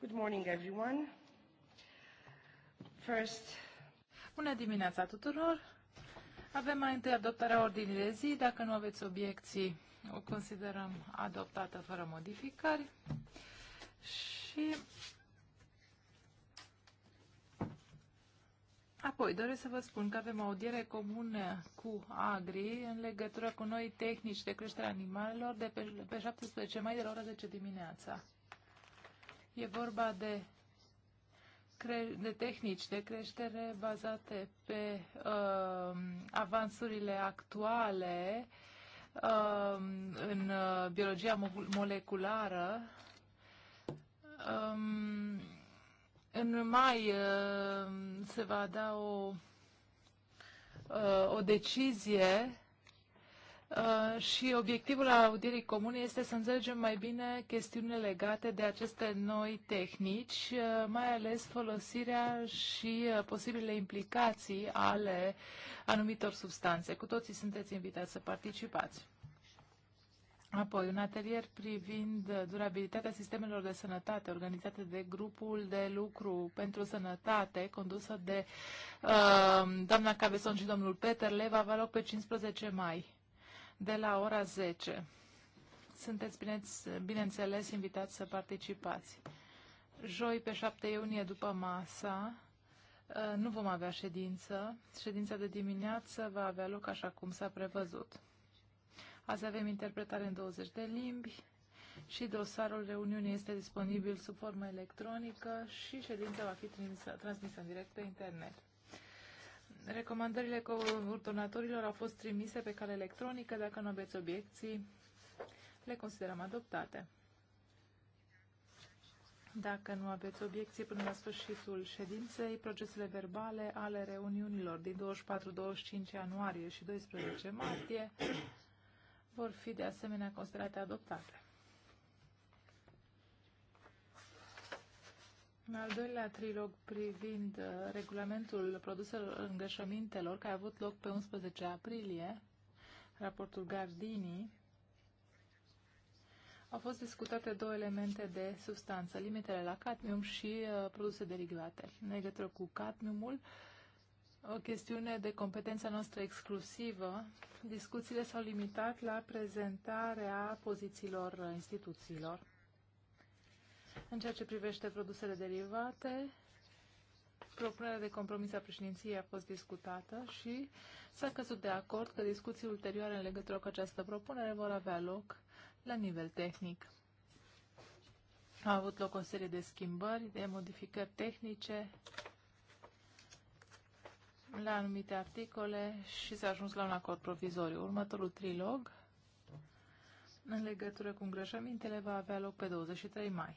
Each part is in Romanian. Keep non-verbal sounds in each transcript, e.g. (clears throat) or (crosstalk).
Good morning, everyone. First... Bună dimineața tuturor! Avem mai întâi adoptarea ordinii de zi. Dacă nu aveți obiecții, o considerăm adoptată fără modificări. Și Apoi, doresc să vă spun că avem audiere comună cu Agri în legătură cu noi tehnici de creștere animalelor de pe, pe 17 mai de la ora 10 dimineața. E vorba de, de tehnici de creștere bazate pe uh, avansurile actuale uh, în uh, biologia mo moleculară. Um, în mai uh, se va da o, uh, o decizie Uh, și obiectivul audierii comune este să înțelegem mai bine chestiunile legate de aceste noi tehnici, uh, mai ales folosirea și uh, posibile implicații ale anumitor substanțe. Cu toții sunteți invitați să participați. Apoi, un atelier privind durabilitatea sistemelor de sănătate organizate de grupul de lucru pentru sănătate, condusă de uh, doamna Cabeson și domnul Leva va avea loc pe 15 mai de la ora 10. Sunteți, bine, bineînțeles, invitați să participați. Joi, pe 7 iunie, după masa, ă, nu vom avea ședință. Ședința de dimineață va avea loc așa cum s-a prevăzut. Azi avem interpretare în 20 de limbi și dosarul reuniunii este disponibil sub formă electronică și ședința va fi transmisă în direct pe internet. Recomandările coordonatorilor au fost trimise pe cale electronică. Dacă nu aveți obiecții, le considerăm adoptate. Dacă nu aveți obiecții până la sfârșitul ședinței, procesele verbale ale reuniunilor din 24-25 ianuarie și 12 martie vor fi de asemenea considerate adoptate. În al doilea trilog privind uh, regulamentul produselor îngrășămintelor, care a avut loc pe 11 aprilie, raportul Gardini, au fost discutate două elemente de substanță, limitele la cadmium și uh, produse derivate. În legătură cu cadmiumul, o chestiune de competența noastră exclusivă, discuțiile s-au limitat la prezentarea pozițiilor instituțiilor. În ceea ce privește produsele derivate, propunerea de compromis a președinției a fost discutată și s-a căzut de acord că discuții ulterioare în legătură cu această propunere vor avea loc la nivel tehnic. A avut loc o serie de schimbări, de modificări tehnice la anumite articole și s-a ajuns la un acord provizoriu. Următorul trilog în legătură cu îngrășămintele va avea loc pe 23 mai.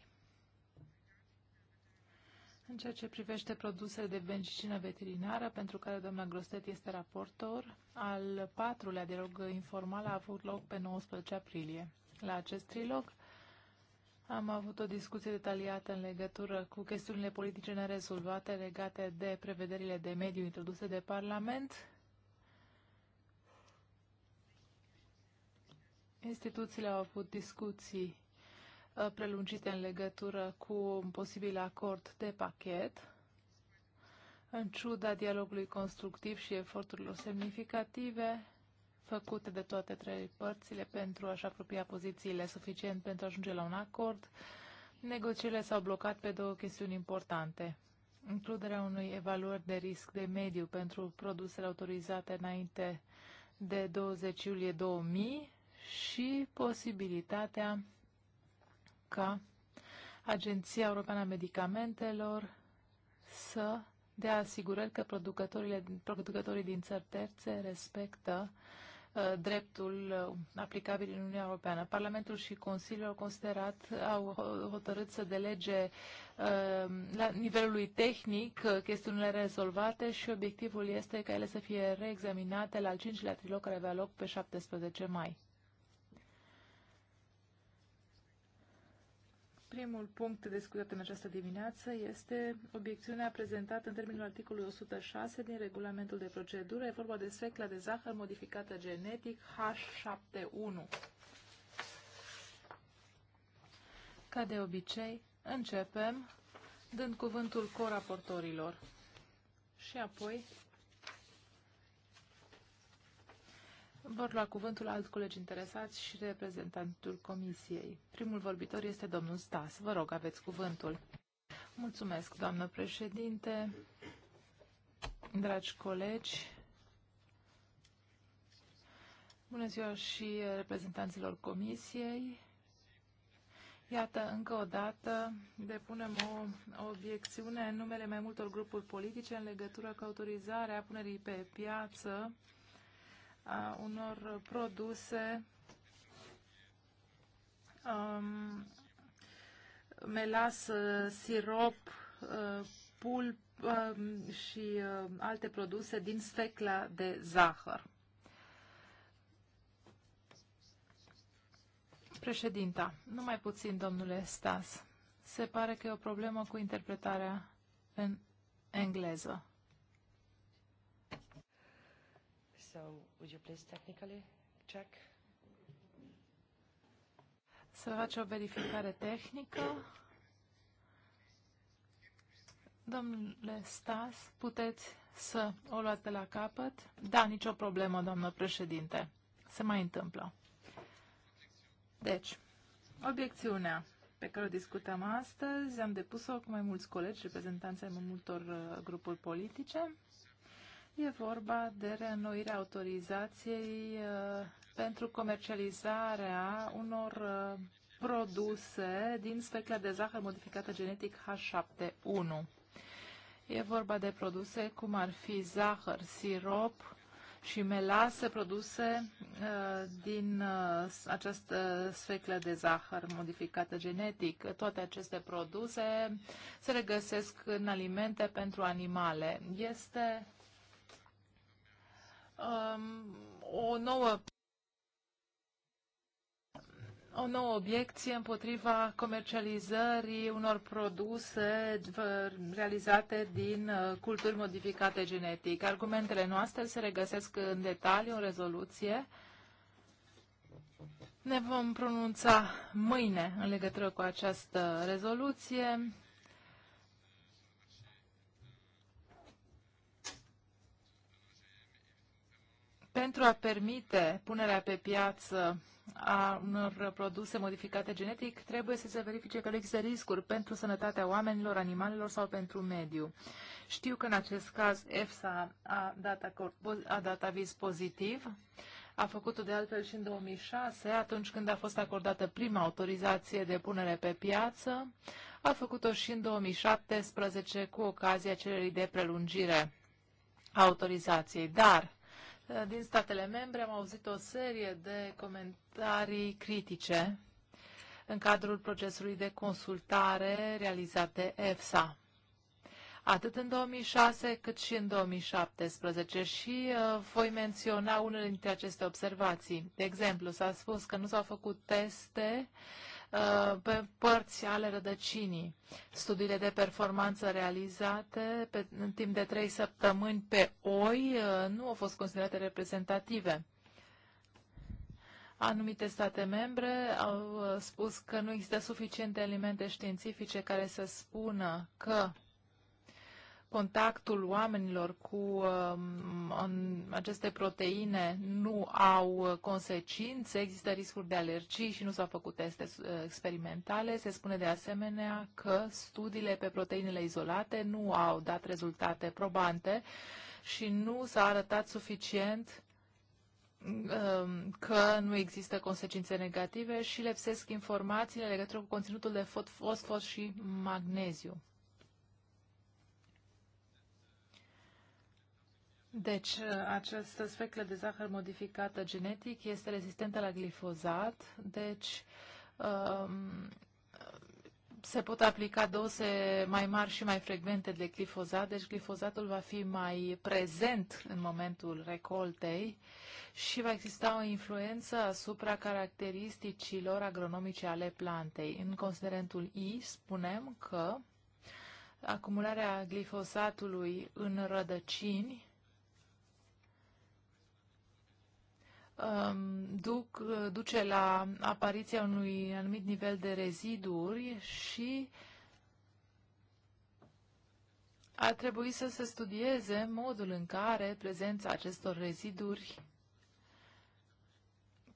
În ceea ce privește produsele de medicină veterinară, pentru care doamna Grostet este raportor, al patrulea dialog informal a avut loc pe 19 aprilie. La acest trilog am avut o discuție detaliată în legătură cu chestiunile politice nerezolvate legate de prevederile de mediu introduse de Parlament, Instituțiile au avut discuții Uh, prelungite în legătură cu un posibil acord de pachet. În ciuda dialogului constructiv și eforturilor semnificative făcute de toate trei părțile pentru a-și apropia pozițiile suficient pentru a ajunge la un acord, negocierile s-au blocat pe două chestiuni importante. Includerea unui evaluări de risc de mediu pentru produsele autorizate înainte de 20 iulie 2000 și posibilitatea ca Agenția Europeană a Medicamentelor să dea asigurări că producătorii din țări terțe respectă uh, dreptul uh, aplicabil în Uniunea Europeană. Parlamentul și Consiliul au considerat, au hotărât să delege uh, la nivelului tehnic uh, chestiunile rezolvate și obiectivul este ca ele să fie reexaminate la al cincilea trilog care avea loc pe 17 mai. Primul punct discutat în această dimineață este obiecțiunea prezentată în termenul articolului 106 din regulamentul de procedură. E vorba de secla de zahăr modificată genetic H71. Ca de obicei, începem dând cuvântul coraportorilor și apoi Vor lua cuvântul alt colegi interesați și reprezentantul comisiei. Primul vorbitor este domnul Stas. Vă rog, aveți cuvântul. Mulțumesc, doamnă președinte, dragi colegi, bună ziua și reprezentanților comisiei. Iată, încă o dată depunem o obiecțiune în numele mai multor grupuri politice în legătură cu autorizarea punerii pe piață a unor produse um, melas, uh, sirop, uh, pulp um, și uh, alte produse din sfecla de zahăr. Președinta, numai puțin, domnule Stas. Se pare că e o problemă cu interpretarea în engleză. So would you please technically check? Să face o verificare tehnică. Domnule Stas, puteți să o luați de la capăt? Da, nicio problemă, doamnă președinte. Se mai întâmplă. Deci, obiecțiunea pe care o discutăm astăzi, am depus-o cu mai mulți colegi, reprezentanți ai mai multor uh, grupuri politice. E vorba de reînnoirea autorizației uh, pentru comercializarea unor uh, produse din specla de zahăr modificată genetic H71. E vorba de produse cum ar fi zahăr, sirop și melase produse uh, din această sfeclă de zahăr modificată genetic. Toate aceste produse se regăsesc în alimente pentru animale. Este um, o nouă o nouă obiecție împotriva comercializării unor produse realizate din uh, culturi modificate genetic. Argumentele noastre se regăsesc în detaliu în rezoluție. Ne vom pronunța mâine în legătură cu această rezoluție. pentru a permite punerea pe piață a unor produse modificate genetic, trebuie să se verifice că există riscuri pentru sănătatea oamenilor, animalelor sau pentru mediu. Știu că în acest caz EFSA a dat, acord, a dat aviz pozitiv, a făcut-o de altfel și în 2006, atunci când a fost acordată prima autorizație de punere pe piață, a făcut-o și în 2017 cu ocazia cererii de prelungire a autorizației. Dar, Eh, din statele membre am auzit o serie de comentarii critice în cadrul procesului de consultare realizate EFSA atât în 2006 cât și în 2017 și uh, voi menționa unele dintre aceste observații. De exemplu, s-a spus că nu s-au făcut teste Uh, pe părți ale rădăcinii. Studiile de performanță realizate pe, în timp de trei săptămâni pe oi uh, nu au fost considerate reprezentative. Anumite state membre au uh, spus că nu există suficiente elemente științifice care să spună că contactul oamenilor cu um, aceste proteine nu au consecințe, există riscuri de alergii și nu s-au făcut teste uh, experimentale. Se spune de asemenea că studiile pe proteinele izolate nu au dat rezultate probante și nu s-a arătat suficient um, că nu există consecințe negative și lepsesc informațiile legătură cu conținutul de fosfor și magneziu. Deci, uh, această speclă de zahăr modificată genetic este rezistentă la glifozat, deci um, se pot aplica doze mai mari și mai frecvente de glifozat, deci glifozatul va fi mai prezent în momentul recoltei și va exista o influență asupra caracteristicilor agronomice ale plantei. În considerentul I spunem că acumularea glifosatului în rădăcini Um, duc, duce la apariția unui anumit nivel de reziduri și ar trebui să se studieze modul în care prezența acestor reziduri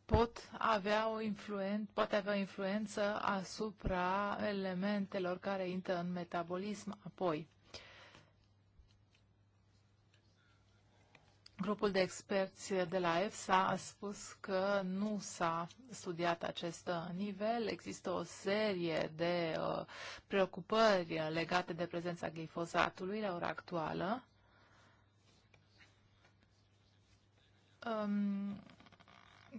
pot avea o influen- poate avea influență asupra elementelor care intră în metabolism apoi. Grupul de experți de la EFSA a spus că nu s-a studiat acest uh, nivel. Există o serie de uh, preocupări legate de prezența glifosatului la ora actuală. Um,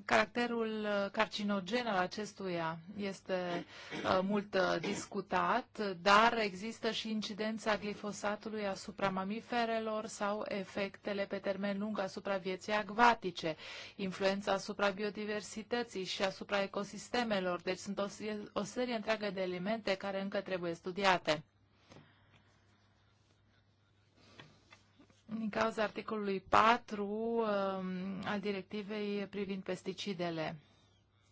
Caracterul uh, carcinogen al acestuia este uh, mult uh, discutat, dar există și incidența glifosatului asupra mamiferelor sau efectele pe termen lung asupra vieții acvatice, influența asupra biodiversității și asupra ecosistemelor. Deci sunt o, serie întreagă de elemente care încă trebuie studiate. din cauza articolului 4 um, al directivei privind pesticidele.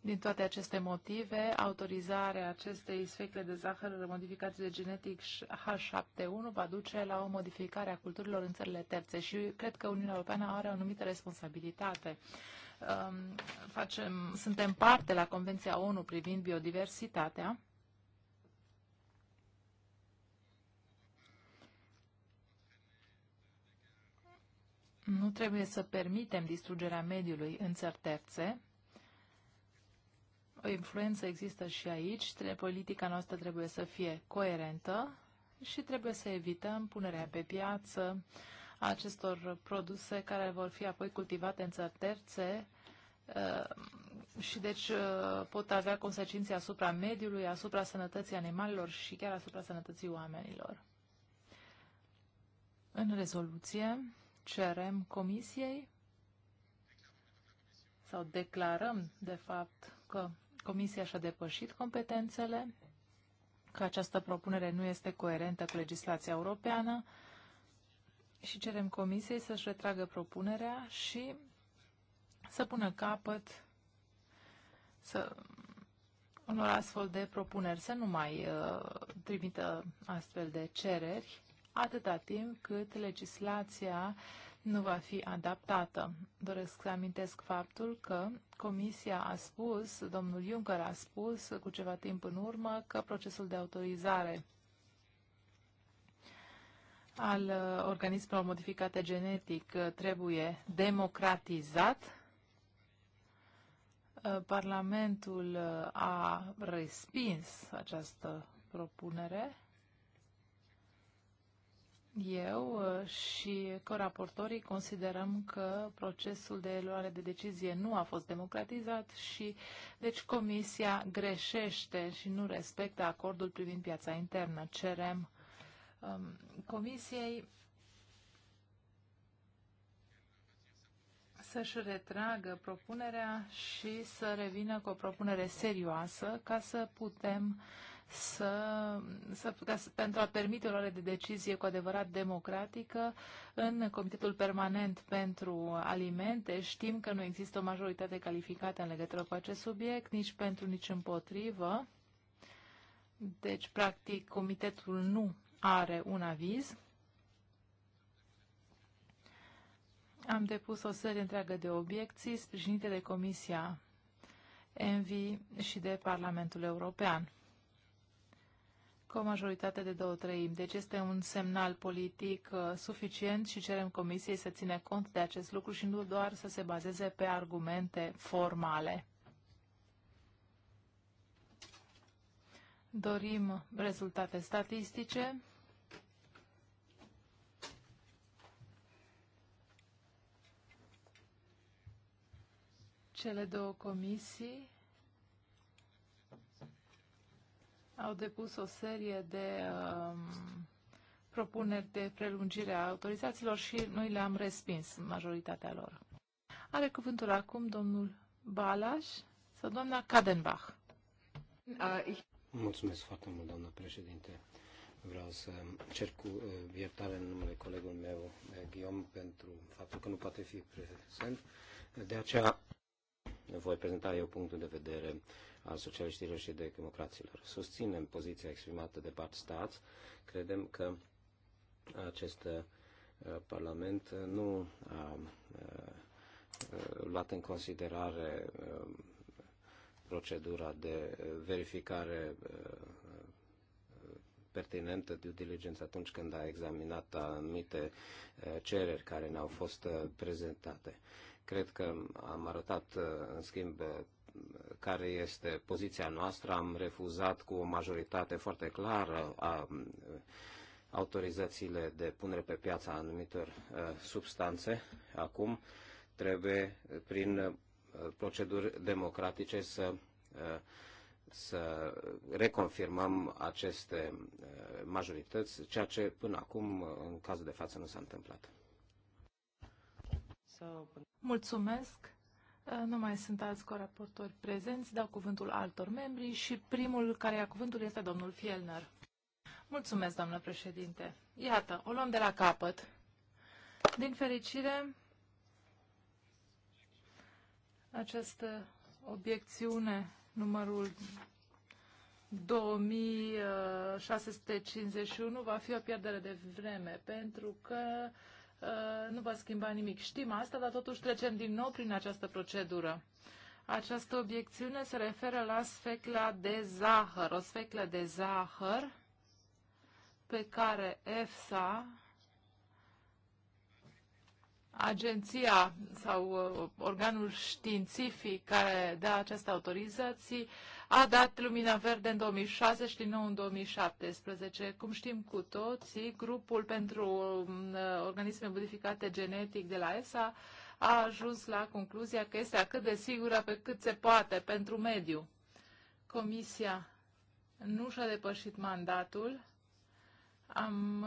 Din toate aceste motive, autorizarea acestei sfecle de zahăr modificate de genetic H71 va duce la o modificare a culturilor în țările terțe și cred că Uniunea Europeană are o anumită responsabilitate. Um, facem, suntem parte la Convenția ONU privind biodiversitatea Nu trebuie să permitem distrugerea mediului în țări terțe. O influență există și aici. Politica noastră trebuie să fie coerentă și trebuie să evităm punerea pe piață a acestor produse care vor fi apoi cultivate în țări terțe uh, și deci uh, pot avea consecințe asupra mediului, asupra sănătății animalelor și chiar asupra sănătății oamenilor. În rezoluție cerem comisiei sau declarăm, de fapt, că comisia și-a depășit competențele, că această propunere nu este coerentă cu legislația europeană și cerem comisiei să-și retragă propunerea și să pună capăt să unor astfel de propuneri, să nu mai uh, trimită astfel de cereri atâta timp cât legislația nu va fi adaptată. Doresc să amintesc faptul că Comisia a spus, domnul Juncker a spus cu ceva timp în urmă că procesul de autorizare al organismelor modificate genetic trebuie democratizat. Parlamentul a respins această propunere eu uh, și coraportorii considerăm că procesul de luare de decizie nu a fost democratizat și deci Comisia greșește și nu respectă acordul privind piața internă. Cerem um, Comisiei să-și retragă propunerea și să revină cu o propunere serioasă ca să putem uh, să, să, ca, pentru a permite o luare de decizie cu adevărat democratică în Comitetul Permanent pentru Alimente. Știm că nu există o majoritate calificată în legătură cu acest subiect, nici pentru, nici împotrivă. Deci, practic, comitetul nu are un aviz. Am depus o serie întreagă de obiecții sprijinite de Comisia Envi și de Parlamentul European cu o majoritate de două treimi. Deci este un semnal politic uh, suficient și cerem Comisiei să ține cont de acest lucru și nu doar să se bazeze pe argumente formale. Dorim rezultate statistice. Cele două comisii au depus o serie de um, propuneri de prelungire a autorizațiilor și noi le-am respins, majoritatea lor. Are cuvântul acum domnul Balaș sau doamna Kadenbach. Mulțumesc foarte mult, doamna președinte. Vreau să cer cu uh, iertare în numele colegului meu, uh, Guillaume, pentru faptul că nu poate fi prezent. De aceea voi prezenta eu punctul de vedere al socialiștilor și de democraților. Susținem poziția exprimată de Bart stat, Credem că acest uh, Parlament nu a uh, luat în considerare uh, procedura de verificare pertinentă de diligență atunci când a examinat anumite cereri care ne-au fost prezentate. Cred că am arătat, în schimb, care este poziția noastră. Am refuzat cu o majoritate foarte clară a autorizațiile de punere pe piață a anumitor uh, substanțe. Acum trebuie, prin uh, proceduri democratice, să uh, să reconfirmăm aceste majorități, ceea ce până acum, în cazul de față, nu s-a întâmplat. Mulțumesc. Uh, nu mai sunt alți coraportori prezenți, dau cuvântul altor membri și primul care ia cuvântul este domnul Fielner. Mulțumesc, doamnă președinte. Iată, o luăm de la capăt. Din fericire, această obiecțiune numărul 2651 va fi o pierdere de vreme, pentru că uh, Uh, nu va schimba nimic. Știm asta, dar totuși trecem din nou prin această procedură. Această obiecțiune se referă la sfecla de zahăr, o sfeclă de zahăr pe care EFSA, agenția sau uh, organul științific care dă această autorizație, a dat lumina verde în 2006 și din nou în 2017. Cum știm cu toții, grupul pentru mm, organisme modificate genetic de la ESA a ajuns la concluzia că este atât de sigură pe cât se poate pentru mediu. Comisia nu și-a depășit mandatul. Am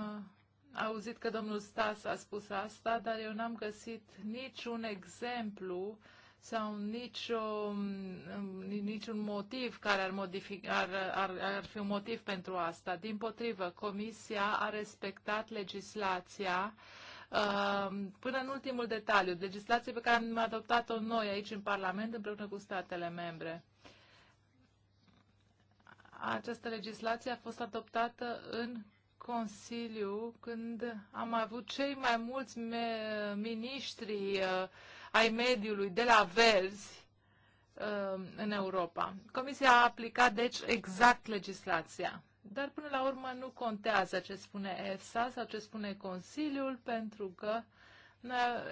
uh, auzit că domnul Stas a spus asta, dar eu n-am găsit niciun exemplu uh, sau niciun, um, um, niciun motiv care ar, modifica, ar, ar, ar fi un motiv pentru asta. Din potrivă, Comisia a respectat legislația um, până în ultimul detaliu, legislație pe care am adoptat-o noi aici în Parlament împreună cu statele membre. Această legislație a fost adoptată în Consiliu când am avut cei mai mulți miniștri uh, ai mediului de la verzi um, în Europa. Comisia a aplicat, deci, exact legislația. Dar, până la urmă, nu contează ce spune EFSA sau ce spune Consiliul, pentru că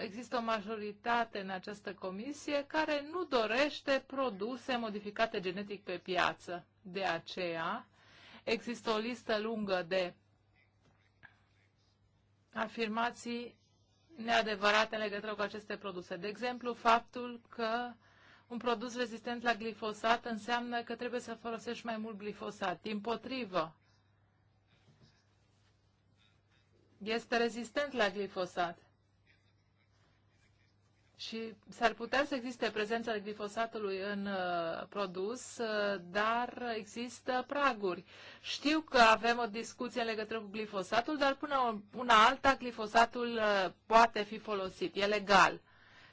există o majoritate în această comisie care nu dorește produse modificate genetic pe piață. De aceea, există o listă lungă de afirmații neadevărate în legătură cu aceste produse. De exemplu, faptul că un produs rezistent la glifosat înseamnă că trebuie să folosești mai mult glifosat. Din potrivă, este rezistent la glifosat. Și s-ar putea să existe prezența glifosatului în uh, produs, uh, dar există praguri. Știu că avem o discuție în legătură cu glifosatul, dar până una alta glifosatul uh, poate fi folosit, e legal.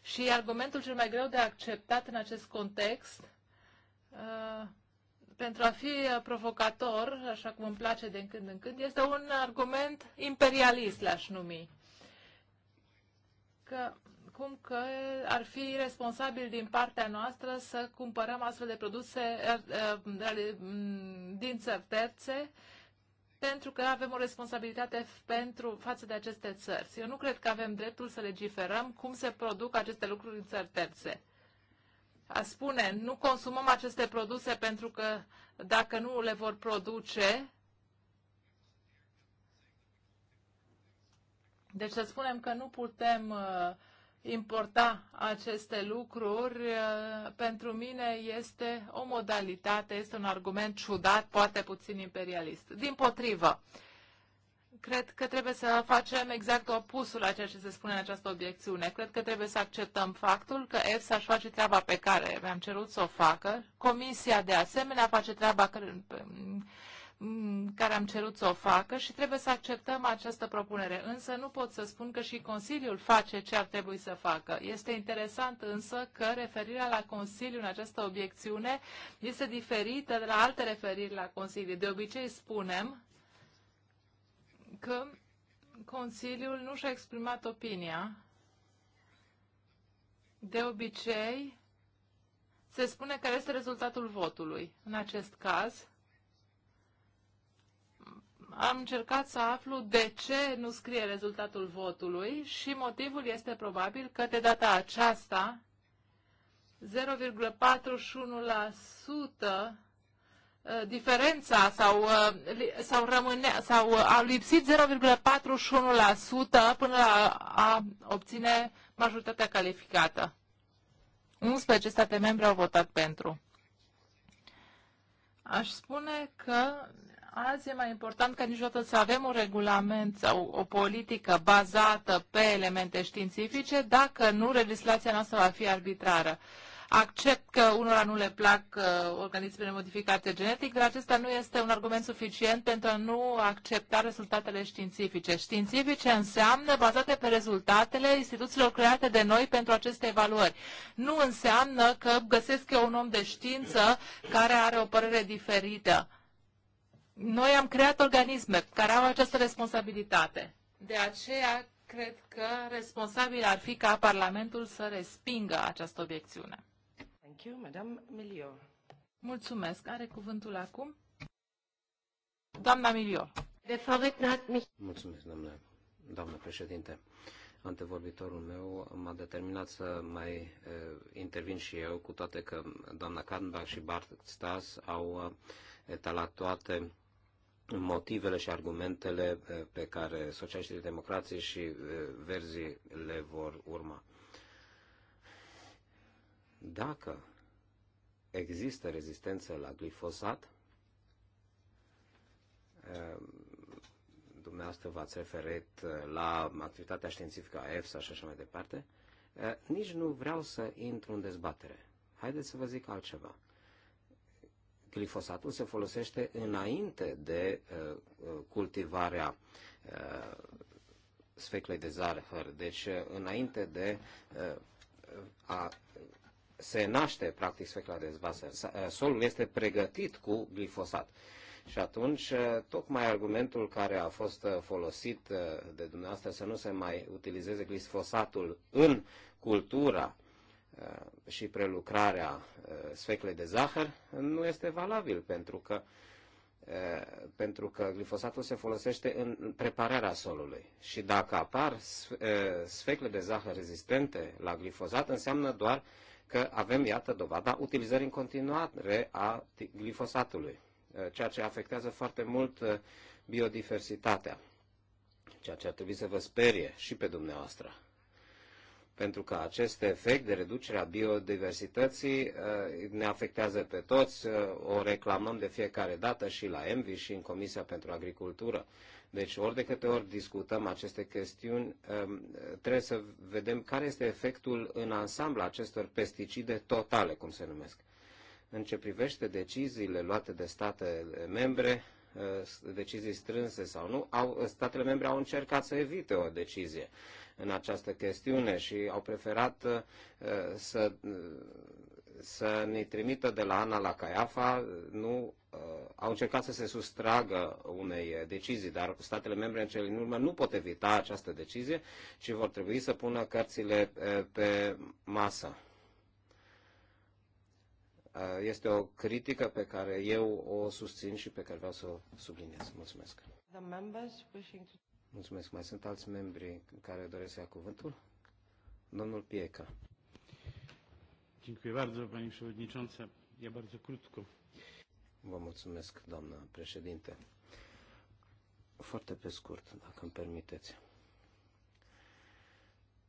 Și argumentul cel mai greu de acceptat în acest context, uh, pentru a fi uh, provocator, așa cum îmi place de când în când, este un argument imperialist, l-aș numi. Că cum că ar fi responsabil din partea noastră să cumpărăm astfel de produse er, er, mm, din țări terțe, pentru că avem o responsabilitate pentru, față de aceste țări. Eu nu cred că avem dreptul să legiferăm cum se produc aceste lucruri în țări terțe. A spune, nu consumăm aceste produse pentru că dacă nu le vor produce, deci să spunem că nu putem uh, importa aceste lucruri, uh, pentru mine este o modalitate, este un argument ciudat, poate puțin imperialist. Din potrivă, cred că trebuie să facem exact opusul a ceea ce se spune în această obiecțiune. Cred că trebuie să acceptăm faptul că EFSA își face treaba pe care mi-am cerut să o facă, Comisia de asemenea face treaba Mm, care am cerut să o facă și trebuie să acceptăm această propunere. Însă nu pot să spun că și Consiliul face ce ar trebui să facă. Este interesant însă că referirea la Consiliu în această obiecțiune este diferită de la alte referiri la Consiliu. De obicei spunem că Consiliul nu și-a exprimat opinia. De obicei se spune care este rezultatul votului. În acest caz, am încercat să aflu de ce nu scrie rezultatul votului și motivul este probabil că de data aceasta 0,41% uh, diferența sau, uh, sau, rămâne, sau uh, a lipsit 0,41% până la a obține majoritatea calificată. 11 state membre au votat pentru. Aș spune că Azi e mai important ca niciodată să avem un regulament sau o politică bazată pe elemente științifice, dacă nu, legislația noastră va fi arbitrară. Accept că unora nu le plac uh, organismele modificate genetic, dar acesta nu este un argument suficient pentru a nu accepta rezultatele științifice. Științifice înseamnă bazate pe rezultatele instituțiilor create de noi pentru aceste evaluări. Nu înseamnă că găsesc eu un om de știință care are o părere diferită noi am creat organisme care au această responsabilitate. De aceea, cred că responsabil ar fi ca Parlamentul să respingă această obiecțiune. Thank you, Madame Milio. Mulțumesc. Are cuvântul acum? Doamna Milio. Mulțumesc, doamne, doamna președinte. Antevorbitorul meu m-a determinat să mai e, eh, intervin și eu, cu toate că doamna Kadenbach și Bart Stas au e, eh, toate motivele și argumentele eh, pe care socialiștii democrații și eh, verzii le vor urma. Dacă există rezistență la glifosat, eh, dumneavoastră v-ați referit la activitatea științifică a EFSA și așa mai departe, nici nu vreau să intru în dezbatere. Haideți să vă zic altceva glifosatul se folosește înainte de uh, uh, cultivarea uh, sfeclei de zahăr, deci înainte de a se naște practic sfecla de zahăr. Solul este pregătit cu glifosat. Și atunci, tocmai argumentul care a fost folosit de dumneavoastră să nu se mai utilizeze glifosatul în cultura Uh, și prelucrarea uh, sfeclei de zahăr nu este valabil pentru că uh, pentru că glifosatul se folosește în prepararea solului. Și dacă apar sfecle de zahăr rezistente la glifosat, înseamnă doar că avem, iată, dovada utilizării în continuare a glifosatului, ceea ce afectează foarte mult biodiversitatea, ceea ce ar trebui să vă sperie și pe dumneavoastră pentru că acest efect de reducere a biodiversității uh, ne afectează pe toți, uh, o reclamăm de fiecare dată și la EMVI și în Comisia pentru Agricultură. Deci ori de câte ori discutăm aceste chestiuni, um, trebuie să vedem care este efectul în ansamblu acestor pesticide totale, cum se numesc. În ce privește deciziile luate de state membre, uh, decizii strânse sau nu, au, statele membre au încercat să evite o decizie în această chestiune și au preferat uh, să, uh, să ne trimită de la Ana la Caiafa, nu uh, au încercat să se sustragă unei decizii, dar statele membre în cele din urmă nu pot evita această decizie, ci vor trebui să pună cărțile pe masă este o critică pe care eu o susțin și pe care vreau să o subliniez. Mulțumesc. Mulțumesc. Mai sunt alți membri care doresc să ia cuvântul? Domnul Pieca. Dziękuję bardzo, Pani Przewodnicząca. Ja bardzo krótko. Vă mulțumesc, doamna președinte. Foarte pe scurt, dacă îmi permiteți.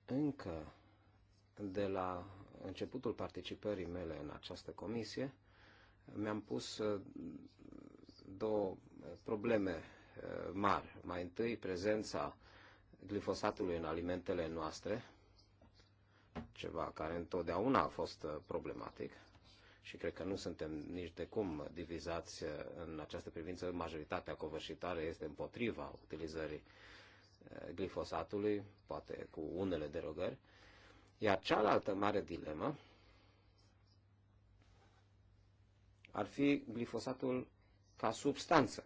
Încă de la începutul participării mele în această comisie, mi-am pus uh, două probleme Uh, mari. Mai întâi, prezența glifosatului în alimentele noastre, ceva care întotdeauna a fost uh, problematic și cred că nu suntem nici de cum divizați uh, în această privință. Majoritatea covârșitare este împotriva utilizării glifosatului, poate cu unele derogări. Iar cealaltă mare dilemă ar fi glifosatul ca substanță.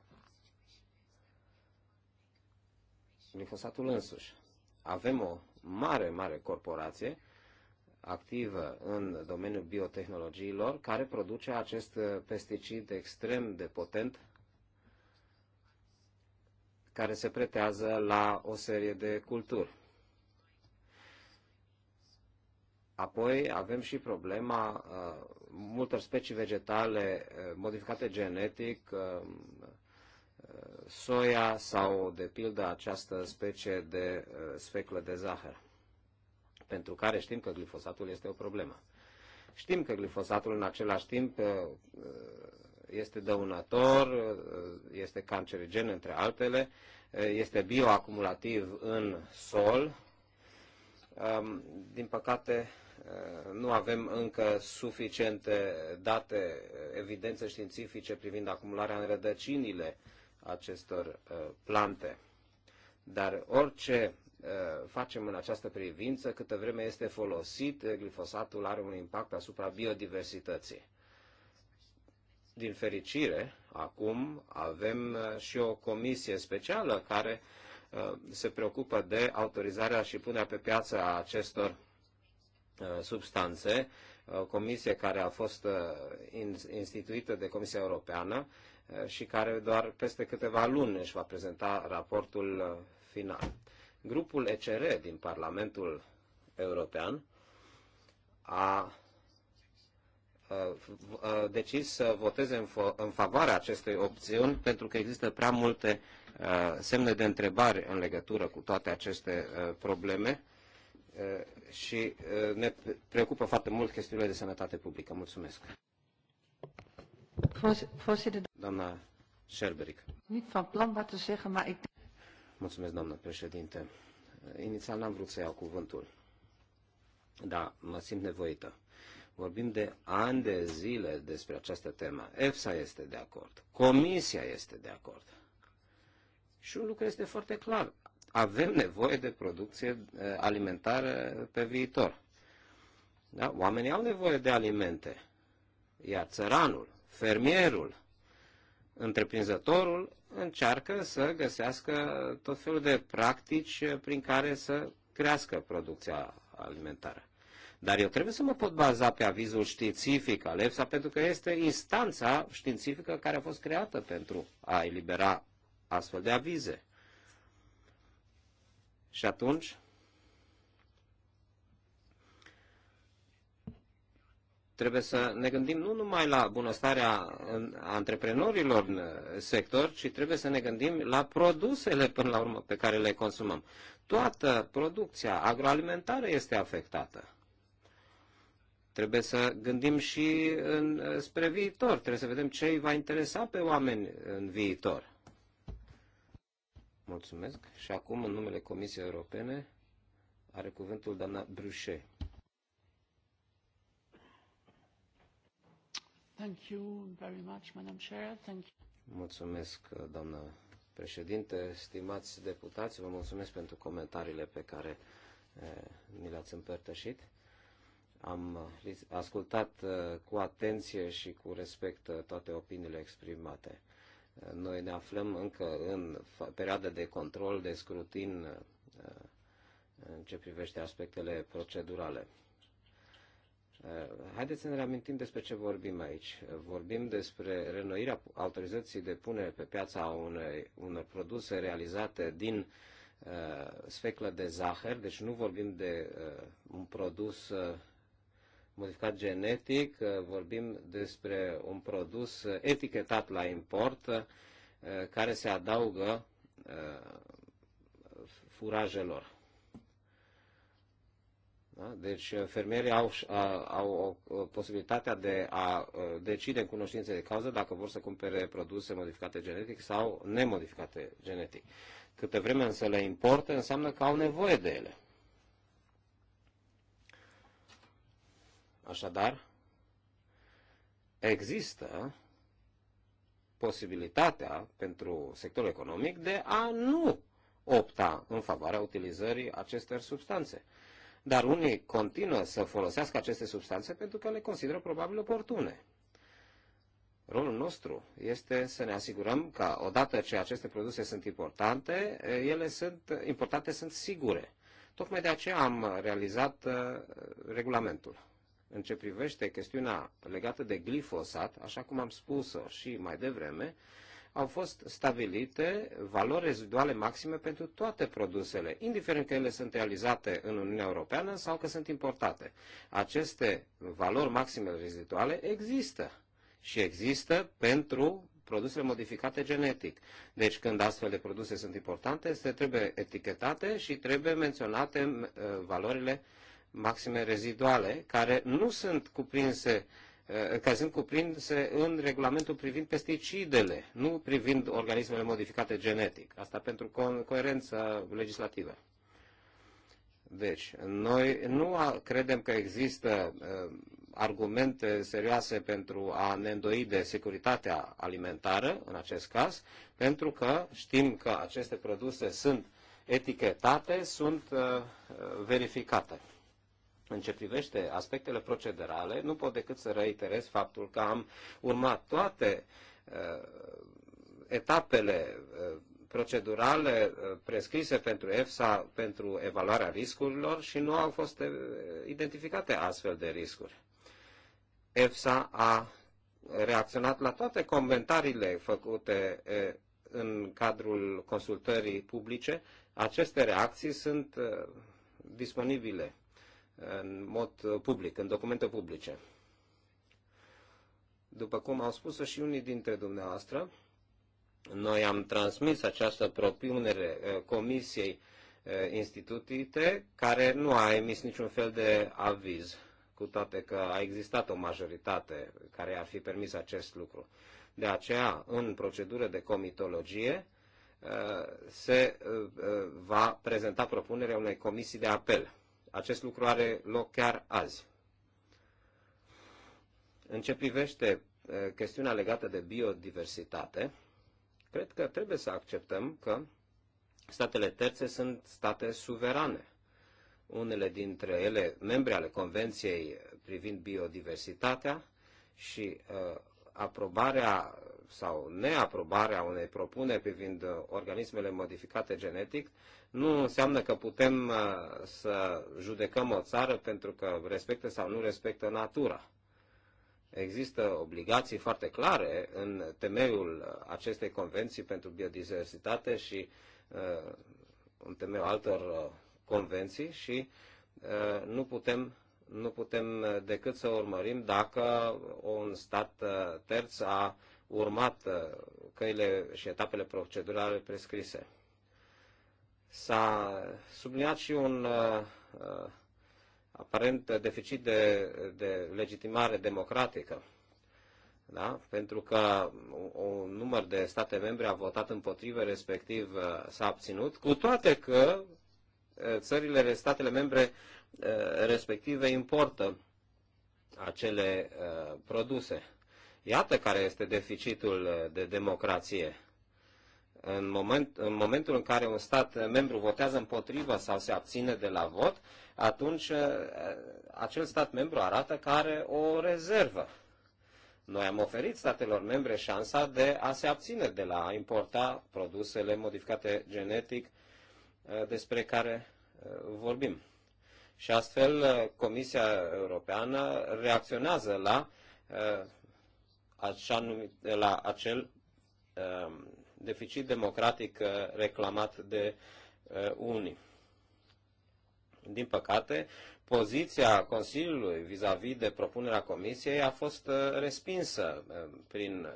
glifosatul însuși. Avem o mare, mare corporație activă în domeniul biotehnologiilor care produce acest uh, pesticid extrem de potent care se pretează la o serie de culturi. Apoi avem și problema uh, multor specii vegetale uh, modificate genetic, uh, soia sau, de pildă, această specie de uh, sfeclă de zahăr, pentru care știm că glifosatul este o problemă. Știm că glifosatul în același timp uh, uh, este dăunător, este cancerigen între altele, este bioacumulativ în sol. Um, din păcate, nu avem încă suficiente date, evidențe științifice privind acumularea în rădăcinile acestor uh, plante. Dar orice uh, facem în această privință, câtă vreme este folosit, uh, glifosatul are un impact asupra biodiversității. Din fericire, acum avem și o comisie specială care se preocupă de autorizarea și punerea pe piață a acestor substanțe, comisie care a fost instituită de Comisia Europeană Eh, și care doar peste câteva luni își va prezenta raportul eh, final. Grupul ECR din Parlamentul European a eh, decis să voteze în, favoarea acestei opțiuni pentru că există prea multe semne de întrebare în legătură cu toate aceste probleme și ne preocupă foarte mult chestiunile de sănătate publică. Mulțumesc! Voorzitter. Doamna Sherberic. Niet van plan wat te zeggen, maar ik... Mulțumesc, doamnă președinte. Inițial n-am vrut să iau cuvântul, dar mă simt nevoită. Vorbim de ani de zile despre această temă. EFSA este de acord, Comisia este de acord. Și un lucru este foarte clar. Avem nevoie de producție alimentară pe viitor. Da? Oamenii au nevoie de alimente, iar țăranul fermierul, întreprinzătorul încearcă să găsească tot felul de practici prin care să crească producția alimentară. Dar eu trebuie să mă pot baza pe avizul științific al EFSA, pentru că este instanța științifică care a fost creată pentru a elibera astfel de avize. Și atunci, Trebuie să ne gândim nu numai la bunăstarea antreprenorilor în uh, sector, ci trebuie să ne gândim la produsele până la urmă pe care le consumăm. Toată producția agroalimentară este afectată. Trebuie să gândim și în, uh, spre viitor. Trebuie să vedem ce îi va interesa pe oameni în viitor. Mulțumesc. Și acum, în numele Comisiei Europene, are cuvântul doamna Bruchet. Thank you very much, Madam Chair. Thank you. Mulțumesc, doamnă președinte. Stimați deputați, vă mulțumesc pentru comentariile pe care eh, ni le-ați împărtășit. Am eh, ascultat eh, cu atenție și cu respect toate opiniile exprimate. Noi ne aflăm încă în perioada de control, de scrutin în ce privește aspectele procedurale. Eh, haideți să ne reamintim despre ce vorbim aici. Vorbim despre renoirea autorizației de punere pe piața unei, unor produse realizate din uh, sfeclă de zahăr, deci nu vorbim de uh, un produs uh, modificat genetic, uh, vorbim despre un produs etichetat la import uh, care se adaugă uh, furajelor. Da? Deci uh, fermierii au, uh, au uh, posibilitatea de a decide în cunoștință de cauză dacă vor să cumpere produse modificate genetic sau nemodificate genetic. Câte vreme însă le importă, înseamnă că au nevoie de ele. Așadar, există posibilitatea pentru sectorul economic de a nu opta în favoarea utilizării acestor substanțe dar unii continuă să folosească aceste substanțe pentru că le consideră probabil oportune. Rolul nostru este să ne asigurăm că odată ce aceste produse sunt importante, ele sunt importante, sunt sigure. Tocmai de aceea am realizat uh, regulamentul. În ce privește chestiunea legată de glifosat, așa cum am spus-o și mai devreme, au fost stabilite valori reziduale maxime pentru toate produsele, indiferent că ele sunt realizate în Uniunea Europeană sau că sunt importate. Aceste valori maxime reziduale există și există pentru produsele modificate genetic. Deci când astfel de produse sunt importante, se trebuie etichetate și trebuie menționate valorile maxime reziduale, care nu sunt cuprinse uh, Uh, care sunt cuprinse în regulamentul privind pesticidele, nu privind organismele modificate genetic. Asta pentru co- coerența legislativă. Deci, noi nu credem că există uh, argumente serioase pentru a ne îndoi de securitatea alimentară, în acest caz, pentru că știm că aceste produse sunt etichetate, sunt uh, verificate. În ce privește aspectele procedurale, nu pot decât să reiterez faptul că am urmat toate uh, etapele uh, procedurale uh, prescrise pentru EFSA pentru evaluarea riscurilor și nu au fost uh, identificate astfel de riscuri. EFSA a reacționat la toate comentariile făcute uh, în cadrul consultării publice. Aceste reacții sunt disponibile în mod public, în documente publice. După cum au spus și unii dintre dumneavoastră, noi am transmis această propunere eh, Comisiei eh, Institutite, care nu a emis niciun fel de aviz, cu toate că a existat o majoritate care ar fi permis acest lucru. De aceea, în procedură de comitologie, eh, se va prezenta propunerea unei comisii de apel. Acest lucru are loc chiar azi. În ce privește chestiunea legată de biodiversitate, cred că trebuie să acceptăm că statele terțe sunt state suverane. Unele dintre ele membre ale Convenției privind biodiversitatea și uh, aprobarea sau neaprobarea unei propuneri privind organismele modificate genetic nu înseamnă că putem uh, să judecăm o țară pentru că respectă sau nu respectă natura. Există obligații foarte clare în temeiul acestei convenții pentru biodiversitate și uh, în temeiul altor uh, convenții și nu putem, nu putem decât să urmărim dacă un stat terț a urmat căile și etapele procedurale prescrise. S-a subliniat și un uh, uh, aparent deficit de, de legitimare democratică. Da? Pentru că un număr de state membre a votat împotrivă, respectiv uh, s-a abținut, cu toate că țările, statele membre respective importă acele produse. Iată care este deficitul de democrație. În, moment, în momentul în care un stat membru votează împotrivă sau se abține de la vot, atunci eh, acel stat membru arată că are o rezervă. Noi am oferit statelor membre șansa de a se abține de la a importa produsele modificate genetic eh, despre care eh, vorbim. Și astfel Comisia Europeană reacționează la, așa numit, la acel deficit democratic uh, reclamat de uh, unii. Din păcate, poziția Consiliului vis-a-vis -vis de propunerea Comisiei a fost uh, respinsă prin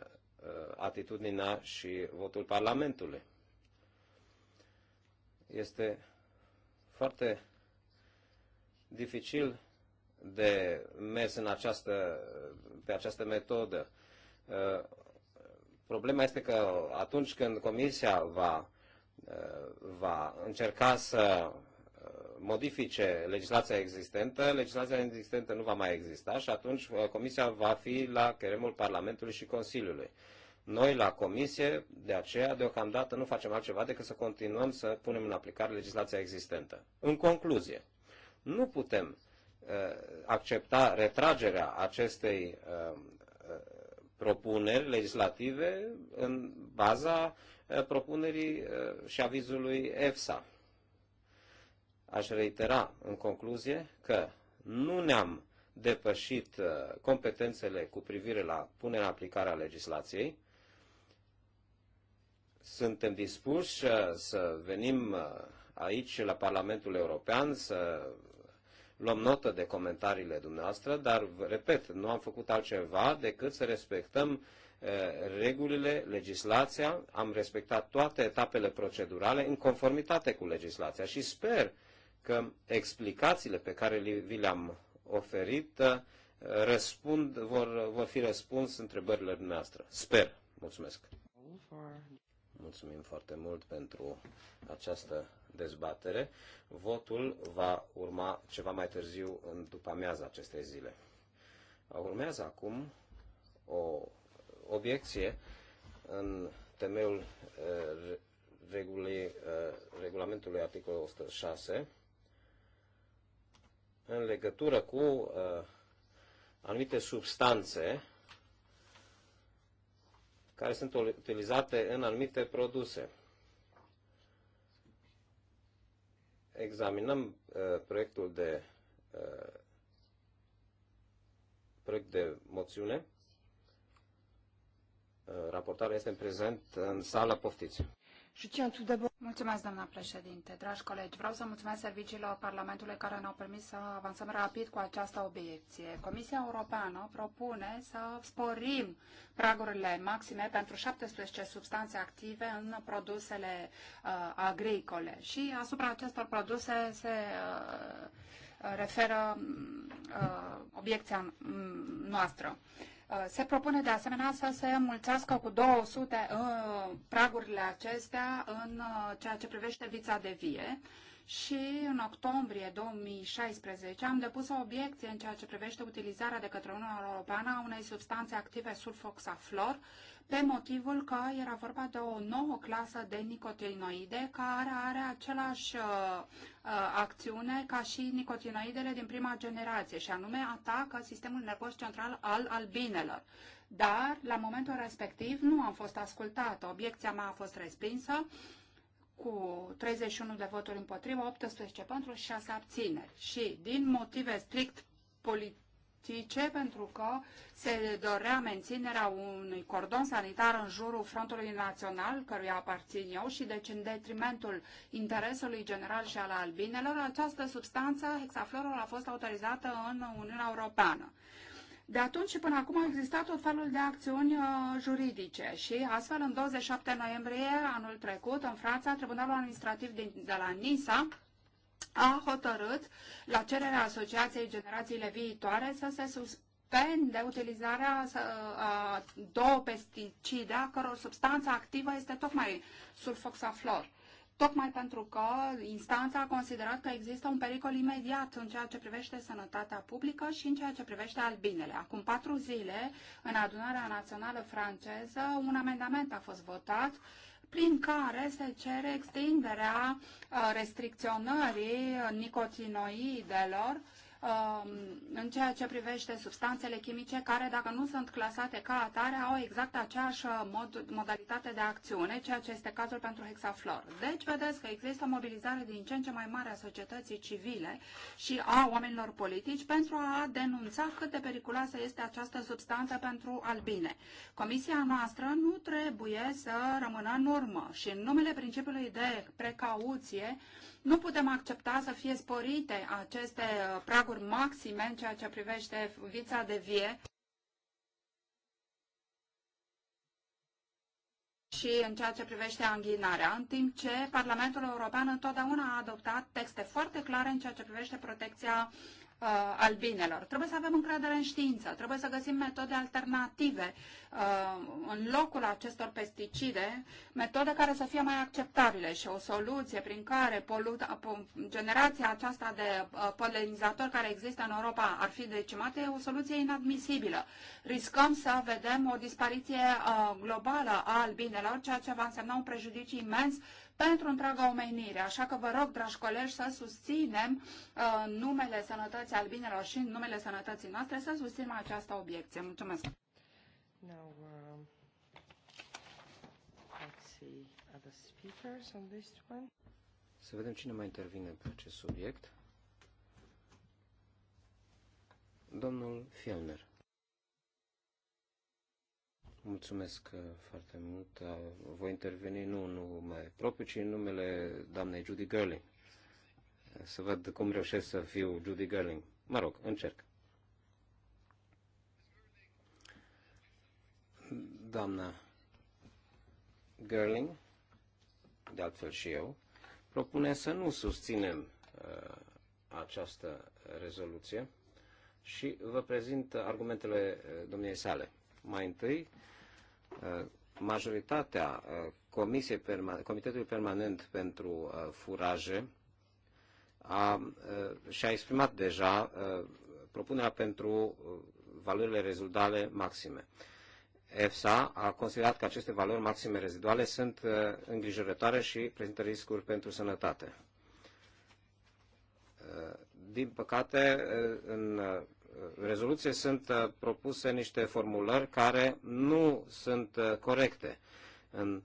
atitudinea și votul Parlamentului. Este foarte dificil de mers în această, pe această metodă. Problema este că atunci când Comisia va, uh, va încerca să uh, modifice legislația existentă, legislația existentă nu va mai exista și atunci uh, Comisia va fi la cheremul Parlamentului și Consiliului. Noi, la Comisie, de aceea, deocamdată, nu facem altceva decât să continuăm să punem în aplicare legislația existentă. În concluzie, nu putem uh, accepta retragerea acestei uh, propuneri legislative în baza eh, propunerii eh, și avizului EFSA. Aș reitera în concluzie că nu ne-am depășit eh, competențele cu privire la punerea aplicarea aplicare a legislației. Suntem dispuși să venim aici la Parlamentul European să luăm notă de comentariile dumneavoastră, dar, repet, nu am făcut altceva decât să respectăm regulile, legislația, am respectat toate etapele procedurale în conformitate cu legislația și sper că explicațiile pe care vi le-am oferit răspund, vor, vor fi răspuns întrebările noastre. Sper. Mulțumesc. Mulțumim foarte mult pentru această dezbatere. Votul va urma ceva mai târziu, în după amiaza acestei zile. Urmează acum o obiecție în temeiul eh, regulii, eh, regulamentului articolul 106 în legătură cu eh, anumite substanțe care sunt utilizate în anumite produse. Examinăm uh, proiectul de uh, proiect de moțiune. Uh, raportarea este în prezent în sala poftiți. Mulțumesc, doamna președinte. Dragi colegi, vreau să mulțumesc serviciilor Parlamentului care ne-au permis să avansăm rapid cu această obiecție. Comisia Europeană propune să sporim pragurile maxime pentru 17 substanțe active în produsele uh, agricole și asupra acestor produse se uh, referă mm, uh, obiecția mm, noastră. Uh, Uh, se propune de asemenea să se mulțească cu 200 uh, pragurile acestea în uh, ceea ce privește vița de vie și în octombrie 2016 am depus o obiecție în ceea ce privește utilizarea de către Uniunea Europeană a unei substanțe active sulfoxaflor pe motivul că era vorba de o nouă clasă de nicotinoide care are același uh, uh, acțiune ca și nicotinoidele din prima generație și anume atacă sistemul nervos central al albinelor dar la momentul respectiv nu am fost ascultată. Obiecția mea a fost respinsă cu 31 de voturi împotriva, 18 pentru și 6 abțineri. Și din motive strict politice politice pentru că se dorea menținerea unui cordon sanitar în jurul Frontului Național, căruia aparțin eu, și deci în detrimentul interesului general și al albinelor, această substanță, hexaflorul, a fost autorizată în Uniunea Europeană. De atunci și până acum au existat tot felul de acțiuni uh, juridice și astfel în 27 noiembrie anul trecut în Franța, Tribunalul Administrativ din, de la Nisa a hotărât, la cererea Asociației Generațiile Viitoare, să se suspende utilizarea a două pesticide, a căror substanță activă este tocmai sulfoxaflor tocmai pentru că instanța a considerat că există un pericol imediat în ceea ce privește sănătatea publică și în ceea ce privește albinele. Acum patru zile, în adunarea națională franceză, un amendament a fost votat prin care se cere extinderea uh, restricționării uh, nicotinoidelor Um, în ceea ce privește substanțele chimice care, dacă nu sunt clasate ca atare, au exact aceeași uh, mod, modalitate de acțiune, ceea ce este cazul pentru hexaflor. Deci, vedeți că există mobilizare din ce în ce mai mare a societății civile și a oamenilor politici pentru a denunța cât de periculoasă este această substanță pentru albine. Comisia noastră nu trebuie să rămână în urmă și în numele principiului de precauție, nu putem accepta să fie sporite aceste uh, praguri maxime în ceea ce privește vița de vie și în ceea ce privește anghinarea, în timp ce Parlamentul European întotdeauna a adoptat texte foarte clare în ceea ce privește protecția uh, uh, albinelor. Trebuie să avem încredere în știință, trebuie să găsim metode alternative uh, în locul acestor pesticide, metode care să fie mai acceptabile și o soluție prin care poluta, generația aceasta de uh, polenizatori care există în Europa ar fi decimată e o soluție inadmisibilă. Riscăm să vedem o dispariție uh, globală a albinelor, ceea ce va însemna un prejudiciu imens uh, pentru întreaga omenire. Așa că vă rog, dragi colegi, să susținem uh, numele sănătății albinelor și numele sănătății noastre, să susținem această obiecție. Mulțumesc! Now, uh, let's see other speakers on this one. Să vedem cine mai intervine pe acest subiect. Domnul Fielner. Mulțumesc uh, foarte mult. Uh, voi interveni nu în numele propriu, ci în numele doamnei Judy Gerling. Uh, să văd cum reușesc să fiu Judy Gerling. Mă rog, încerc. Doamna Gerling, de altfel și eu, propune să nu susținem uh, această rezoluție și vă prezint argumentele domniei sale. Mai întâi, uh, Uh, majoritatea uh, Comisiei Perman- Comitetului Permanent pentru uh, Furaje a, și-a exprimat deja propunerea pentru valorile rezultale maxime. EFSA a considerat că aceste valori maxime reziduale sunt îngrijorătoare și prezintă riscuri pentru sănătate. Din păcate, în rezoluție sunt uh, propuse niște formulări care nu sunt uh, corecte. În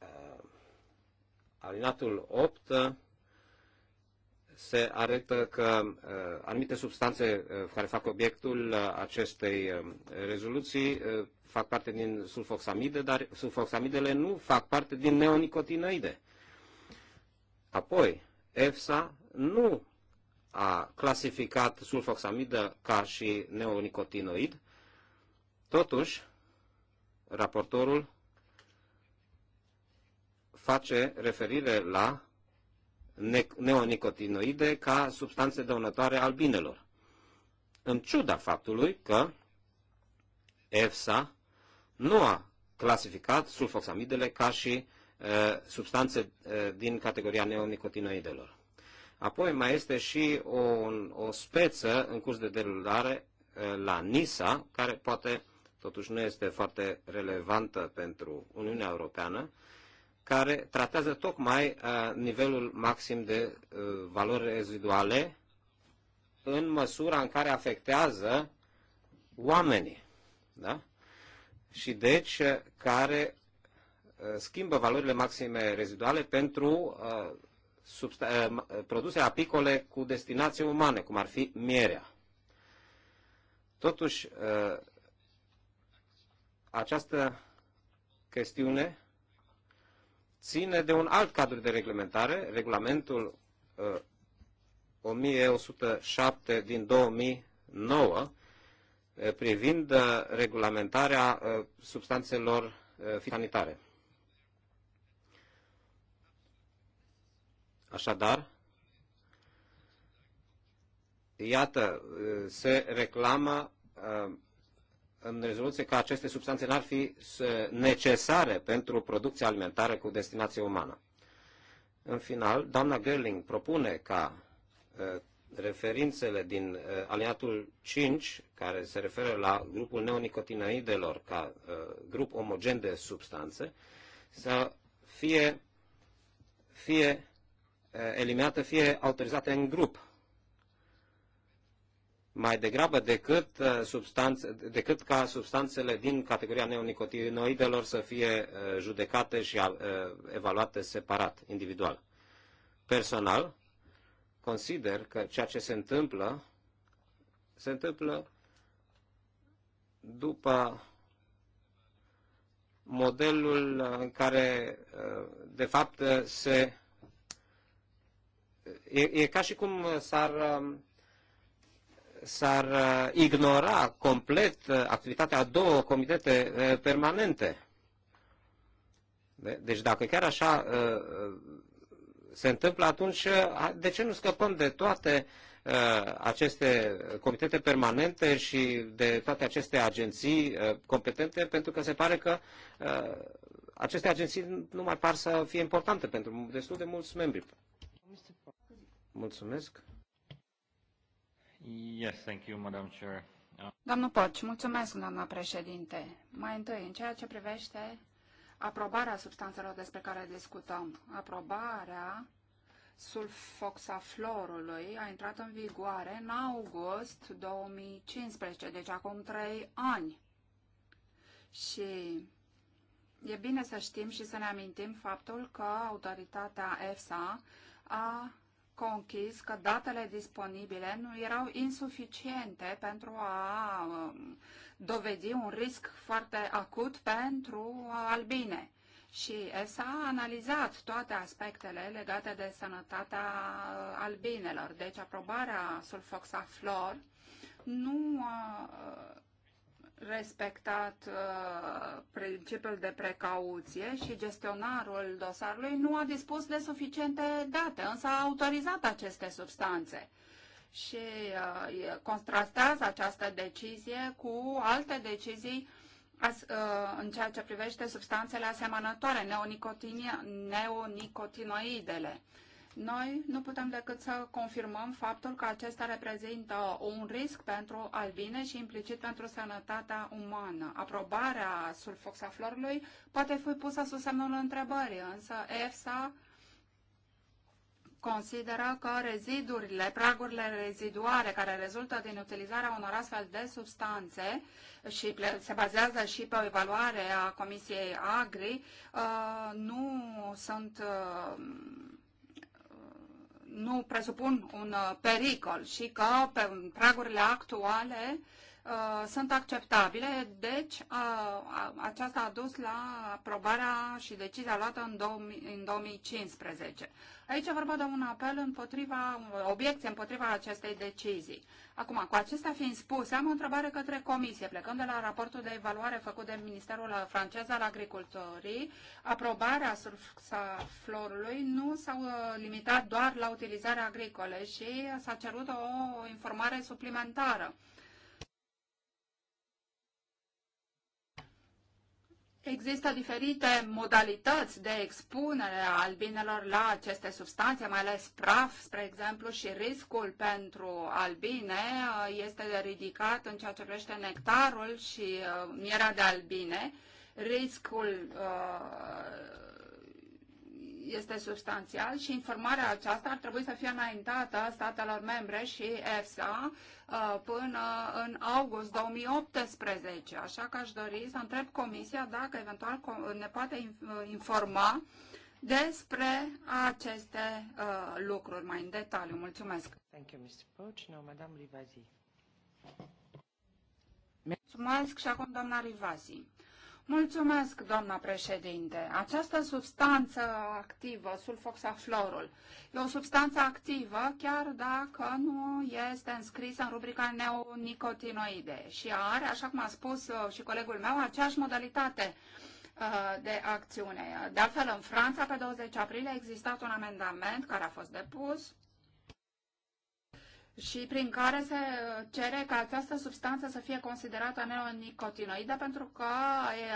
uh, alinatul 8 se arătă că anumite substanțe care fac obiectul acestei rezoluții fac parte din sulfoxamide, dar sulfoxamidele nu fac parte din neonicotinoide. Apoi, EFSA nu a clasificat sulfoxamidă ca și neonicotinoid, totuși raportorul face referire la neonicotinoide ca substanțe dăunătoare albinelor. În ciuda faptului că EFSA nu a clasificat sulfoxamidele ca și uh, substanțe uh, din categoria neonicotinoidelor. Apoi mai este și o, o speță în curs de derulare eh, la NISA, care poate totuși nu este foarte relevantă pentru Uniunea Europeană, care tratează tocmai eh, nivelul maxim de eh, valori reziduale în măsura în care afectează oamenii. Da? Și deci care schimbă valorile maxime reziduale pentru Eh, eh, produse apicole cu destinație umane, cum ar fi mierea. Totuși, eh, această chestiune ține de un alt cadru de reglementare, regulamentul 1107 din 2009, privind reglementarea substanțelor fitanitare. Așadar, iată, se reclamă uh, în rezoluție că aceste substanțe n-ar fi uh, necesare pentru producția alimentară cu destinație umană. În final, doamna Gerling propune ca uh, referințele din aliatul 5, care se referă la grupul neonicotinoidelor ca grup omogen de substanțe, să fie, fie Eh, eliminată fie autorizată în grup, mai degrabă decât, eh, substanțe, decât ca substanțele din categoria neonicotinoidelor să fie eh, judecate și evaluate separat, individual. Personal, consider că ceea ce se întâmplă, se întâmplă după modelul în care, de fapt, se E, e ca și cum s-ar um, s-ar uh, ignora complet uh, activitatea a două comitete uh, permanente. Deci dacă chiar așa se întâmplă, atunci de ce nu scăpăm de toate aceste comitete permanente și de toate aceste agenții competente, pentru că se pare că aceste agenții nu mai par să fie importante pentru destul de mulți membri. Mr. Mulțumesc. Yes, thank you, Madam Chair. Doamnă Poci, mulțumesc, doamna președinte. Mai întâi, în ceea ce privește aprobarea substanțelor despre care discutăm, aprobarea sulfoxaflorului a intrat în vigoare în august 2015, deci acum trei ani. Și e bine să știm și să ne amintim faptul că autoritatea EFSA a conchis că datele disponibile nu erau insuficiente pentru a um, dovedi un risc foarte acut pentru albine. Și s-a analizat toate aspectele legate de sănătatea uh, albinelor. Deci aprobarea sulfoxaflor nu uh, respectat uh, principiul de precauție și gestionarul dosarului nu a dispus de suficiente date, însă a autorizat aceste substanțe și uh, contrastează această decizie cu alte decizii uh, în ceea ce privește substanțele asemănătoare, neonicotinoidele. Noi nu putem decât să confirmăm faptul că acesta reprezintă un risc pentru albine și implicit pentru sănătatea umană. Aprobarea sulfoxaflorului poate fi pusă sub semnul întrebării, însă EFSA consideră că rezidurile, pragurile reziduare care rezultă din utilizarea unor astfel de substanțe și se bazează și pe o evaluare a Comisiei Agri, uh, nu sunt uh, nu presupun un uh, pericol și că pe pragurile actuale uh, sunt acceptabile, deci uh, aceasta a dus la aprobarea și decizia luată în, 2000, în 2015. Aici e vorba de un apel împotriva, obiecție împotriva acestei decizii. Acum, cu acestea fiind spuse, am o întrebare către comisie. Plecăm de la raportul de evaluare făcut de Ministerul francez al Agriculturii, aprobarea sursa florului nu s-a uh, limitat doar la utilizarea agricole și s-a cerut o informare suplimentară. Există diferite modalități de expunere a albinelor la aceste substanțe, mai ales praf, spre exemplu, și riscul pentru albine uh, este ridicat în ceea ce privește nectarul și uh, mierea de albine. Riscul uh, este substanțial și informarea aceasta ar trebui să fie înaintată statelor membre și EFSA uh, până în august 2018. Așa că aș dori să întreb Comisia dacă eventual ne poate informa despre aceste uh, lucruri mai în detaliu. Mulțumesc. Thank you, Mr. Poch. Now, Madame Rivasi. Mulțumesc și acum doamna Rivasi. Mulțumesc, doamna președinte. Această substanță activă, sulfoxaflorul, e o substanță activă chiar dacă nu este înscrisă în rubrica neonicotinoide și are, așa cum a spus uh, și colegul meu, aceeași modalitate uh, de acțiune. De altfel, în Franța, pe 20 aprilie, a existat un amendament care a fost depus și prin care se cere ca această substanță să fie considerată neonicotinoidă pentru că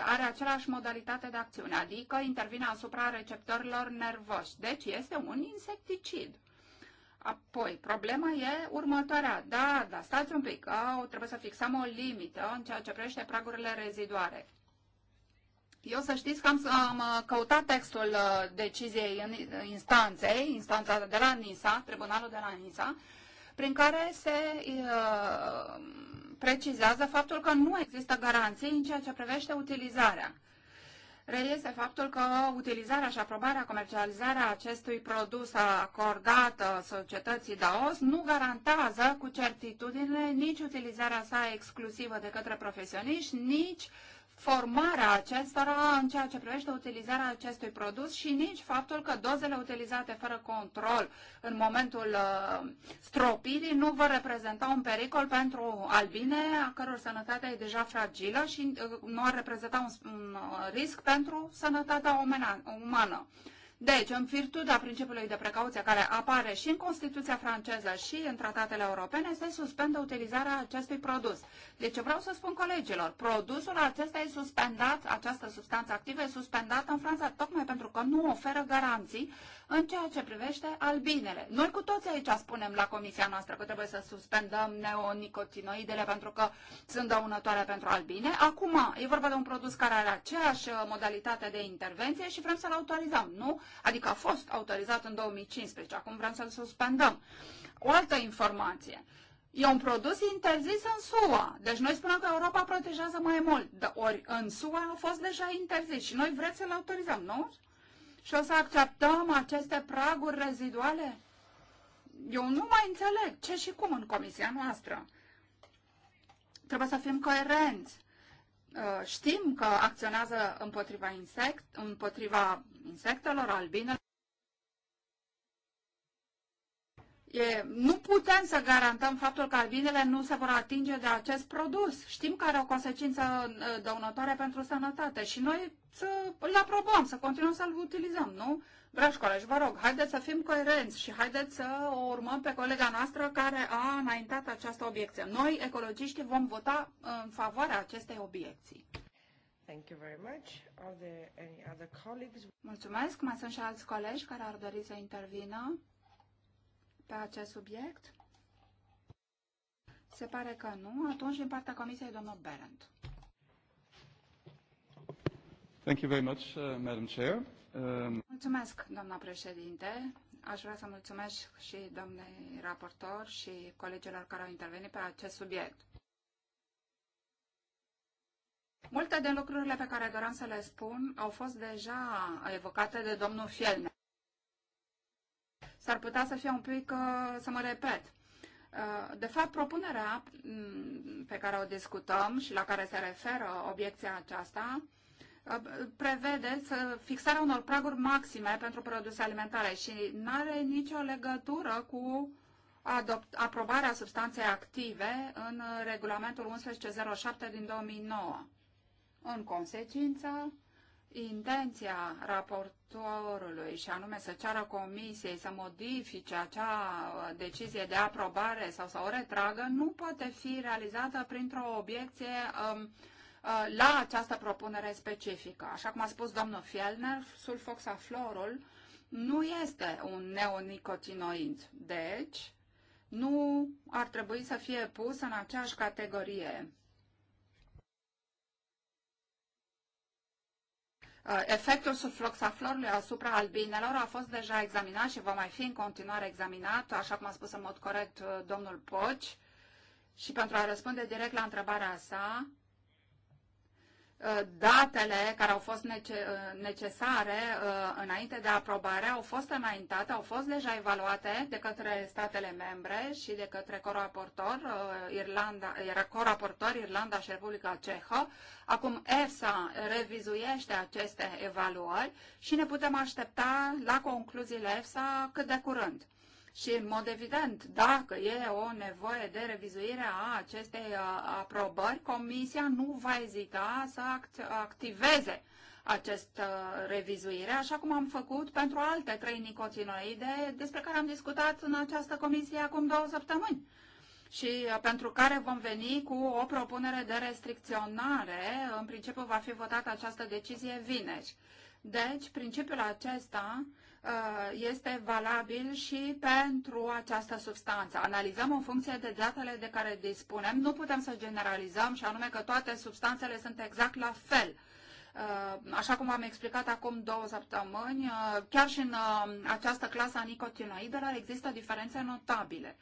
are aceeași modalitate de acțiune, adică intervine asupra receptorilor nervoși. Deci este un insecticid. Apoi, problema e următoarea. Da, da, stați un pic, că trebuie să fixăm o limită în ceea ce privește pragurile reziduare. Eu să știți că am, am uh, căutat textul uh, deciziei în instanței, instanța de la NISA, tribunalul de la NISA, prin care se uh, precizează faptul că nu există garanții în ceea ce privește utilizarea. Reiese faptul că utilizarea și aprobarea, comercializarea acestui produs acordată uh, societății DAOS nu garantează cu certitudine nici utilizarea sa exclusivă de către profesioniști, nici uh, formarea acestora în ceea ce privește utilizarea acestui produs și nici faptul că dozele utilizate fără control în momentul uh, stropirii nu vor reprezenta un pericol pentru albine, a căror sănătate e deja fragilă și uh, nu ar reprezenta un, un uh, risc pentru sănătatea umana, umană. Deci, în virtutea principiului de precauție care apare și în Constituția franceză și în tratatele europene, se suspendă utilizarea acestui produs. Deci, vreau să spun colegilor, produsul acesta e suspendat, această substanță activă e suspendată în Franța tocmai pentru că nu oferă garanții în ceea ce privește albinele. Noi cu toți aici spunem la comisia noastră că trebuie să suspendăm neonicotinoidele pentru că sunt dăunătoare pentru albine. Acum e vorba de un produs care are aceeași uh, modalitate de intervenție și vrem să-l autorizăm, nu? Adică a fost autorizat în 2015, acum vrem să-l suspendăm. O altă informație. E un produs interzis în SUA. Deci noi spunem că Europa protejează mai mult. ori în SUA a fost deja interzis și noi vrem să-l autorizăm, nu? și o să acceptăm aceste praguri reziduale? Eu nu mai înțeleg ce și cum în comisia noastră. Trebuie să fim coerenți. Uh, știm că acționează împotriva, insect, împotriva insectelor, albinelor, E, nu putem să garantăm faptul că albinele nu se vor atinge de acest produs. Știm că are o consecință dăunătoare pentru sănătate și noi să îl aprobăm, să continuăm să-l utilizăm, nu? Dragi colegi, vă rog, haideți să fim coerenți și haideți să o urmăm pe colega noastră care a înaintat această obiecție. Noi, ecologiștii, vom vota în favoarea acestei obiecții. Thank you very much. Are there any other colleagues? Mulțumesc. Mai sunt și alți colegi care ar dori să intervină pe acest subiect? Se pare că nu. Atunci, din partea Comisiei, domnul Berend. Thank you very much, uh, Madam Chair. Um... Mulțumesc, doamna președinte. Aș vrea să mulțumesc și domnului raportor și colegilor care au intervenit pe acest subiect. Multe din lucrurile pe care doream să le spun au fost deja evocate de domnul Fielne. S-ar putea să fie un pic, uh, să mă repet. Uh, de fapt, propunerea mm, pe care o discutăm și la care se referă obiecția aceasta uh, prevede să fixarea unor praguri maxime pentru produse alimentare și nu are nicio legătură cu adopt, aprobarea substanței active în regulamentul 1107 din 2009. În consecință, intenția raportorului și anume să ceară comisiei să modifice acea uh, decizie de aprobare sau să o retragă nu poate fi realizată printr-o obiecție um, uh, la această propunere specifică. Așa cum a spus domnul Fielner, sulfoxaflorul nu este un neonicotinoid, deci nu ar trebui să fie pus în aceeași categorie Uh, efectul sufloxaflorului asupra albinelor a fost deja examinat și va mai fi în continuare examinat, așa cum a spus în mod corect uh, domnul Poci. Și pentru a răspunde direct la întrebarea sa, Uh, datele care au fost uh, necesare uh, înainte de aprobare au fost înaintate, au fost deja evaluate de către statele membre și de către coraportor Irlanda, era coraportor Irlanda și Republica Cehă. Acum EFSA revizuiește aceste evaluări și ne putem aștepta la concluziile EFSA cât de curând. Și, în mod evident, dacă e o nevoie de revizuire a acestei uh, aprobări, Comisia nu va ezita să act activeze această uh, revizuire, așa cum am făcut pentru alte trei nicotinoide despre care am discutat în această comisie acum două săptămâni și uh, pentru care vom veni cu o propunere de restricționare. În principiu va fi votată această decizie vineri. Deci, principiul acesta Uh, este valabil și pentru această substanță. Analizăm în funcție de datele de care dispunem. Nu putem să generalizăm și anume că toate substanțele sunt exact la fel. Uh, așa cum am explicat acum două săptămâni, uh, chiar și în această clasă a nicotinoidelor există diferențe notabile.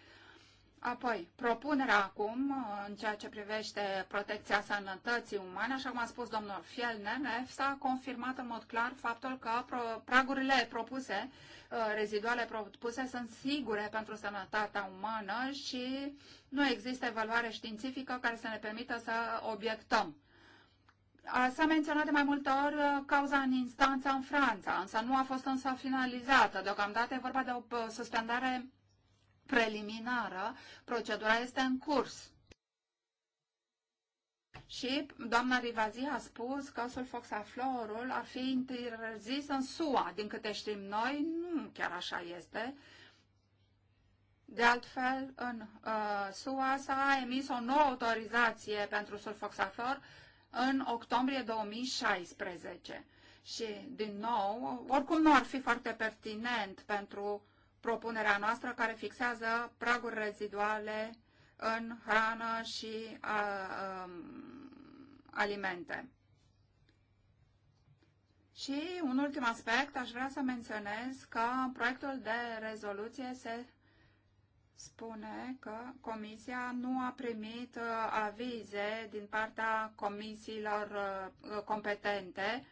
Apoi, propunerea acum uh, în ceea ce privește protecția sănătății umane, așa cum a spus domnul Fielner, EFSA a confirmat în mod clar faptul că pragurile propuse, uh, reziduale propuse, sunt sigure pentru sănătatea umană și nu există evaluare științifică care să ne permită să obiectăm. S-a menționat de mai multe ori uh, cauza în instanță în Franța, însă nu a fost însă finalizată. Deocamdată e vorba de o suspendare preliminară, procedura este în curs. Și doamna Rivazi a spus că osul foxaflorul ar fi interzis în SUA. Din câte știm noi, nu chiar așa este. De altfel, în uh, SUA s-a emis o nouă autorizație pentru sulfoxaflor în octombrie 2016. Și, din nou, oricum nu ar fi foarte pertinent pentru propunerea noastră care fixează praguri reziduale în hrană și a, a, um, alimente. Și un ultim aspect, aș vrea să menționez că în proiectul de rezoluție se spune că Comisia nu a primit uh, avize din partea comisiilor uh, competente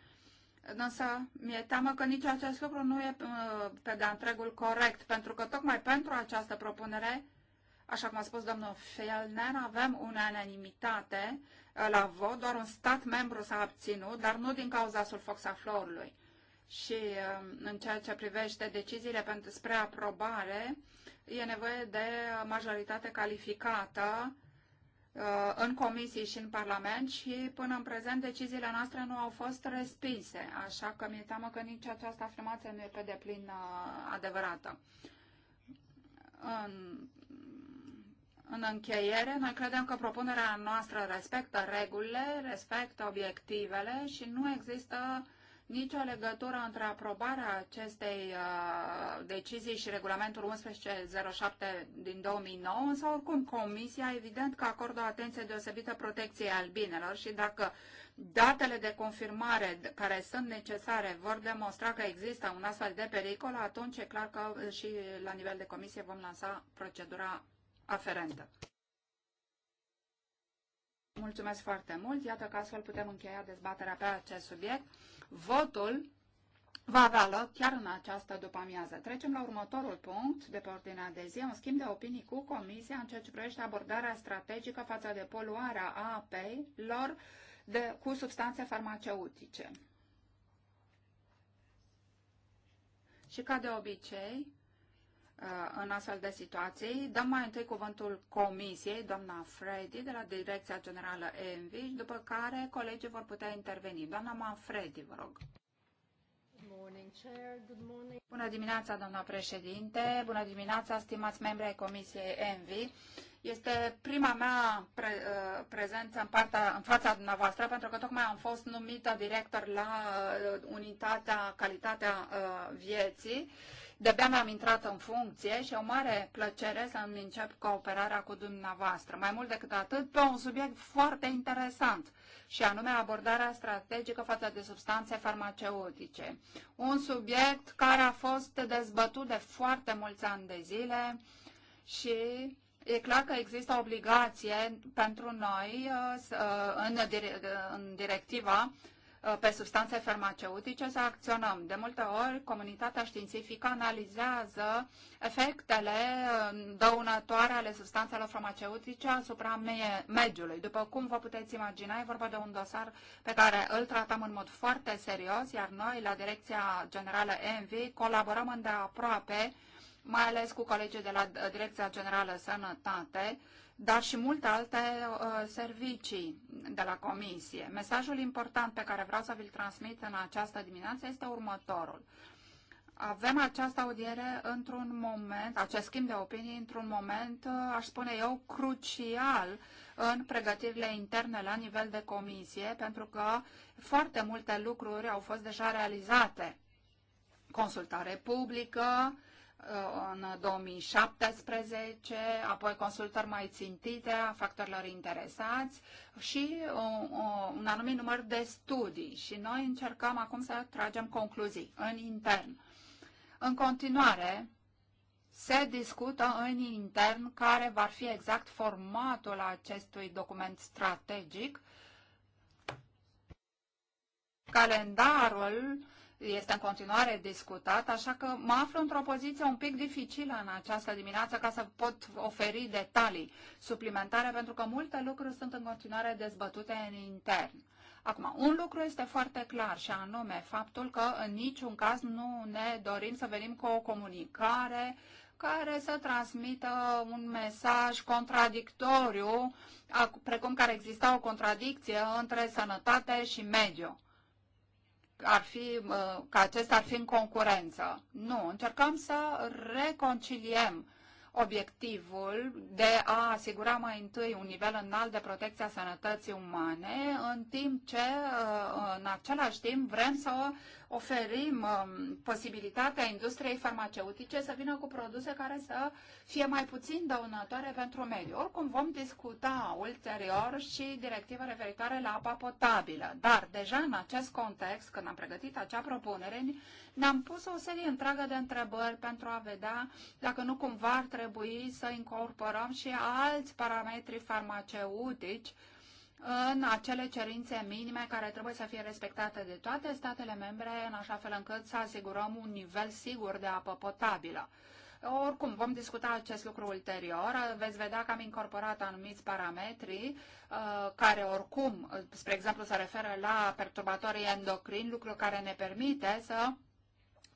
Însă mi-e teamă că nici acest lucru nu e uh, pe de întregul corect, pentru că tocmai pentru această propunere, așa cum a spus domnul Fielner, avem unanimitate uh, la vot, doar un stat membru s-a abținut, dar nu din cauza sulfoxaflorului. Și uh, în ceea ce privește deciziile pentru spre aprobare, e nevoie de majoritate calificată Uh, în comisii și în Parlament și până în prezent deciziile noastre nu au fost respinse, așa că mi-e teamă că nici această afirmație nu e pe deplin uh, adevărată. În, în încheiere, noi credem că propunerea noastră respectă regulile, respectă obiectivele și nu există uh, nicio legătură între aprobarea acestei uh, decizii și regulamentul 1107 din 2009, însă oricum Comisia evident că acordă o atenție deosebită protecției albinelor și dacă datele de confirmare care sunt necesare vor demonstra că există un astfel de pericol, atunci e clar că și la nivel de Comisie vom lansa procedura aferentă. Mulțumesc foarte mult. Iată că astfel putem încheia dezbaterea pe acest subiect. Votul va avea loc chiar în această după-amiază. Trecem la următorul punct de pe ordinea de zi, un schimb de opinii cu Comisia în ceea ce privește abordarea strategică față de poluarea apei lor de, cu substanțe farmaceutice. Și ca de obicei, Uh, în astfel de situații. Dăm mai întâi cuvântul comisiei, doamna Freddy, de la Direcția Generală ENVI, după care colegii vor putea interveni. Doamna Manfredi, vă rog. Bună dimineața, doamna președinte! Bună dimineața, stimați membri ai Comisiei ENVI! Este prima mea pre, uh, prezență în, partea, în fața dumneavoastră, pentru că tocmai am fost numită director la uh, unitatea Calitatea uh, Vieții de-abia mi-am intrat în funcție și e o mare plăcere să îmi încep cooperarea cu dumneavoastră. Mai mult decât atât, pe un subiect foarte interesant, și anume abordarea strategică față de substanțe farmaceutice. Un subiect care a fost dezbătut de foarte mulți ani de zile și e clar că există obligație pentru noi uh, uh, în directiva Uh, pe substanțe farmaceutice să acționăm. De multe ori, comunitatea științifică analizează efectele uh, dăunătoare ale substanțelor farmaceutice asupra mediului. După cum vă puteți imagina, e vorba de un dosar pe care îl tratăm în mod foarte serios, iar noi, la Direcția Generală ENVI, colaborăm îndeaproape, mai ales cu colegii de la Direcția Generală Sănătate, dar și multe alte uh, servicii de la comisie. Mesajul important pe care vreau să vi-l transmit în această dimineață este următorul. Avem această audiere într-un moment, acest schimb de opinii într-un moment, uh, aș spune eu, crucial în pregătirile interne la nivel de comisie, pentru că foarte multe lucruri au fost deja realizate. Consultare publică, în 2017, apoi consultări mai țintite a factorilor interesați și uh, uh, un anumit număr de studii. Și noi încercăm acum să tragem concluzii în intern. În continuare, se discută în intern care va fi exact formatul acestui document strategic. Calendarul este în continuare discutat, așa că mă aflu într-o poziție un pic dificilă în această dimineață ca să pot oferi detalii suplimentare, pentru că multe lucruri sunt în continuare dezbătute în intern. Acum, un lucru este foarte clar și anume faptul că în niciun caz nu ne dorim să venim cu o comunicare care să transmită un mesaj contradictoriu, precum care exista o contradicție între sănătate și mediu ar fi, că acestea ar fi în concurență. Nu, încercăm să reconciliem obiectivul de a asigura mai întâi un nivel înalt de protecție a sănătății umane, în timp ce, uh, în același timp, vrem să oferim um, posibilitatea industriei farmaceutice să vină cu produse care să fie mai puțin dăunătoare pentru mediu. Oricum vom discuta ulterior și directiva referitoare la apa potabilă. Dar deja în acest context, când am pregătit acea propunere, ne-am pus o serie întreagă de întrebări pentru a vedea dacă nu cumva ar trebui să incorporăm și alți parametri farmaceutici în acele cerințe minime care trebuie să fie respectate de toate statele membre, în așa fel încât să asigurăm un nivel sigur de apă potabilă. Oricum, vom discuta acest lucru ulterior. Veți vedea că am incorporat anumiți parametri uh, care oricum, spre exemplu, se referă la perturbatorii endocrini, lucru care ne permite să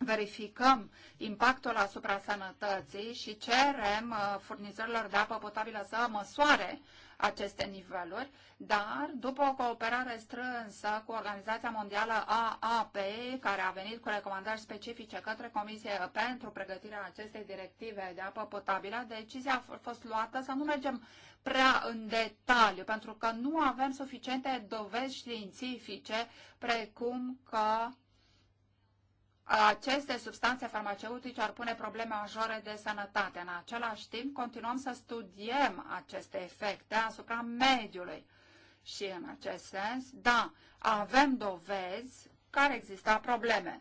verificăm impactul asupra sănătății și cerem uh, furnizorilor de apă potabilă să măsoare aceste niveluri, dar după o cooperare strânsă cu Organizația Mondială a Apei, care a venit cu recomandări specifice către Comisie pentru pregătirea acestei directive de apă potabilă, decizia a fost luată să nu mergem prea în detaliu, pentru că nu avem suficiente dovezi științifice precum că aceste substanțe farmaceutice ar pune probleme majore de sănătate. În același timp, continuăm să studiem aceste efecte asupra mediului. Și în acest sens, da, avem dovezi care exista probleme.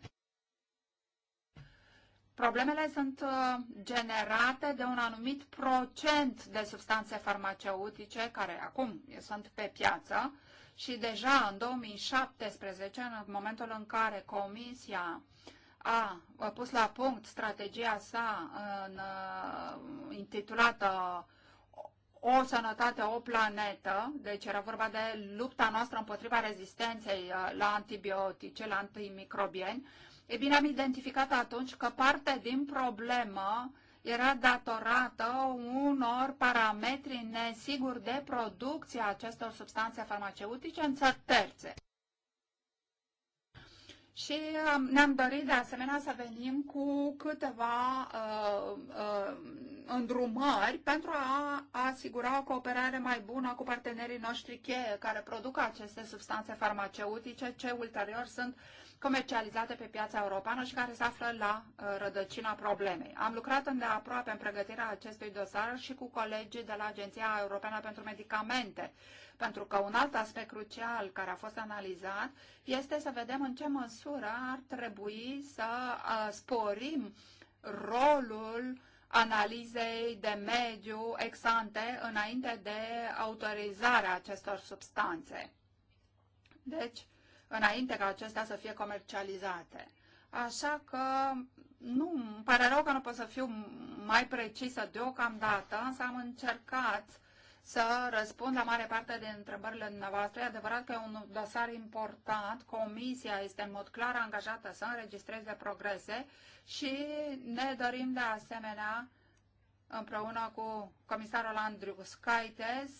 Problemele sunt uh, generate de un anumit procent de substanțe farmaceutice care acum sunt pe piață și deja în 2017, în momentul în care Comisia a pus la punct strategia sa în, uh, intitulată o sănătate, o planetă, deci era vorba de lupta noastră împotriva rezistenței uh, la antibiotice, la antimicrobieni, e bine, am identificat atunci că parte din problemă era datorată unor parametri nesiguri de producție a acestor substanțe farmaceutice în țări terțe. Și um, ne-am dorit de asemenea să venim cu câteva uh, uh, îndrumări pentru a asigura o cooperare mai bună cu partenerii noștri cheie care produc aceste substanțe farmaceutice ce ulterior sunt uh, comercializate pe piața europeană și care se află la uh, rădăcina problemei. Am lucrat îndeaproape în pregătirea acestui dosar și cu colegii de la Agenția Europeană pentru Medicamente, pentru că un alt aspect crucial care a fost analizat este să vedem în ce măsură ar trebui să uh, sporim rolul analizei de mediu exante înainte de autorizarea acestor substanțe. Deci, înainte ca acestea să fie comercializate. Așa că nu, îmi pare rău că nu pot să fiu mai precisă deocamdată, însă am încercat să răspund la mare parte din întrebările dumneavoastră. E adevărat că e un dosar important, comisia este în mod clar angajată să înregistreze progrese și ne dorim de asemenea împreună cu comisarul Andriu Skaites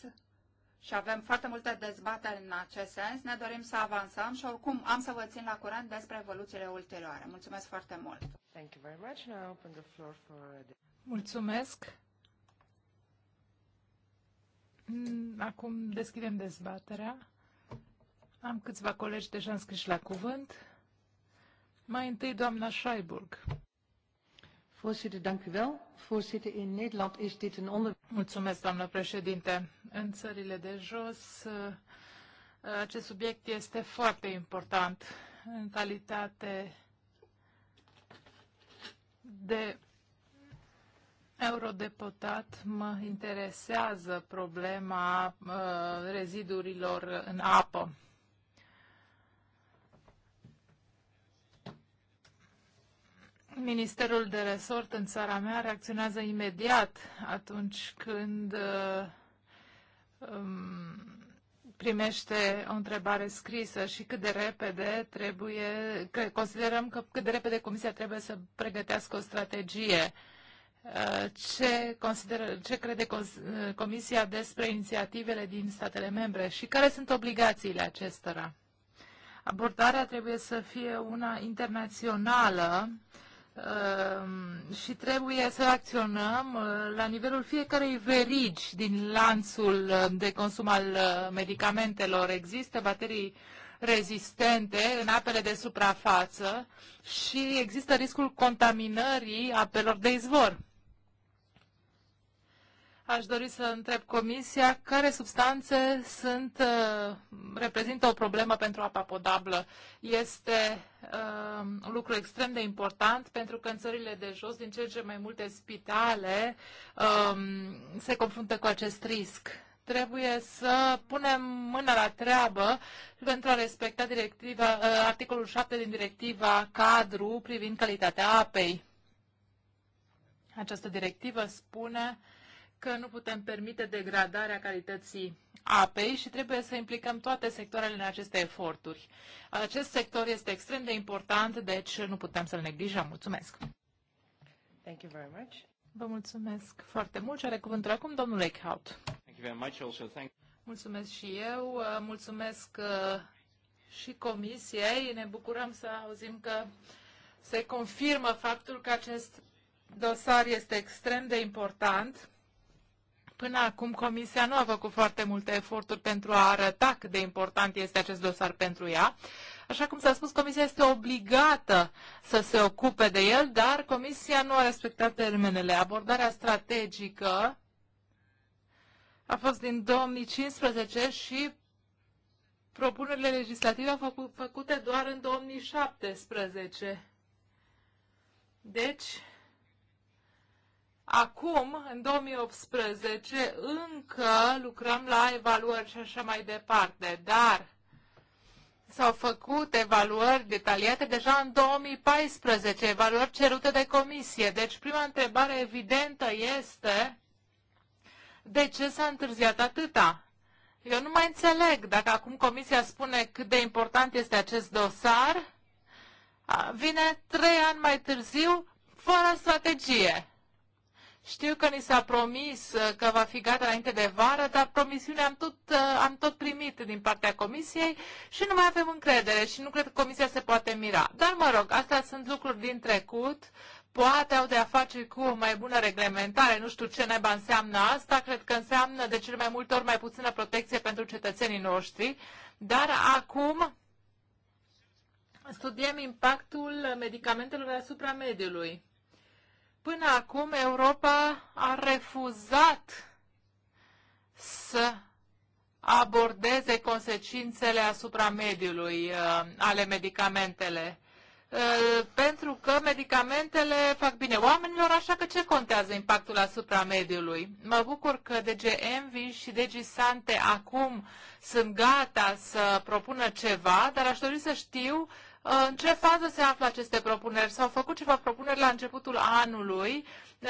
și avem foarte multe dezbateri în acest sens, ne dorim să avansăm și oricum am să vă țin la curent despre evoluțiile ulterioare. Mulțumesc foarte mult! Thank you very much. Now open the floor for... Mulțumesc! Mm, acum deschidem dezbaterea. Am câțiva colegi deja înscriși la cuvânt. Mai întâi doamna Scheiburg. Voorzitter, dank u wel. Voorzitter, in Nederland is dit een onderwerp. Mulțumesc, doamnă președinte. În țările de jos, eh, acest subiect este foarte important în calitate de eurodeputat mă interesează problema eh, rezidurilor în apă. Ministerul de resort în țara mea reacționează imediat atunci când uh, um, primește o întrebare scrisă și cât de repede trebuie, că considerăm că cât de repede Comisia trebuie să pregătească o strategie. Uh, ce, consideră, ce crede uh, Comisia despre inițiativele din statele membre și care sunt obligațiile acestora? Abordarea trebuie să fie una internațională Ehm, și trebuie să acționăm uh, la nivelul fiecarei verigi din lanțul uh, de consum al uh, medicamentelor. Există baterii rezistente în apele de suprafață și există riscul contaminării apelor de izvor. Aș dori să întreb Comisia care substanțe sunt, uh, reprezintă o problemă pentru apa potabilă. Este uh, un lucru extrem de important pentru că în țările de jos, din ce în ce mai multe spitale, uh, se confruntă cu acest risc trebuie să punem mâna la treabă pentru a respecta directiva, uh, articolul 7 din directiva cadru privind calitatea apei. Această directivă spune că nu putem permite degradarea calității apei și trebuie să implicăm toate sectoarele în aceste eforturi. Acest sector este extrem de important, deci nu putem să-l neglijăm. Mulțumesc! Thank you very much. Vă mulțumesc foarte mult și are cuvântul acum domnul Lakehout. Thank you very much. Also, thank... Mulțumesc și eu, uh, mulțumesc uh, și comisiei. Ne bucurăm să auzim că se confirmă faptul că acest dosar este extrem de important Până acum Comisia nu a făcut foarte multe eforturi pentru a arăta cât de important este acest dosar pentru ea. Așa cum s-a spus, Comisia este obligată să se ocupe de el, dar Comisia nu a respectat termenele. Abordarea strategică a fost din 2015 și propunerile legislative au făcut, făcute doar în 2017. Deci, Acum, în 2018, încă lucrăm la evaluări și așa mai departe, dar s-au făcut evaluări detaliate deja în 2014, evaluări cerute de comisie. Deci prima întrebare evidentă este de ce s-a întârziat atâta? Eu nu mai înțeleg dacă acum comisia spune cât de important este acest dosar, vine trei ani mai târziu fără strategie. Știu că ni s-a promis uh, că va fi gata înainte de vară, dar promisiunea am tot, uh, am tot primit din partea comisiei și nu mai avem încredere și nu cred că comisia se poate mira. Dar mă rog, astea sunt lucruri din trecut, poate au de a face cu o mai bună reglementare, nu știu ce naiba înseamnă asta, cred că înseamnă de cele mai multe ori mai puțină protecție pentru cetățenii noștri, dar acum studiem impactul medicamentelor asupra mediului. Până acum Europa a refuzat să abordeze consecințele asupra mediului uh, ale medicamentele uh, pentru că medicamentele fac bine oamenilor, așa că ce contează impactul asupra mediului? Mă bucur că DG Envy și DG Sante acum sunt gata să propună ceva, dar aș dori să știu în ce fază se află aceste propuneri? S-au făcut ceva propuneri la începutul anului.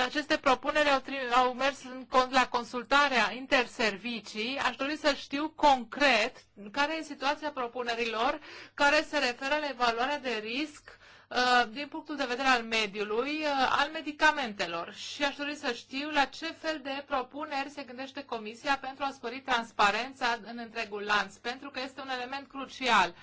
Aceste propuneri au, au mers în, la consultarea interservicii. Aș dori să știu concret care e situația propunerilor care se referă la evaluarea de risc uh, din punctul de vedere al mediului, uh, al medicamentelor și aș dori să știu la ce fel de propuneri se gândește Comisia pentru a spori transparența în întregul lanț, pentru că este un element crucial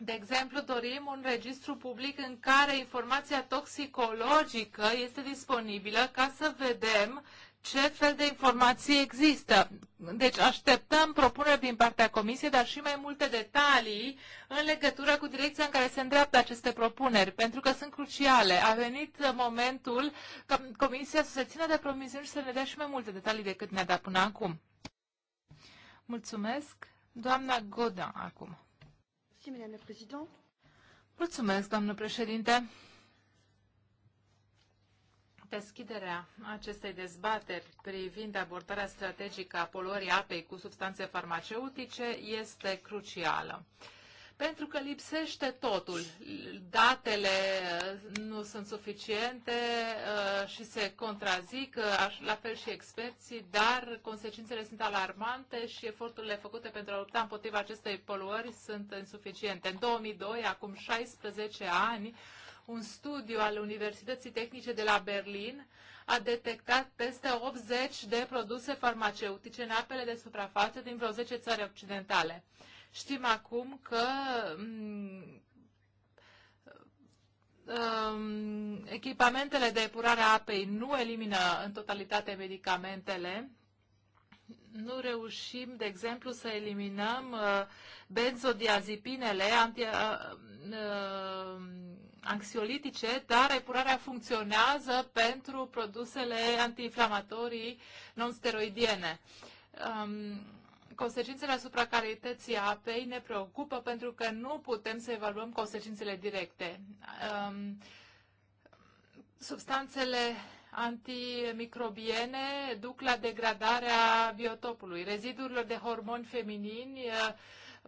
de exemplu, dorim un registru public în care informația toxicologică este disponibilă ca să vedem ce fel de informații există. Deci așteptăm propuneri din partea Comisiei, dar și mai multe detalii în legătură cu direcția în care se îndreaptă aceste propuneri, pentru că sunt cruciale. A venit momentul ca Comisia să se țină de promisiuni și să ne dea și mai multe detalii decât ne-a dat până acum. Mulțumesc. Doamna Goda acum. Mulțumesc, doamnă președinte. Deschiderea acestei dezbateri privind abordarea strategică a poluării apei cu substanțe farmaceutice este crucială pentru că lipsește totul. Datele uh, nu sunt suficiente uh, și se contrazic, uh, la fel și experții, dar consecințele sunt alarmante și eforturile făcute pentru a lupta împotriva acestei poluări sunt insuficiente. În 2002, acum 16 ani, un studiu al Universității Tehnice de la Berlin a detectat peste 80 de produse farmaceutice în apele de suprafață din vreo 10 țări occidentale. Știm acum că mm, um, echipamentele de epurare a apei nu elimină în totalitate medicamentele. Nu reușim, de exemplu, să eliminăm uh, benzodiazepinele anti, uh, uh, anxiolitice, dar epurarea funcționează pentru produsele antiinflamatorii non-steroidiene. Um, consecințele asupra calității apei ne preocupă pentru că nu putem să evaluăm consecințele directe. Um, substanțele antimicrobiene duc la degradarea biotopului, Rezidurile de hormoni feminini uh,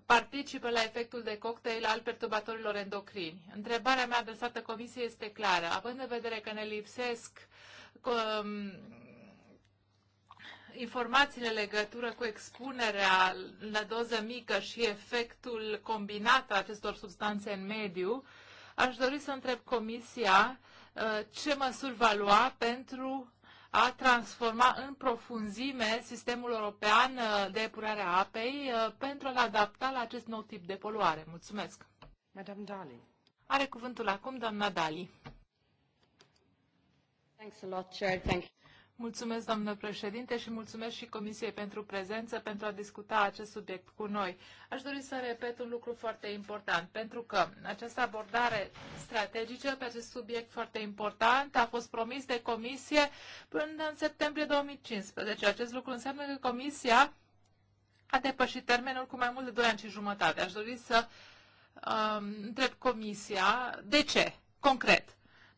participă la efectul de cocktail al perturbatorilor endocrini. Întrebarea mea adresată Comisiei este clară. Având în vedere că ne lipsesc um, informațiile legătură cu expunerea la doză mică și efectul combinat al acestor substanțe în mediu, aș dori să întreb Comisia uh, ce măsuri va lua pentru a transforma în profunzime sistemul european uh, de epurare a apei uh, pentru a-l adapta la acest nou tip de poluare. Mulțumesc! Madame Dali. Are cuvântul acum doamna Dali. Thanks a lot, Chair. Thank you. Mulțumesc, doamnă președinte, și mulțumesc și Comisiei pentru prezență, pentru a discuta acest subiect cu noi. Aș dori să repet un lucru foarte important, pentru că această abordare strategică pe acest subiect foarte important a fost promis de Comisie până în septembrie 2015. Acest lucru înseamnă că Comisia a depășit termenul cu mai mult de 2 ani și jumătate. Aș dori să um, întreb Comisia de ce, concret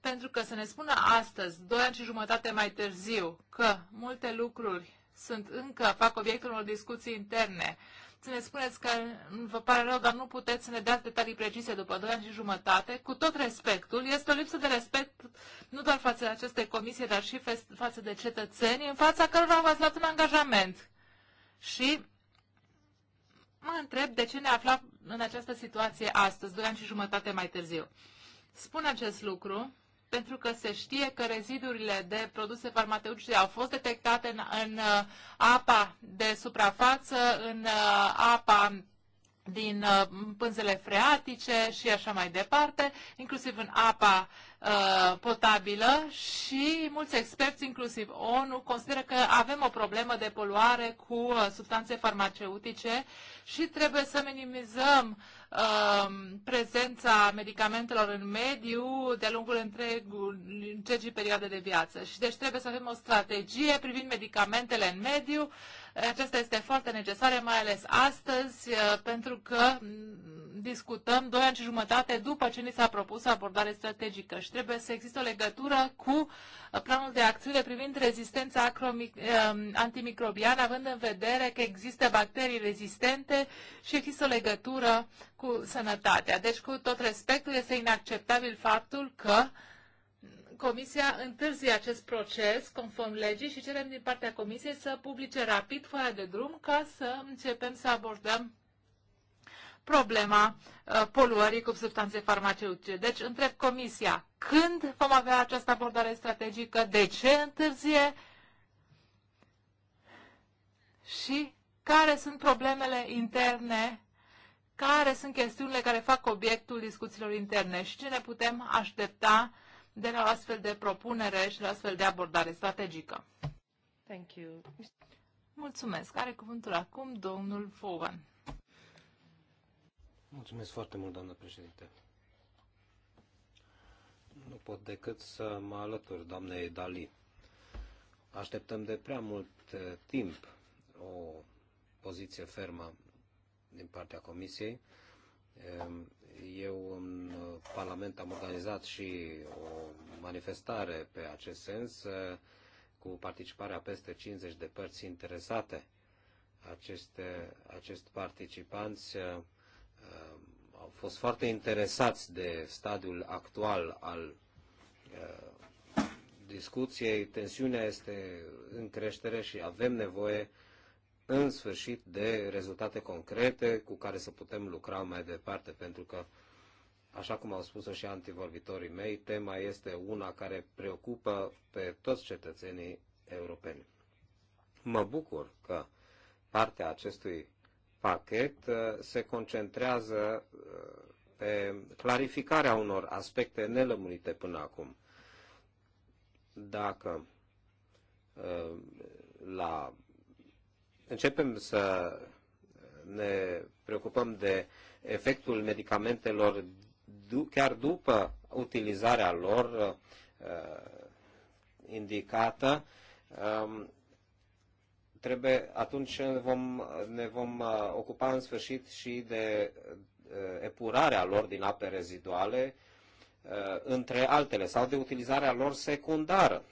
pentru că să ne spună astăzi, doi ani și jumătate mai târziu, că multe lucruri sunt încă, fac obiectul unor discuții interne, să ne spuneți că mm, vă pare rău, dar nu puteți să ne dați detalii precise după doi ani și jumătate, cu tot respectul, este o lipsă de respect nu doar față de aceste comisie, dar și față de cetățeni, în fața cărora v-ați luat un angajament. Și mă întreb de ce ne aflăm în această situație astăzi, doi ani și jumătate mai târziu. Spun acest lucru pentru că se știe că rezidurile de produse farmaceutice au fost detectate în, în uh, apa de suprafață, în uh, apa din uh, pânzele freatice și așa mai departe, inclusiv în apa potabilă și mulți experți, inclusiv ONU, consideră că avem o problemă de poluare cu substanțe farmaceutice și trebuie să minimizăm uh, Um, prezența medicamentelor în mediu de-a lungul întregului întregii perioade de viață. Și deci trebuie să avem o strategie privind medicamentele în mediu, aceasta este foarte necesară, mai ales astăzi, uh, pentru că mm, discutăm doi ani și jumătate după ce ni s-a propus abordare strategică și trebuie să există o legătură cu uh, planul de acțiune privind rezistența um, antimicrobiană, având în vedere că există bacterii rezistente și există o legătură cu sănătatea. Deci, cu tot respectul, este inacceptabil faptul că uh, Comisia întârzie acest proces conform legii și cerem din partea Comisiei să publice rapid foaia de drum ca să începem să abordăm problema uh, poluării cu substanțe farmaceutice. Deci întreb Comisia, când vom avea această abordare strategică, de ce întârzie și care sunt problemele interne, care sunt chestiunile care fac obiectul discuțiilor interne și ce ne putem aștepta de la astfel de propunere și la astfel de abordare strategică. Thank you. Mulțumesc. Are cuvântul acum domnul Fogan. Mulțumesc foarte mult, doamnă președinte. Nu pot decât să mă alătur doamnei Dali. Așteptăm de prea mult eh, timp o poziție fermă din partea Comisiei eu în Parlament am organizat și o manifestare pe acest sens cu participarea peste 50 de părți interesate. Aceste, acești participanți uh, uh, au fost foarte interesați de stadiul actual al uh, discuției. Tensiunea este în creștere și avem nevoie în sfârșit de rezultate concrete cu care să putem lucra mai departe, pentru că, așa cum au spus și antivorbitorii mei, tema este una care preocupă pe toți cetățenii europeni. Mă bucur că partea acestui pachet uh, se concentrează uh, pe clarificarea unor aspecte nelămurite până acum. Dacă uh, la începem să ne preocupăm de efectul medicamentelor chiar după utilizarea lor uh, indicată, um, trebuie, atunci vom, ne vom uh, ocupa în sfârșit și de uh, epurarea lor din ape reziduale, între altele, sau de utilizarea lor secundară.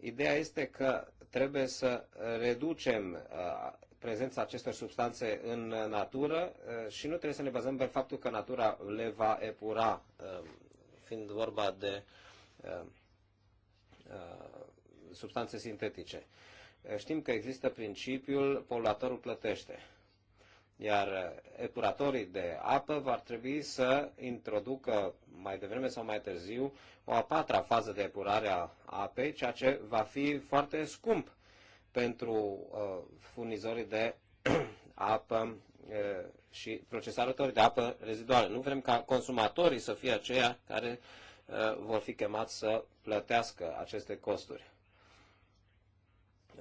Ideea este că Trebuie să reducem uh, prezența acestor substanțe în natură uh, și nu trebuie să ne bazăm pe faptul că natura le va epura, uh, fiind vorba de substanțe sintetice. Știm că există principiul poluatorul plătește iar uh, epuratorii de apă vor trebui să introducă mai devreme sau mai târziu o a patra fază de epurare a apei, ceea ce va fi foarte scump pentru uh, furnizorii de (clears throat) apă uh, și procesatorii de apă reziduală. Nu vrem ca consumatorii să fie aceia care uh, vor fi chemați să plătească aceste costuri.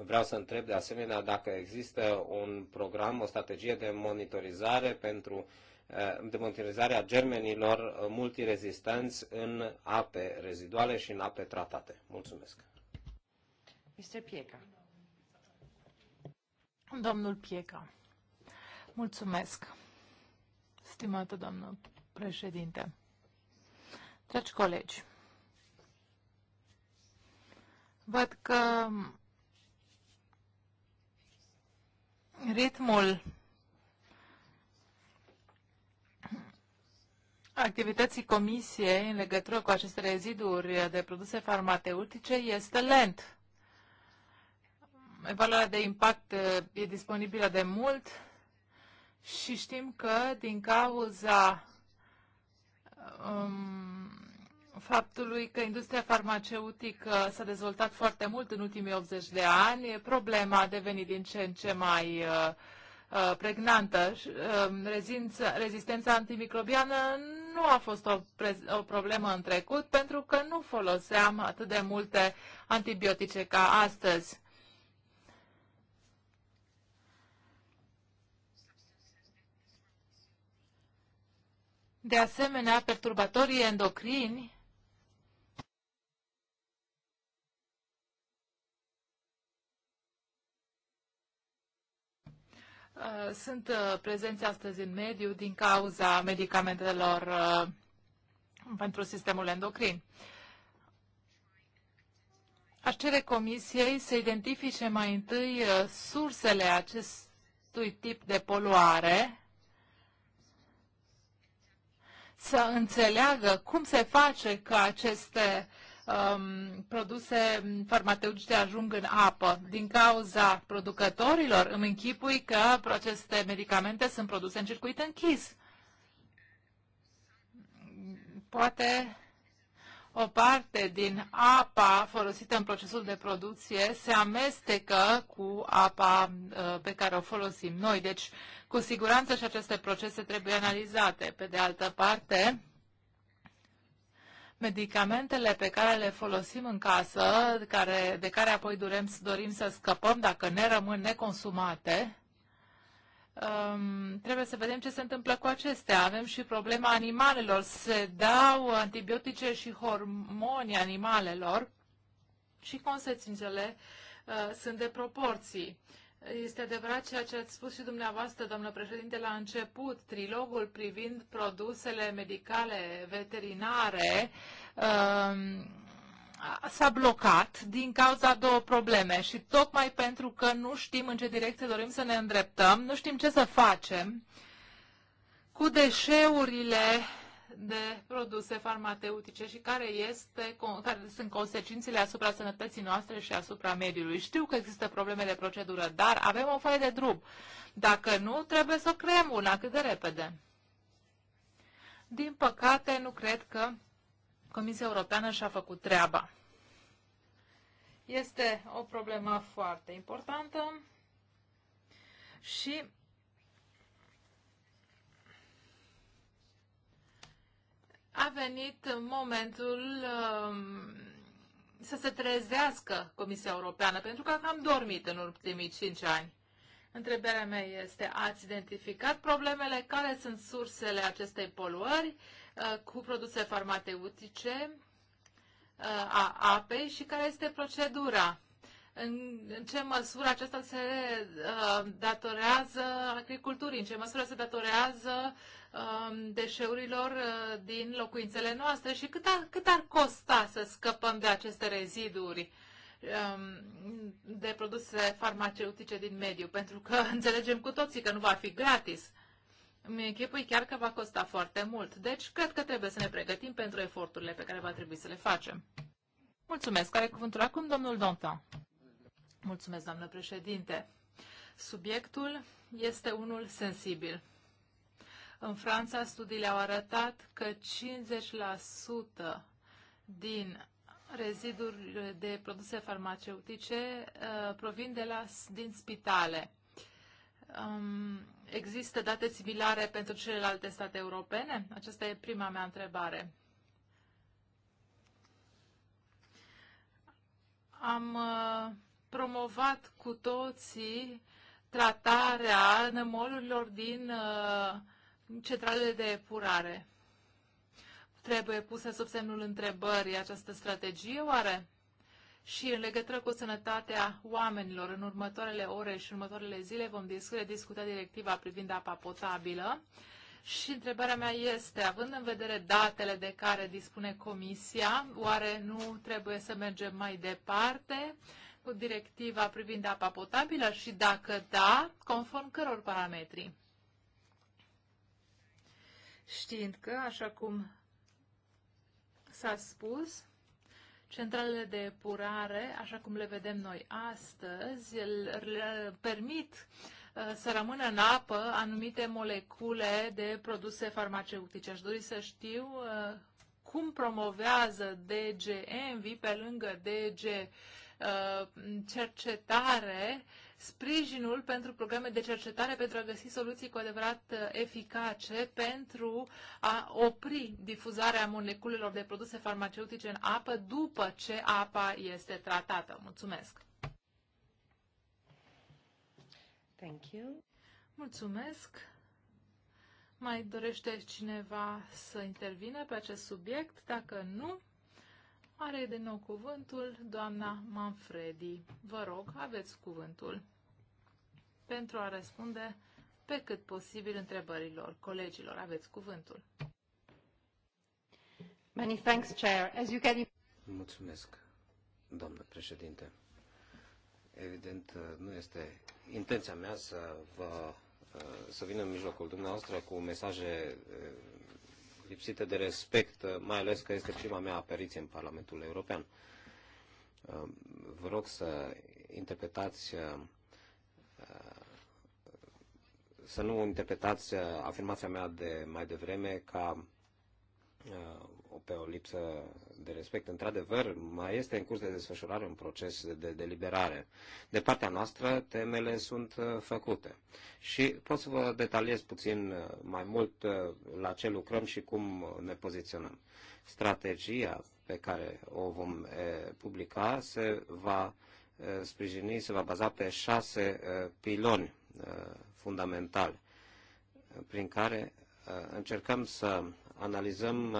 Vreau să întreb de asemenea dacă există un program, o strategie de monitorizare pentru eh, de monitorizare a germenilor eh, multirezistenți în ape reziduale și în ape tratate. Mulțumesc. Mr. Pieca. Domnul Pieca. Mulțumesc, stimată doamnă președinte. Dragi colegi, văd că ritmul activității comisiei în legătură cu aceste reziduri de produse farmaceutice este lent. Evaluarea de impact eh, e disponibilă de mult și știm că din cauza um, faptului că industria farmaceutică s-a dezvoltat foarte mult în ultimii 80 de ani, problema a devenit din ce în ce mai uh, uh, pregnantă. Um, rezistența antimicrobiană nu a fost o, o problemă în trecut pentru că nu foloseam atât de multe antibiotice ca astăzi. De asemenea, perturbatorii endocrini Uh, sunt uh, prezenți astăzi în mediu din cauza medicamentelor uh, pentru sistemul endocrin. Aș cere Comisiei să identifice mai întâi sursele acestui tip de poluare, să înțeleagă cum se face că aceste uh, um, produse farmaceutice ajung în apă. Din cauza producătorilor, îmi închipui că aceste medicamente sunt produse în circuit închis. Poate o parte din apa folosită în procesul de producție se amestecă cu apa uh, pe care o folosim noi. Deci, cu siguranță și aceste procese trebuie analizate. Pe de altă parte, medicamentele pe care le folosim în casă, care, de care apoi durem, dorim să scăpăm dacă ne rămân neconsumate, um, trebuie să vedem ce se întâmplă cu acestea. Avem și problema animalelor. Se dau antibiotice și hormoni animalelor și consecințele uh, sunt de proporții. Uh, este adevărat ceea ce ați spus și dumneavoastră, domnule președinte, la început, trilogul privind produsele medicale veterinare um, s-a blocat din cauza două probleme și tocmai pentru că nu știm în ce direcție dorim să ne îndreptăm, nu știm ce să facem cu deșeurile de produse farmaceutice și care, este, care sunt consecințele asupra sănătății noastre și asupra mediului. Știu că există probleme de procedură, dar avem o foaie de drum. Dacă nu, trebuie să creăm una cât de repede. Din păcate, nu cred că Comisia Europeană și-a făcut treaba. Este o problemă foarte importantă și a venit momentul um, să se trezească Comisia Europeană, pentru că am dormit în ultimii cinci ani. Întrebarea mea este, ați identificat problemele? Care sunt sursele acestei poluări uh, cu produse farmaceutice uh, a apei și care este procedura? în, în ce măsură aceasta se uh, datorează agriculturii, în ce măsură se datorează uh, deșeurilor uh, din locuințele noastre și cât ar, cât ar costa să scăpăm de aceste reziduri um, de produse farmaceutice din mediu, pentru că (laughs) înțelegem cu toții că nu va fi gratis. Îmi închipui chiar că va costa foarte mult, deci cred că trebuie să ne pregătim pentru eforturile pe care va trebui să le facem. Mulțumesc. Care cuvântul acum, domnul Donta? Mulțumesc, doamnă președinte. Subiectul este unul sensibil. În Franța, studiile au arătat că 50% din reziduri de produse farmaceutice uh, provin de la, din spitale. Um, există date similare pentru celelalte state europene? Aceasta e prima mea întrebare. Am uh, promovat cu toții tratarea nămolurilor din uh, centralele de epurare. Trebuie pusă sub semnul întrebării această strategie, oare? Și în legătură cu sănătatea oamenilor, în următoarele ore și următoarele zile vom discuta, discuta directiva privind apa potabilă. Și întrebarea mea este, având în vedere datele de care dispune Comisia, oare nu trebuie să mergem mai departe? Uh, cu directiva privind apa potabilă și dacă da, conform căror parametri? Știind că, așa cum s-a spus, centralele de epurare, așa cum le vedem noi astăzi, le permit uh, să rămână în apă anumite molecule de produse farmaceutice. Aș dori să știu uh, cum promovează DG Envy pe lângă DG Uh, cercetare, sprijinul pentru programe de cercetare pentru a găsi soluții cu adevărat uh, eficace pentru a opri difuzarea moleculelor de produse farmaceutice în apă după ce apa este tratată. Mulțumesc! Thank you. Mulțumesc! Mai dorește cineva să intervine pe acest subiect? Dacă nu, are de nou cuvântul doamna Manfredi. Vă rog, aveți cuvântul pentru a răspunde pe cât posibil întrebărilor colegilor. Aveți cuvântul. Many thanks, Chair. As you can... Mulțumesc, doamnă președinte. Evident, nu este intenția mea să vă să vin în mijlocul dumneavoastră cu mesaje lipsită de respect, mai ales că este prima mea apariție în Parlamentul European. Vă rog să interpretați să nu interpretați afirmația mea de mai devreme ca pe o lipsă de respect. Într-adevăr, mai este în curs de desfășurare un proces de deliberare. De partea noastră, temele sunt uh, făcute. Și pot să vă detaliez puțin uh, mai mult uh, la ce lucrăm și cum ne poziționăm. Strategia pe care o vom publica se va sprijini, se va baza pe șase piloni fundamentali prin care încercăm să analizăm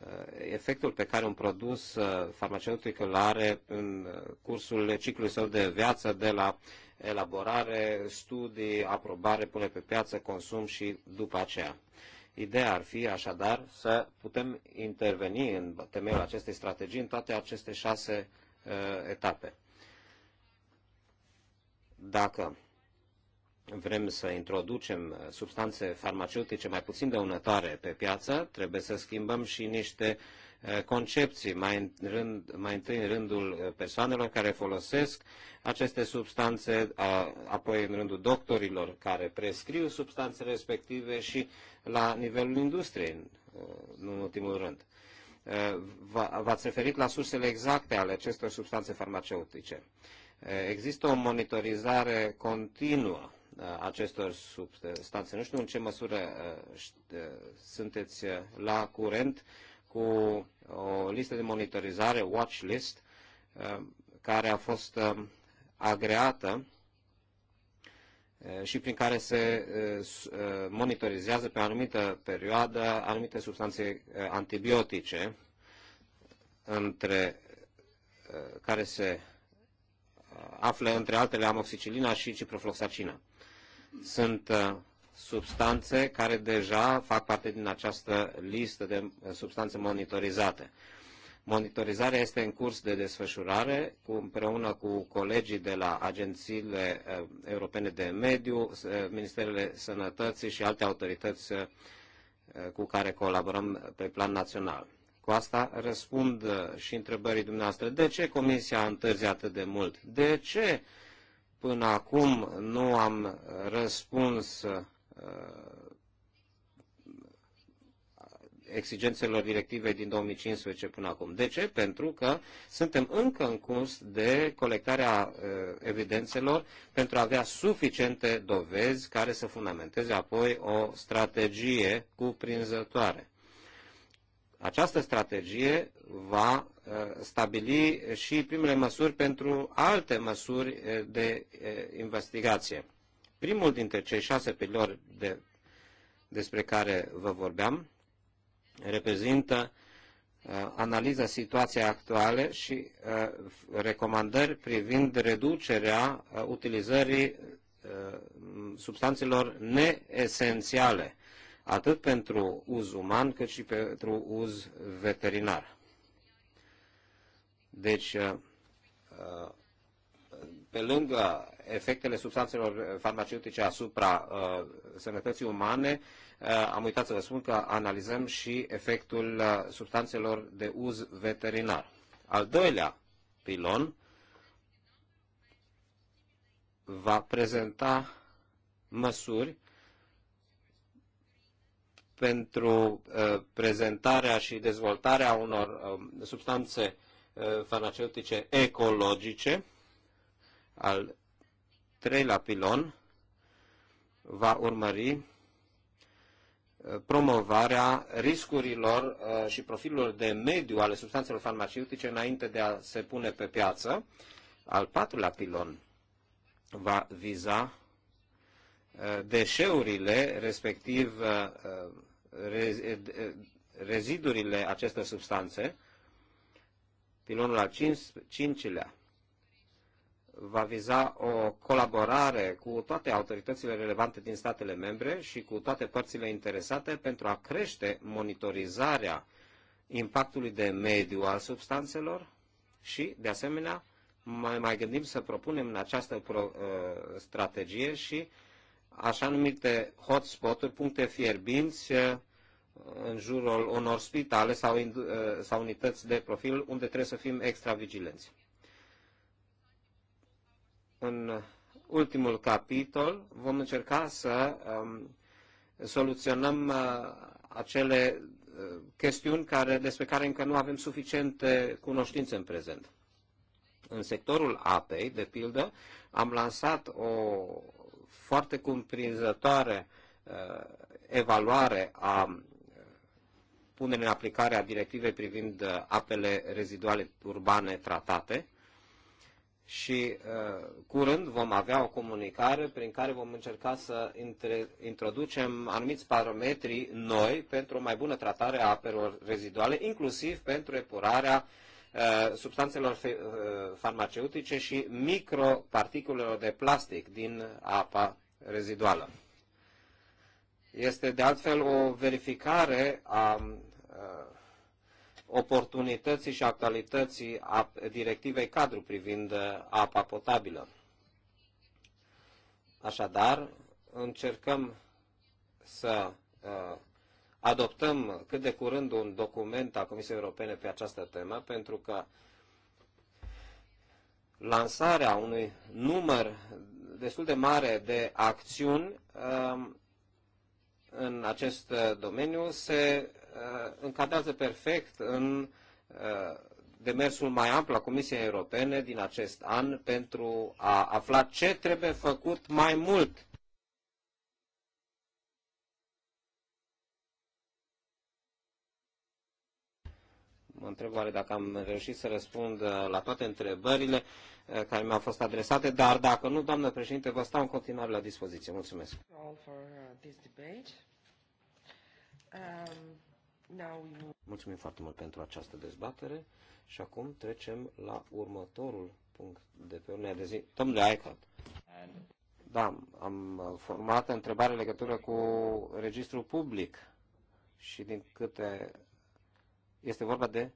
Uh, efectul pe care un produs uh, farmaceutic îl are în cursul ciclului său de viață de la elaborare, studii, aprobare, pune pe piață, consum și după aceea. Ideea ar fi așadar să putem interveni în temeiul acestei strategii în toate aceste șase uh, etape. Dacă vrem să introducem substanțe farmaceutice mai puțin dăunătoare pe piață, trebuie să schimbăm și niște eh, concepții, mai, în rând, mai întâi în rândul eh, persoanelor care folosesc aceste substanțe, a, apoi în rândul doctorilor care prescriu substanțe respective și la nivelul industriei, în eh, ultimul rând. V-ați referit la sursele exacte ale acestor substanțe farmaceutice. Există o monitorizare continuă Uh, acestor substanțe. Nu știu în ce măsură uh, uh, sunteți la curent cu o listă de monitorizare, watch list, care a fost agreată și prin care se monitorizează pe o anumită perioadă anumite substanțe antibiotice între care se află între altele amoxicilina și ciprofloxacina. Sunt uh, substanțe care deja fac parte din această listă de uh, substanțe monitorizate. Monitorizarea este în curs de desfășurare cu, împreună cu colegii de la agențiile uh, europene de mediu, Ministerele Sănătății și alte autorități cu care colaborăm pe plan național. Cu asta răspund și întrebării dumneavoastră. De ce Comisia întârzie atât de mult? De ce uh, Până acum nu am răspuns uh, exigențelor directivei din 2015 până acum. De ce? Pentru că suntem încă în curs de colectarea uh, evidențelor pentru a avea suficiente dovezi care să fundamenteze apoi o strategie cuprinzătoare. Această strategie va uh, stabili și primele măsuri pentru alte măsuri uh, de uh, investigație. Primul dintre cei șase pilori de, despre care vă vorbeam reprezintă analiza situației actuale și recomandări privind reducerea utilizării substanțelor neesențiale, atât pentru uz uman cât și pentru uz veterinar. Deci, uh, uh, pe lângă efectele substanțelor farmaceutice asupra uh, sănătății umane, am uitat să vă spun că analizăm și efectul substanțelor de uz veterinar. Al doilea pilon va prezenta măsuri pentru prezentarea și dezvoltarea unor substanțe uh, farmaceutice ecologice. Al treilea pilon va urmări uh, promovarea riscurilor uh, și profilul de mediu ale substanțelor farmaceutice înainte de a se pune pe piață. Al patrulea pilon va viza uh, deșeurile, respectiv rezidurile acestor substanțe Pilonul al cincilea va viza o colaborare cu toate autoritățile relevante din statele membre și cu toate părțile interesate pentru a crește monitorizarea impactului de mediu al substanțelor și, de asemenea, mai, mai gândim să propunem în această pro, uh, strategie și așa numite hotspot-uri, puncte fierbinți uh, în jurul unor spitale sau, ă, sau unități de profil unde trebuie să fim extra vigilenți. În ultimul capitol vom încerca să um, soluționăm uh, acele uh, chestiuni care, despre care încă nu avem suficiente cunoștințe în prezent. În sectorul apei, de pildă, am lansat o foarte cumprinzătoare uh, evaluare a punere în aplicare a directivei privind uh, apele reziduale urbane tratate și uh, curând vom avea o comunicare prin care vom încerca să introducem anumiți parametri noi pentru o mai bună tratare a apelor reziduale, inclusiv pentru epurarea uh, substanțelor farmaceutice și microparticulelor de plastic din apa reziduală. Este de altfel o verificare a oportunității și actualității a directivei cadru privind uh, apa potabilă. Așadar, încercăm să uh, adoptăm cât de curând un document al Comisiei Europene pe această temă, pentru că lansarea unui număr destul de mare de acțiuni uh, în acest uh, domeniu se uh, încadrează perfect în uh, demersul mai amplu a Comisiei Europene din acest an pentru a afla ce trebuie făcut mai mult mă întreb oare dacă am reușit să răspund la toate întrebările. Eh, care mi-au fost adresate, dar dacă nu, doamnă președinte, vă stau în continuare la dispoziție. Mulțumesc. Uh, um, Mulțumim foarte mult pentru această dezbatere și acum trecem la următorul punct de pe ordinea de zi. Domnule Aicat. Da, am format întrebare în legătură cu registrul public și din câte este vorba de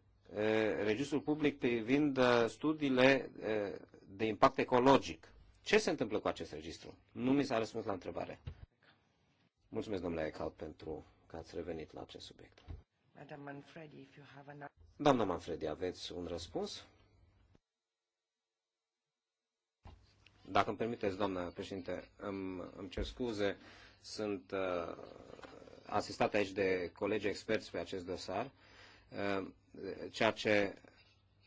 registrul public privind studiile de impact ecologic. Ce se întâmplă cu acest registru? Nu mi s-a răspuns la întrebare. Mulțumesc, domnule Ecaut, pentru că ați revenit la acest subiect. Manfredi, if you have an... Doamna Manfredi, aveți un răspuns? Dacă îmi permiteți, doamna președinte, îmi, îmi cer scuze, sunt uh, asistat aici de colegi experți pe acest dosar Eh, ceea ce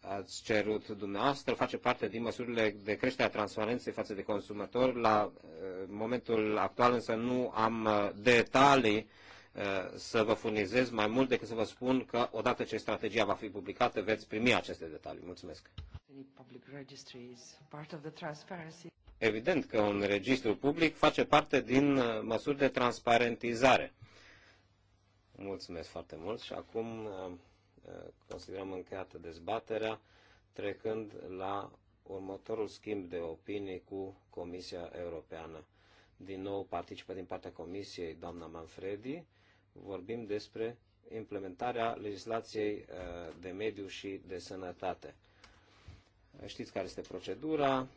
ați cerut dumneavoastră face parte din măsurile de creștere a transparenței față de consumatori. La eh, momentul actual însă nu am eh, detalii să vă furnizez mai mult decât să vă spun că odată ce strategia va fi publicată veți primi aceste detalii. Mulțumesc! Evident că un registru public face parte din măsuri de transparentizare. Mulțumesc foarte mult și acum considerăm încheiată dezbaterea, trecând la următorul schimb de opinii cu Comisia Europeană. Din nou participă din partea Comisiei doamna Manfredi. Vorbim despre implementarea legislației uh, de mediu și de sănătate. Știți care este procedura.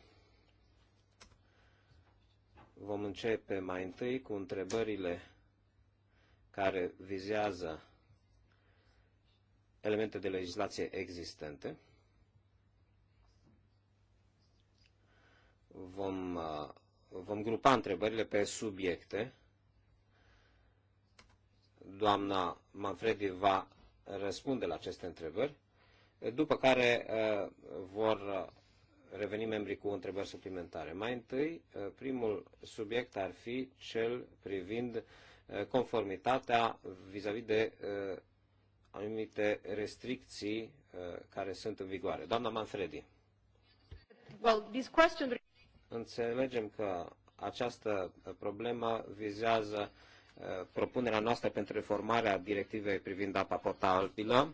Vom începe mai întâi cu întrebările care vizează elemente de legislație existente. Vom, uh, vom grupa întrebările pe subiecte. Doamna Manfredi va răspunde la aceste întrebări, după care uh, vor uh, reveni membrii cu întrebări suplimentare. Mai întâi, primul subiect ar fi cel privind conformitatea vis-a-vis -vis de anumite restricții uh, care sunt în vigoare. Doamna Manfredi. Well, this question... Înțelegem că această problemă vizează uh, propunerea noastră pentru reformarea directivei privind apa potabilă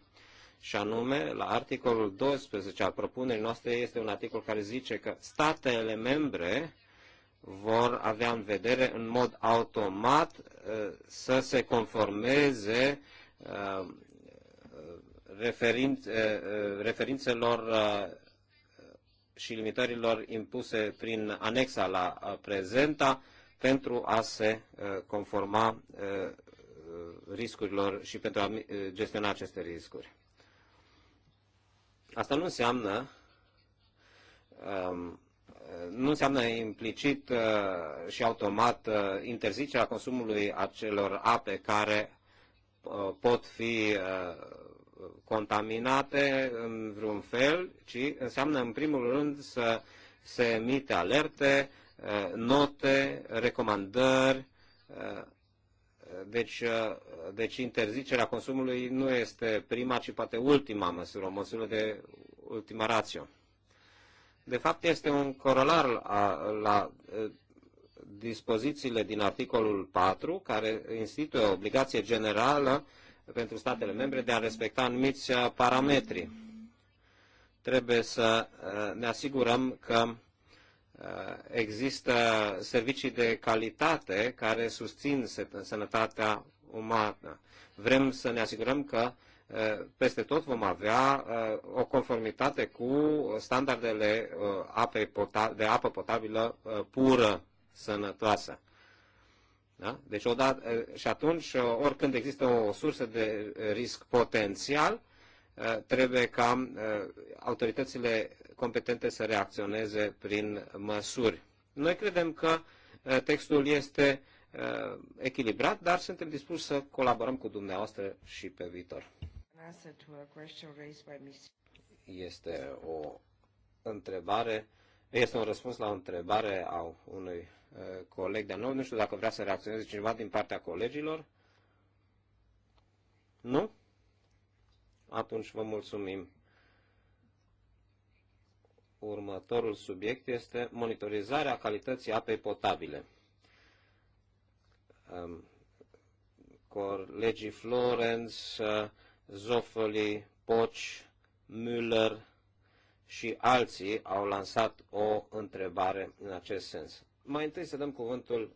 și anume la articolul 12 al propunerii noastre este un articol care zice că statele membre vor avea în vedere în mod automat uh, să se conformeze Eh, eh, referințelor eh, și limitărilor impuse prin anexa la prezenta pentru a se conforma riscurilor și pentru a gestiona aceste riscuri. Asta nu înseamnă ehm, nu înseamnă implicit și automat interzicerea consumului acelor ape care pot fi contaminate în vreun fel, ci înseamnă în primul rând să se emite alerte, uh, note, recomandări. Uh, deci, uh, deci interzicerea consumului nu este prima, ci poate ultima măsură, o măsură de ultima rațiune de fapt este un corolar la, la dispozițiile din articolul 4, care instituie o obligație generală pentru statele membre de a respecta anumiți uh, parametri. Trebuie să uh, ne asigurăm că uh, există servicii de calitate care susțin sănătatea umană. Vrem să ne asigurăm că peste tot vom avea o conformitate cu standardele de apă potabilă pură, sănătoasă. Da? Deci, odată, și atunci, oricând există o sursă de risc potențial, trebuie ca autoritățile competente să reacționeze prin măsuri. Noi credem că textul este echilibrat, dar suntem dispuși să colaborăm cu dumneavoastră și pe viitor. Este o întrebare, este un răspuns la o întrebare a unui Uh, coleg de nou. Nu știu dacă vrea să reacționeze cineva din partea colegilor. Nu? Atunci vă mulțumim. Următorul subiect este monitorizarea calității apei potabile. Um, colegii Florence, uh, Zofoli, Poci, Müller și alții au lansat o întrebare în acest sens mai întâi să dăm cuvântul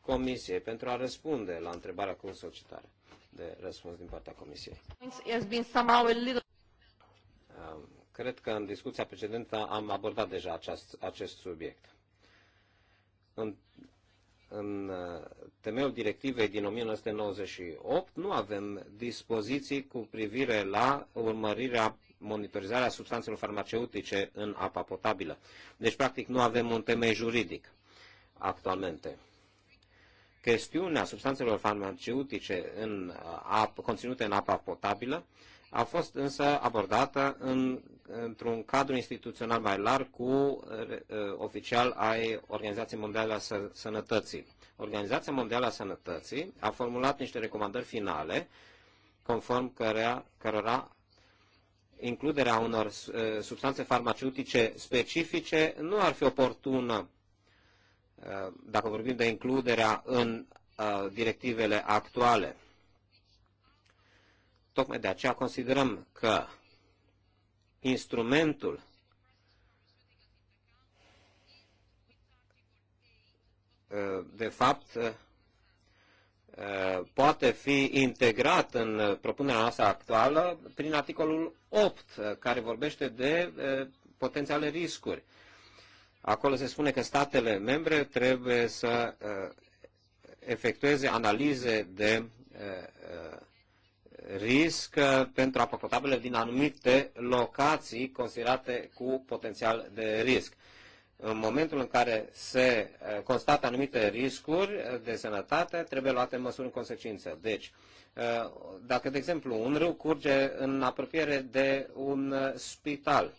Comisiei pentru a răspunde la întrebarea cu solicitare de răspuns din partea Comisiei. Cred că în discuția precedentă am abordat deja aceast, acest subiect. În, în temeiul directivei din 1998 nu avem dispoziții cu privire la urmărirea monitorizarea substanțelor farmaceutice în apa potabilă. Deci, practic, nu avem un temei juridic actualmente. Chestiunea substanțelor farmaceutice în uh, apă, conținute în apa potabilă a fost însă abordată în, într-un cadru instituțional mai larg cu uh, uh oficial ai Organizației Mondiale a Sănătății. Organizația Mondială a Sănătății a formulat niște recomandări finale conform cărea, cărora includerea unor uh, substanțe farmaceutice specifice nu ar fi oportună Uh, dacă vorbim de includerea în uh, directivele actuale. Tocmai de aceea considerăm că instrumentul uh, de fapt poate fi integrat în propunerea noastră actuală prin articolul 8, care vorbește de potențiale riscuri. Acolo se spune că statele membre trebuie să uh, efectueze analize de uh, uh, risc pentru apă potabilă din anumite locații considerate cu potențial de risc. În momentul în care se constată anumite riscuri de sănătate, trebuie luate măsuri în consecință. Deci, dacă, de exemplu, un râu curge în apropiere de un spital,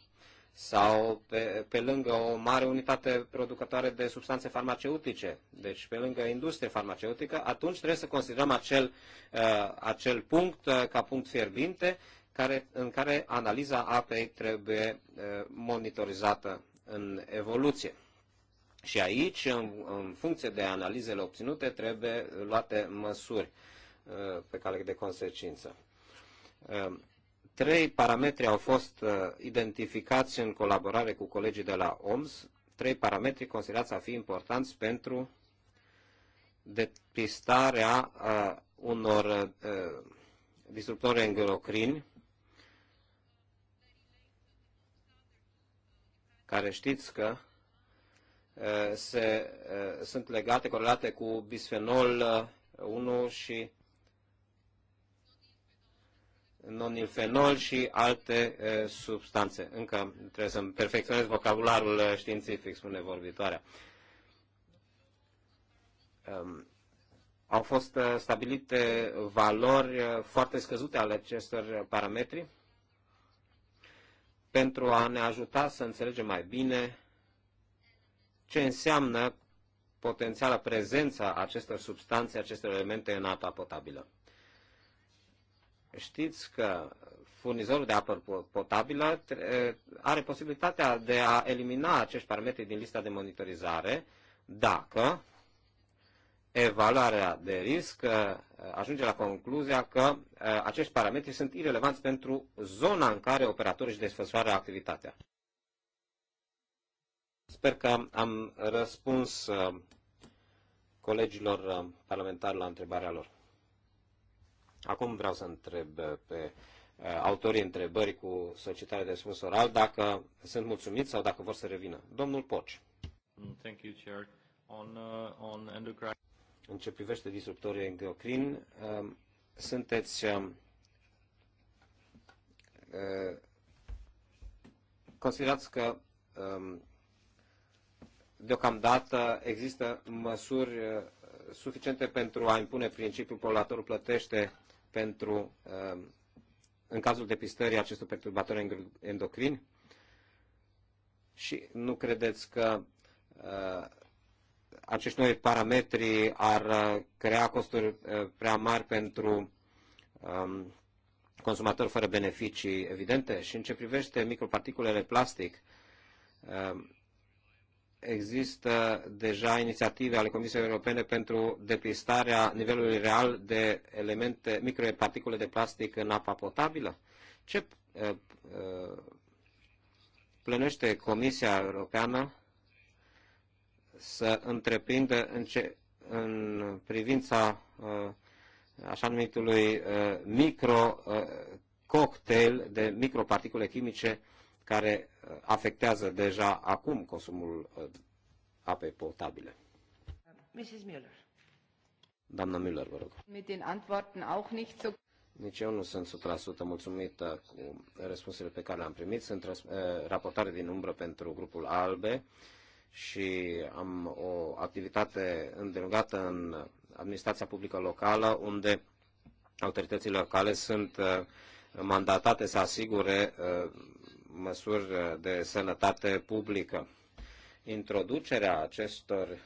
sau pe, pe lângă o mare unitate producătoare de substanțe farmaceutice, deci pe lângă industrie farmaceutică, atunci trebuie să considerăm acel, uh, acel punct uh, ca punct fierbinte care, în care analiza apei trebuie uh, monitorizată în evoluție. Și aici, în, în funcție de analizele obținute, trebuie luate măsuri uh, pe care de consecință. Uh, Trei parametri au fost uh, identificați în colaborare cu colegii de la OMS, trei parametri considerați a fi importanți pentru depistarea uh, unor uh, uh, disruptori endocrini, care știți că uh, se, uh, sunt legate, corelate cu bisfenol uh, 1 și nonilfenol și alte substanțe. Încă trebuie să-mi perfecționez vocabularul științific, spune vorbitoarea. Um, au fost stabilite valori foarte scăzute ale acestor parametri pentru a ne ajuta să înțelegem mai bine ce înseamnă potențiala prezența acestor substanțe, acestor elemente în apa potabilă știți că furnizorul de apă potabilă are posibilitatea de a elimina acești parametri din lista de monitorizare dacă evaluarea de risc uh, ajunge la concluzia că uh, acești parametri sunt irelevanți pentru zona în care operatorul își desfășoară activitatea. Sper că am răspuns uh, colegilor parlamentari la întrebarea lor. Acum vreau să întreb uh, pe uh, autorii întrebări cu societatea de răspuns oral dacă sunt mulțumiți sau dacă vor să revină. Domnul Poci. Mm, thank you, Chair. On, uh, on endocrine... În ce privește disruptorii endocrini, uh, sunteți um, uh, considerați că um, deocamdată există măsuri uh, suficiente pentru a impune principiul polatorul plătește pentru, uh, în cazul depistării acestor perturbatori endocrini? Și nu credeți că uh, acești noi parametri ar uh, crea costuri prea mari pentru um, consumatori fără beneficii evidente? Și în ce privește microparticulele plastic, există deja inițiative ale Comisiei Europene pentru depistarea nivelului real de elemente, microparticule de plastic în apa potabilă? Ce uh, uh plănește Comisia Europeană să întreprindă în, ce, în privința uh, așa numitului uh, micro uh, cocktail de microparticule chimice care uh, afectează deja acum consumul uh, apei potabile. Mrs. Müller. Doamna Müller, vă rog. Mit den Antworten auch nicht so nici eu nu sunt 100% mulțumită cu răspunsurile pe care le-am primit. Sunt răs- uh, raportare din umbră pentru grupul ALBE și am o activitate îndelungată în administrația publică locală, unde autoritățile locale sunt mandatate să asigure măsuri de sănătate publică. Introducerea acestor uh,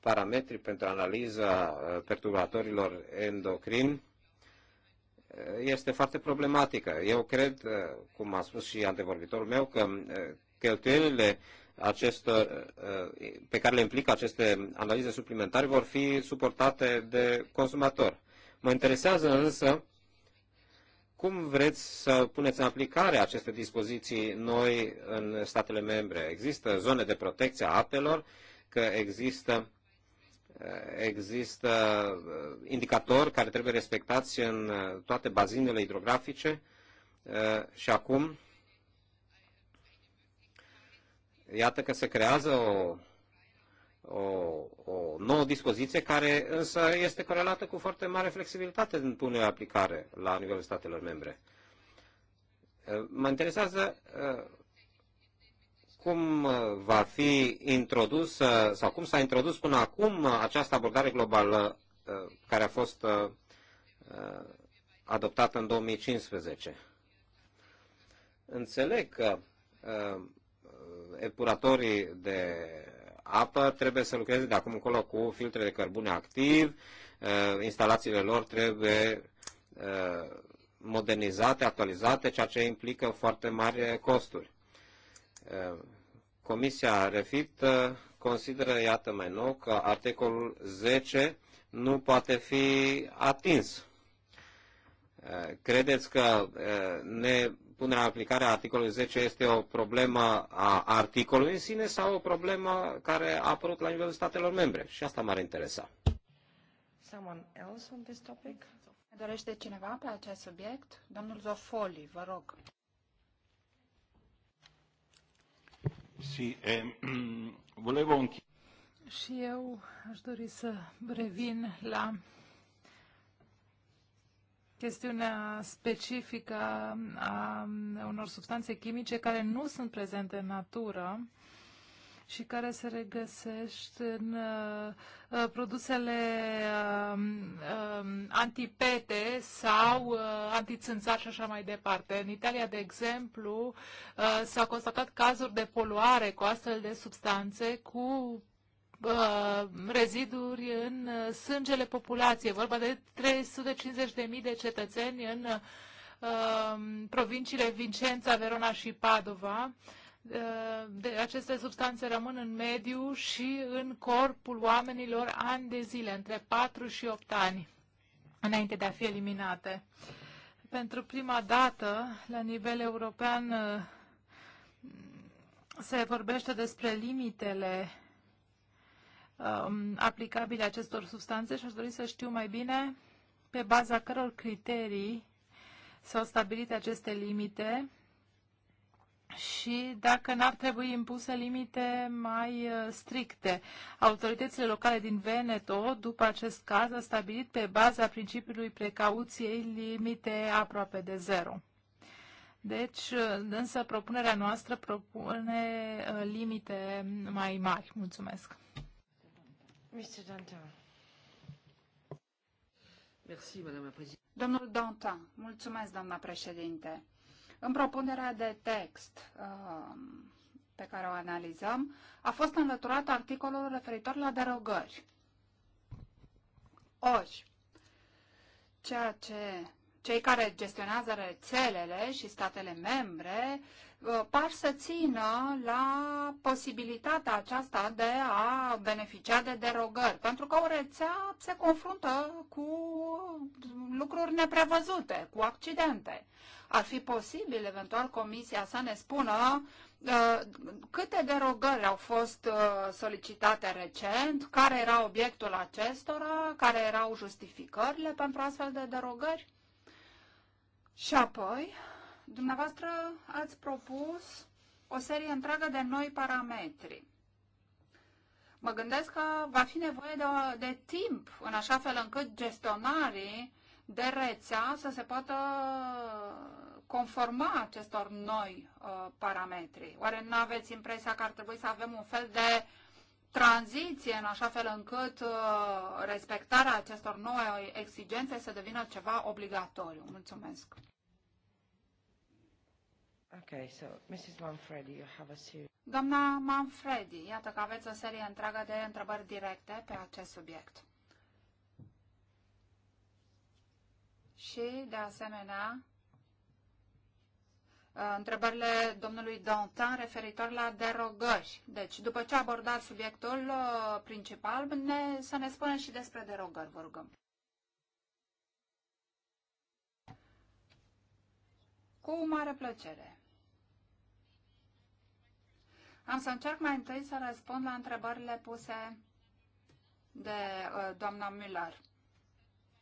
parametri pentru analiza uh, perturbatorilor endocrini uh, este foarte problematică. Eu cred, cum a spus și antevorbitorul meu, că cheltuielile acestor, pe care le implică aceste analize suplimentare vor fi suportate de consumator. Mă interesează însă cum vreți să puneți în aplicare aceste dispoziții noi în statele membre? Există zone de protecție a apelor, că există, eh, există eh, indicatori care trebuie respectați în eh, toate bazinele hidrografice și acum iată că se creează o o, o nouă dispoziție care însă este corelată cu foarte mare flexibilitate în punerea aplicare la nivelul statelor membre. Eh, mă interesează eh, cum eh, va fi introdus sau cum s-a introdus până acum această abordare globală care a fost adoptată în 2015. Înțeleg că epuratorii de apă trebuie să lucreze de acum încolo cu filtre de cărbune activ, eh, instalațiile lor trebuie eh, modernizate, actualizate, ceea ce implică foarte mari costuri. Eh, Comisia Refit consideră, iată mai nou, că articolul 10 nu poate fi atins. Credeți că ne punerea în aplicare a articolului 10 este o problemă a articolului în sine sau o problemă care a apărut la nivelul statelor membre? Și asta m-ar interesa. Someone else on this topic? Dorește cineva pe acest subiect? Domnul Zofoli, vă rog. Si, eh, Și eu aș dori să revin la chestiunea specifică a unor substanțe chimice care nu sunt prezente în natură și care se regăsește în uh, uh produsele uh, uh, antipete sau uh, antițânțar și așa mai departe. În Italia, de exemplu, uh, s-au constatat cazuri de poluare cu astfel de substanțe cu Uh, reziduri în uh, sângele populației. Vorba de 350.000 de cetățeni în uh, provinciile Vincența, Verona și Padova. Uh, de aceste substanțe rămân în mediu și în corpul oamenilor ani de zile, între 4 și 8 ani, înainte de a fi eliminate. Pentru prima dată, la nivel european, se vorbește despre limitele um, aplicabile acestor substanțe și aș dori să știu mai bine pe baza căror criterii s-au stabilit aceste limite și dacă n-ar trebui impuse limite mai uh, stricte. Autoritățile locale din Veneto, după acest caz, au stabilit pe baza principiului precauției limite aproape de zero. Deci, uh, însă, propunerea noastră propune uh, limite mai mari. Mulțumesc! Mr. Domnul Dantin, mulțumesc, președinte. În propunerea de text um, pe care o analizăm, a fost înlăturat articolul referitor la derogări. Ori, ceea ce cei care gestionează rețelele și statele membre uh, Uh, par să țină la posibilitatea aceasta de a beneficia de derogări, pentru că o rețea se confruntă cu lucruri neprevăzute, cu accidente. Ar fi posibil, eventual, comisia să ne spună uh, câte derogări au fost uh, solicitate recent, care era obiectul acestora, care erau justificările pentru astfel de derogări. Și apoi, Dumneavoastră ați propus o serie întreagă de noi parametri. Mă gândesc că va fi nevoie de, de timp în așa fel încât gestionarii de rețea să se poată conforma acestor noi uh, parametri. Oare nu aveți impresia că ar trebui să avem un fel de tranziție în așa fel încât uh, respectarea acestor noi exigențe să devină ceva obligatoriu? Mulțumesc! Okay, so Mrs. Manfredi, you have a series. Doamna Manfredi, iată că aveți o serie întreagă de întrebări directe pe acest subiect. Și, de asemenea, ă, întrebările domnului Dantin referitor la derogări. Deci, după ce abordați subiectul ă, principal, ne, să ne spunem și despre derogări, vă rugăm. Cu mare plăcere. Am să încerc mai întâi să răspund la întrebările puse de uh, doamna Müller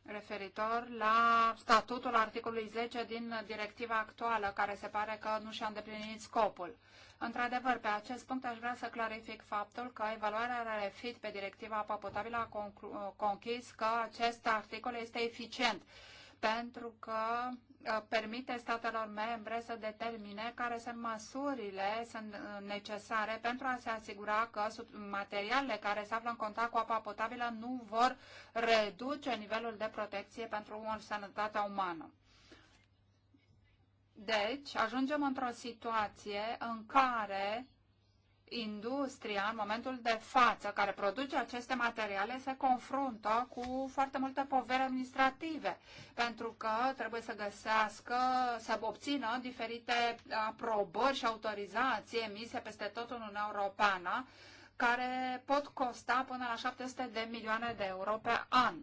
referitor la statutul articolului 10 din directiva actuală, care se pare că nu și-a îndeplinit scopul. Într-adevăr, pe acest punct aș vrea să clarific faptul că evaluarea refit pe directiva apă potabilă a conchis că acest articol este eficient, pentru că Uh, permite statelor membre să determine care sunt măsurile sunt uh, necesare pentru a se asigura că materialele care se află în contact cu apa potabilă nu vor reduce nivelul de protecție pentru sănătatea umană. Deci, ajungem într-o situație în care industria în momentul de față care produce aceste materiale se confruntă cu foarte multe povere administrative pentru că trebuie să găsească, să obțină diferite uh, aprobări și autorizații emise peste tot în Uniunea Europeană care pot costa până la 700 de milioane de euro pe an.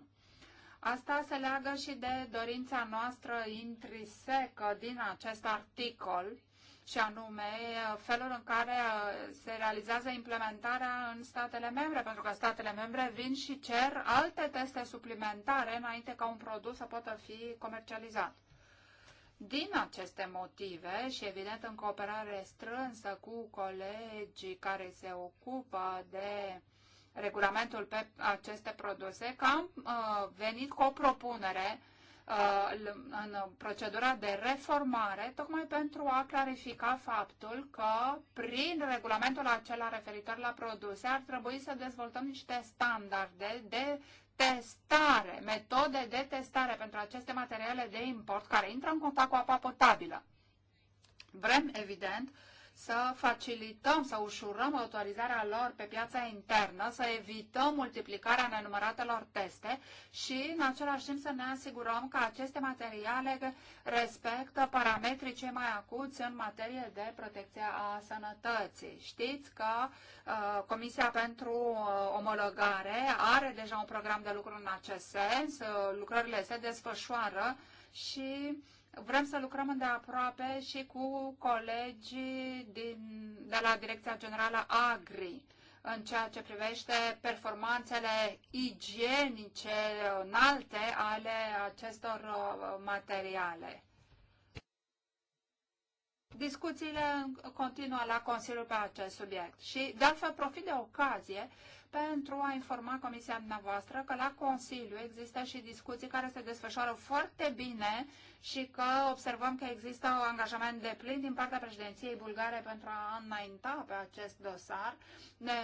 Asta se leagă și de dorința noastră intrisecă din acest articol și anume felul în care uh, se realizează implementarea în statele membre, pentru că statele membre vin și cer alte teste suplimentare înainte ca un produs să poată fi comercializat. Din aceste motive și evident în cooperare strânsă cu colegii care se ocupă de regulamentul pe aceste produse, că am uh, venit cu o propunere Uh, în procedura de reformare, tocmai pentru a clarifica faptul că prin regulamentul acela referitor la produse ar trebui să dezvoltăm niște standarde de testare, metode de testare pentru aceste materiale de import care intră în contact cu apa potabilă. Vrem, evident, să facilităm, să ușurăm autorizarea lor pe piața internă, să evităm multiplicarea nenumăratelor teste și, în același timp, să ne asigurăm că aceste materiale respectă parametrii cei mai acuți în materie de protecție a sănătății. Știți că uh, Comisia pentru uh, Omologare are deja un program de lucru în acest sens, uh, lucrările se desfășoară și Vrem să lucrăm aproape și cu colegii din, de la Direcția Generală Agri în ceea ce privește performanțele igienice înalte ale acestor uh, materiale. Discuțiile continuă la Consiliul pe acest subiect și de altfel profit de ocazie pentru a informa Comisia dumneavoastră că la Consiliu există și discuții care se desfășoară foarte bine și că observăm că există un angajament de plin din partea președinției bulgare pentru a înainta pe acest dosar ne,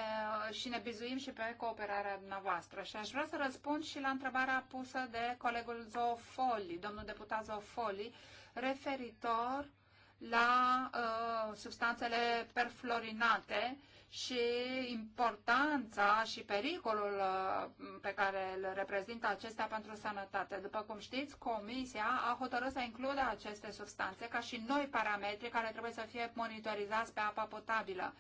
și ne bizuim și pe cooperarea dumneavoastră. Și aș vrea să răspund și la întrebarea pusă de colegul Zofoli, domnul deputat Zofoli, referitor la uh, substanțele perfluorinate și importanța și pericolul uh, pe care îl reprezintă acestea pentru sănătate. După cum știți, Comisia a hotărât să includă aceste substanțe ca și noi parametri care trebuie să fie monitorizați pe apa potabilă.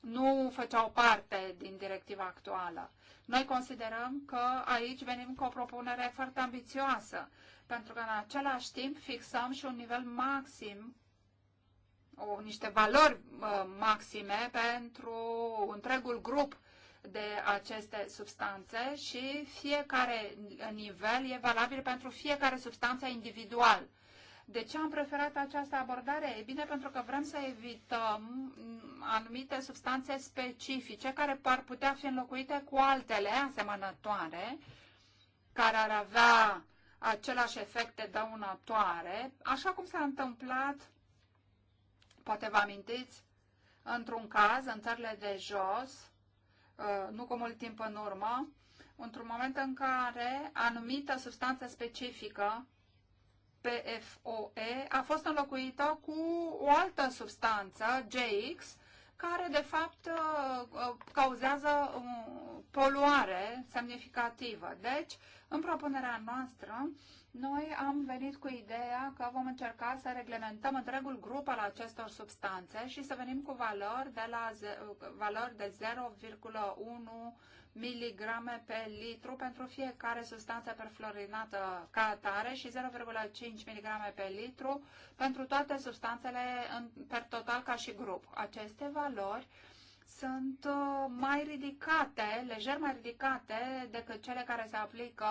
Nu făceau parte din directiva actuală. Noi considerăm că aici venim cu o propunere foarte ambițioasă, pentru că în același timp fixăm și un nivel maxim o, niște valori maxime pentru întregul grup de aceste substanțe și fiecare nivel e valabil pentru fiecare substanță individual. De ce am preferat această abordare? E bine pentru că vrem să evităm anumite substanțe specifice care ar putea fi înlocuite cu altele asemănătoare, care ar avea același efecte dăunătoare, așa cum s-a întâmplat Poate vă amintiți, într-un caz, în țările de jos, uh, nu cu mult timp în urmă, într-un moment în care anumită substanță specifică, PFOE, a fost înlocuită cu o altă substanță, GX, care de fapt uh, uh, cauzează poluare semnificativă. Deci, în propunerea noastră, noi am venit cu ideea că vom încerca să reglementăm întregul grup al acestor substanțe și să venim cu valori de, la ze- valori de 0,1 mg pe litru pentru fiecare substanță perfluorinată ca atare și 0,5 mg pe litru pentru toate substanțele în, per total ca și grup. Aceste valori sunt uh, mai ridicate, lejer mai ridicate decât cele care se aplică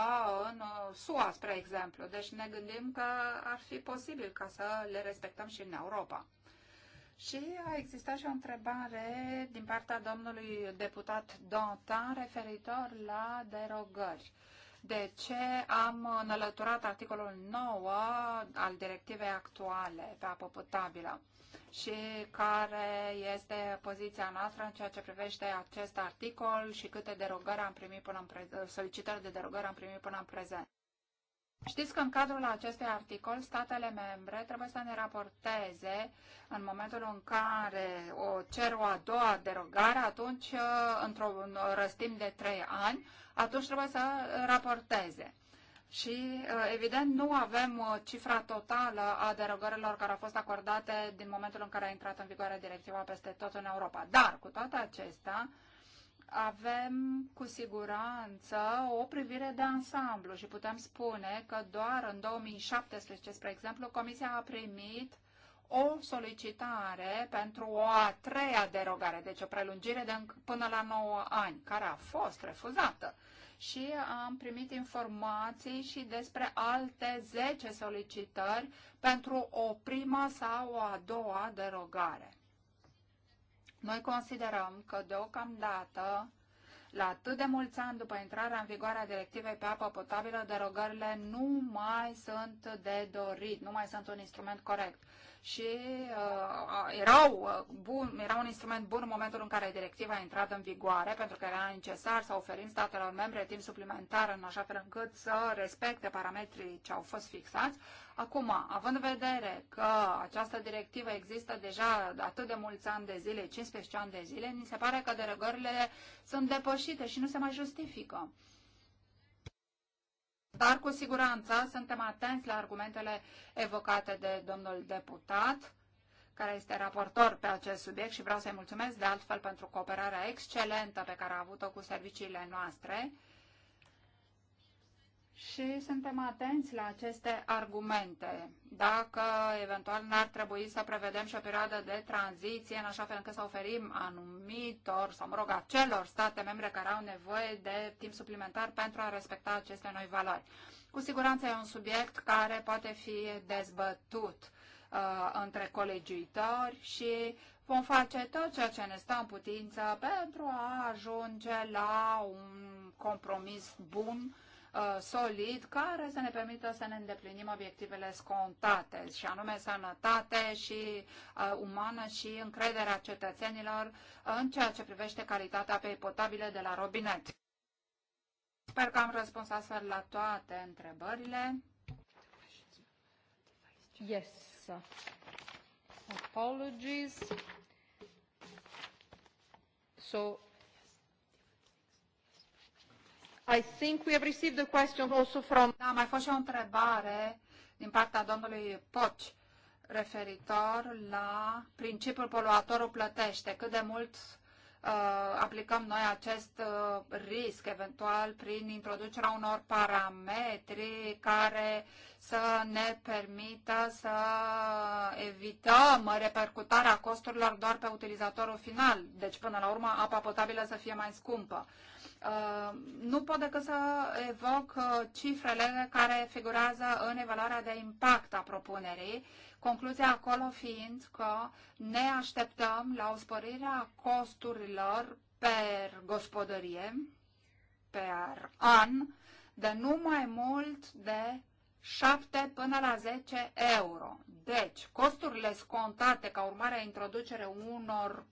în uh, SUA, spre exemplu. Deci ne gândim că ar fi posibil ca să le respectăm și în Europa. Și a existat și o întrebare din partea domnului deputat Dantan referitor la derogări. De ce am înălăturat articolul 9 al directivei actuale pe apă potabilă? și care este poziția noastră în ceea ce privește acest articol și câte derogări am primit până în prezent, solicitări de derogări am primit până în prezent. Știți că în cadrul acestui articol statele membre trebuie să ne raporteze în momentul în care o cer o a doua derogare, atunci uh, într-un răstim de trei ani, atunci trebuie să raporteze și, uh, evident, nu avem uh, cifra totală a derogărilor care au fost acordate din momentul în care a intrat în vigoare directiva peste tot în Europa. Dar, cu toate acestea, avem cu siguranță o privire de ansamblu și putem spune că doar în 2017, spre exemplu, Comisia a primit o solicitare pentru o a treia derogare, deci o prelungire de până la 9 ani, care a fost refuzată și am primit informații și despre alte 10 solicitări pentru o prima sau o a doua derogare. Noi considerăm că deocamdată la atât de mulți ani după intrarea în vigoare a directivei pe apă potabilă, derogările nu mai sunt de dorit, nu mai sunt un instrument corect și uh, erau, uh, bun, era un instrument bun în momentul în care directiva a intrat în vigoare, pentru că era necesar să oferim statelor membre timp suplimentar în așa fel încât să respecte parametrii ce au fost fixați. Acum, având în vedere că această directivă există deja atât de mulți ani de zile, 15 ani de zile, ni se pare că derogările sunt depășite și nu se mai justifică. Dar cu siguranță suntem atenți la argumentele evocate de domnul deputat, care este raportor pe acest subiect și vreau să-i mulțumesc de altfel pentru cooperarea excelentă pe care a avut-o cu serviciile noastre și suntem atenți la aceste argumente. Dacă eventual n-ar trebui să prevedem și o perioadă de tranziție în așa fel încât să oferim anumitor, sau mă rog, acelor state membre care au nevoie de timp suplimentar pentru a respecta aceste noi valori. Cu siguranță e un subiect care poate fi dezbătut uh, între colegiuitori și vom face tot ceea ce ne stă în putință pentru a ajunge la un compromis bun Uh, solid care să ne permită să ne îndeplinim obiectivele scontate, și anume sănătate și uh, umană și încrederea cetățenilor în ceea ce privește calitatea apei potabile de la robinet. Sper că am răspuns astfel la toate întrebările. Yes. Apologies. So I think we have received a question also from... Da, mai fost și o întrebare din partea domnului Poci referitor la principiul poluatorul plătește. Cât de mult uh, aplicăm noi acest uh, risc, eventual prin introducerea unor parametri care să ne permită să evităm repercutarea costurilor doar pe utilizatorul final. Deci, până la urmă, apa potabilă să fie mai scumpă. Uh, nu pot decât să evoc uh, cifrele care figurează în evaluarea de impact a propunerii, concluzia acolo fiind că ne așteptăm la o sporire a costurilor per gospodărie, per an, de nu mai mult de 7 până la 10 euro. Deci, costurile scontate ca urmare a introducerea unor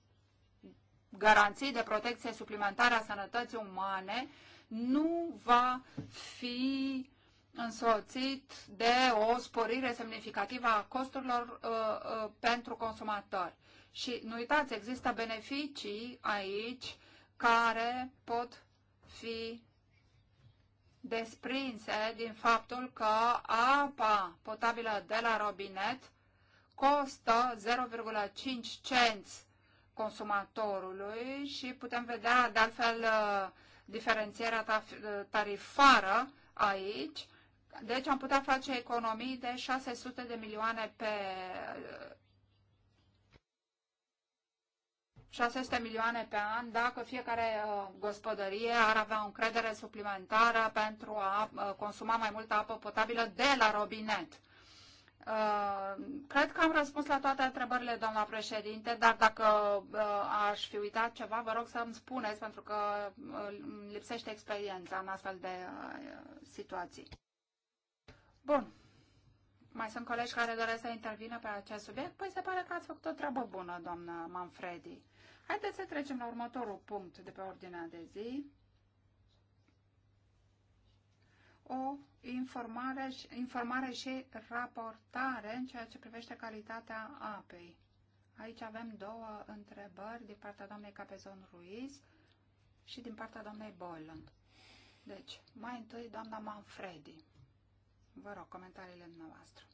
garanții de protecție suplimentare a sănătății umane nu va fi însoțit de o sporire semnificativă a costurilor uh, uh, pentru consumatori. Și nu uitați, există beneficii aici care pot fi desprinse din faptul că apa potabilă de la robinet costă 0,5 cenți consumatorului și putem vedea, de altfel, uh, diferențierea uh, tarifară aici. Deci am putea face economii de 600 de milioane pe 600 uh, milioane pe an dacă fiecare gospodărie ar avea o încredere suplimentară pentru a consuma mai multă apă potabilă de la robinet. Uh, cred că am răspuns la toate întrebările, doamna președinte, dar dacă uh, aș fi uitat ceva, vă rog să-mi spuneți, pentru că uh, lipsește experiența în astfel de uh, situații. Bun. Mai sunt colegi care doresc să intervină pe acest subiect? Păi se pare că ați făcut o treabă bună, doamnă Manfredi. Haideți să trecem la următorul punct de pe ordinea de zi. O informare, informare și raportare în ceea ce privește calitatea apei. Aici avem două întrebări din partea doamnei Capezon Ruiz și din partea doamnei Boyland. Deci, mai întâi doamna Manfredi. Vă rog, comentariile noastre.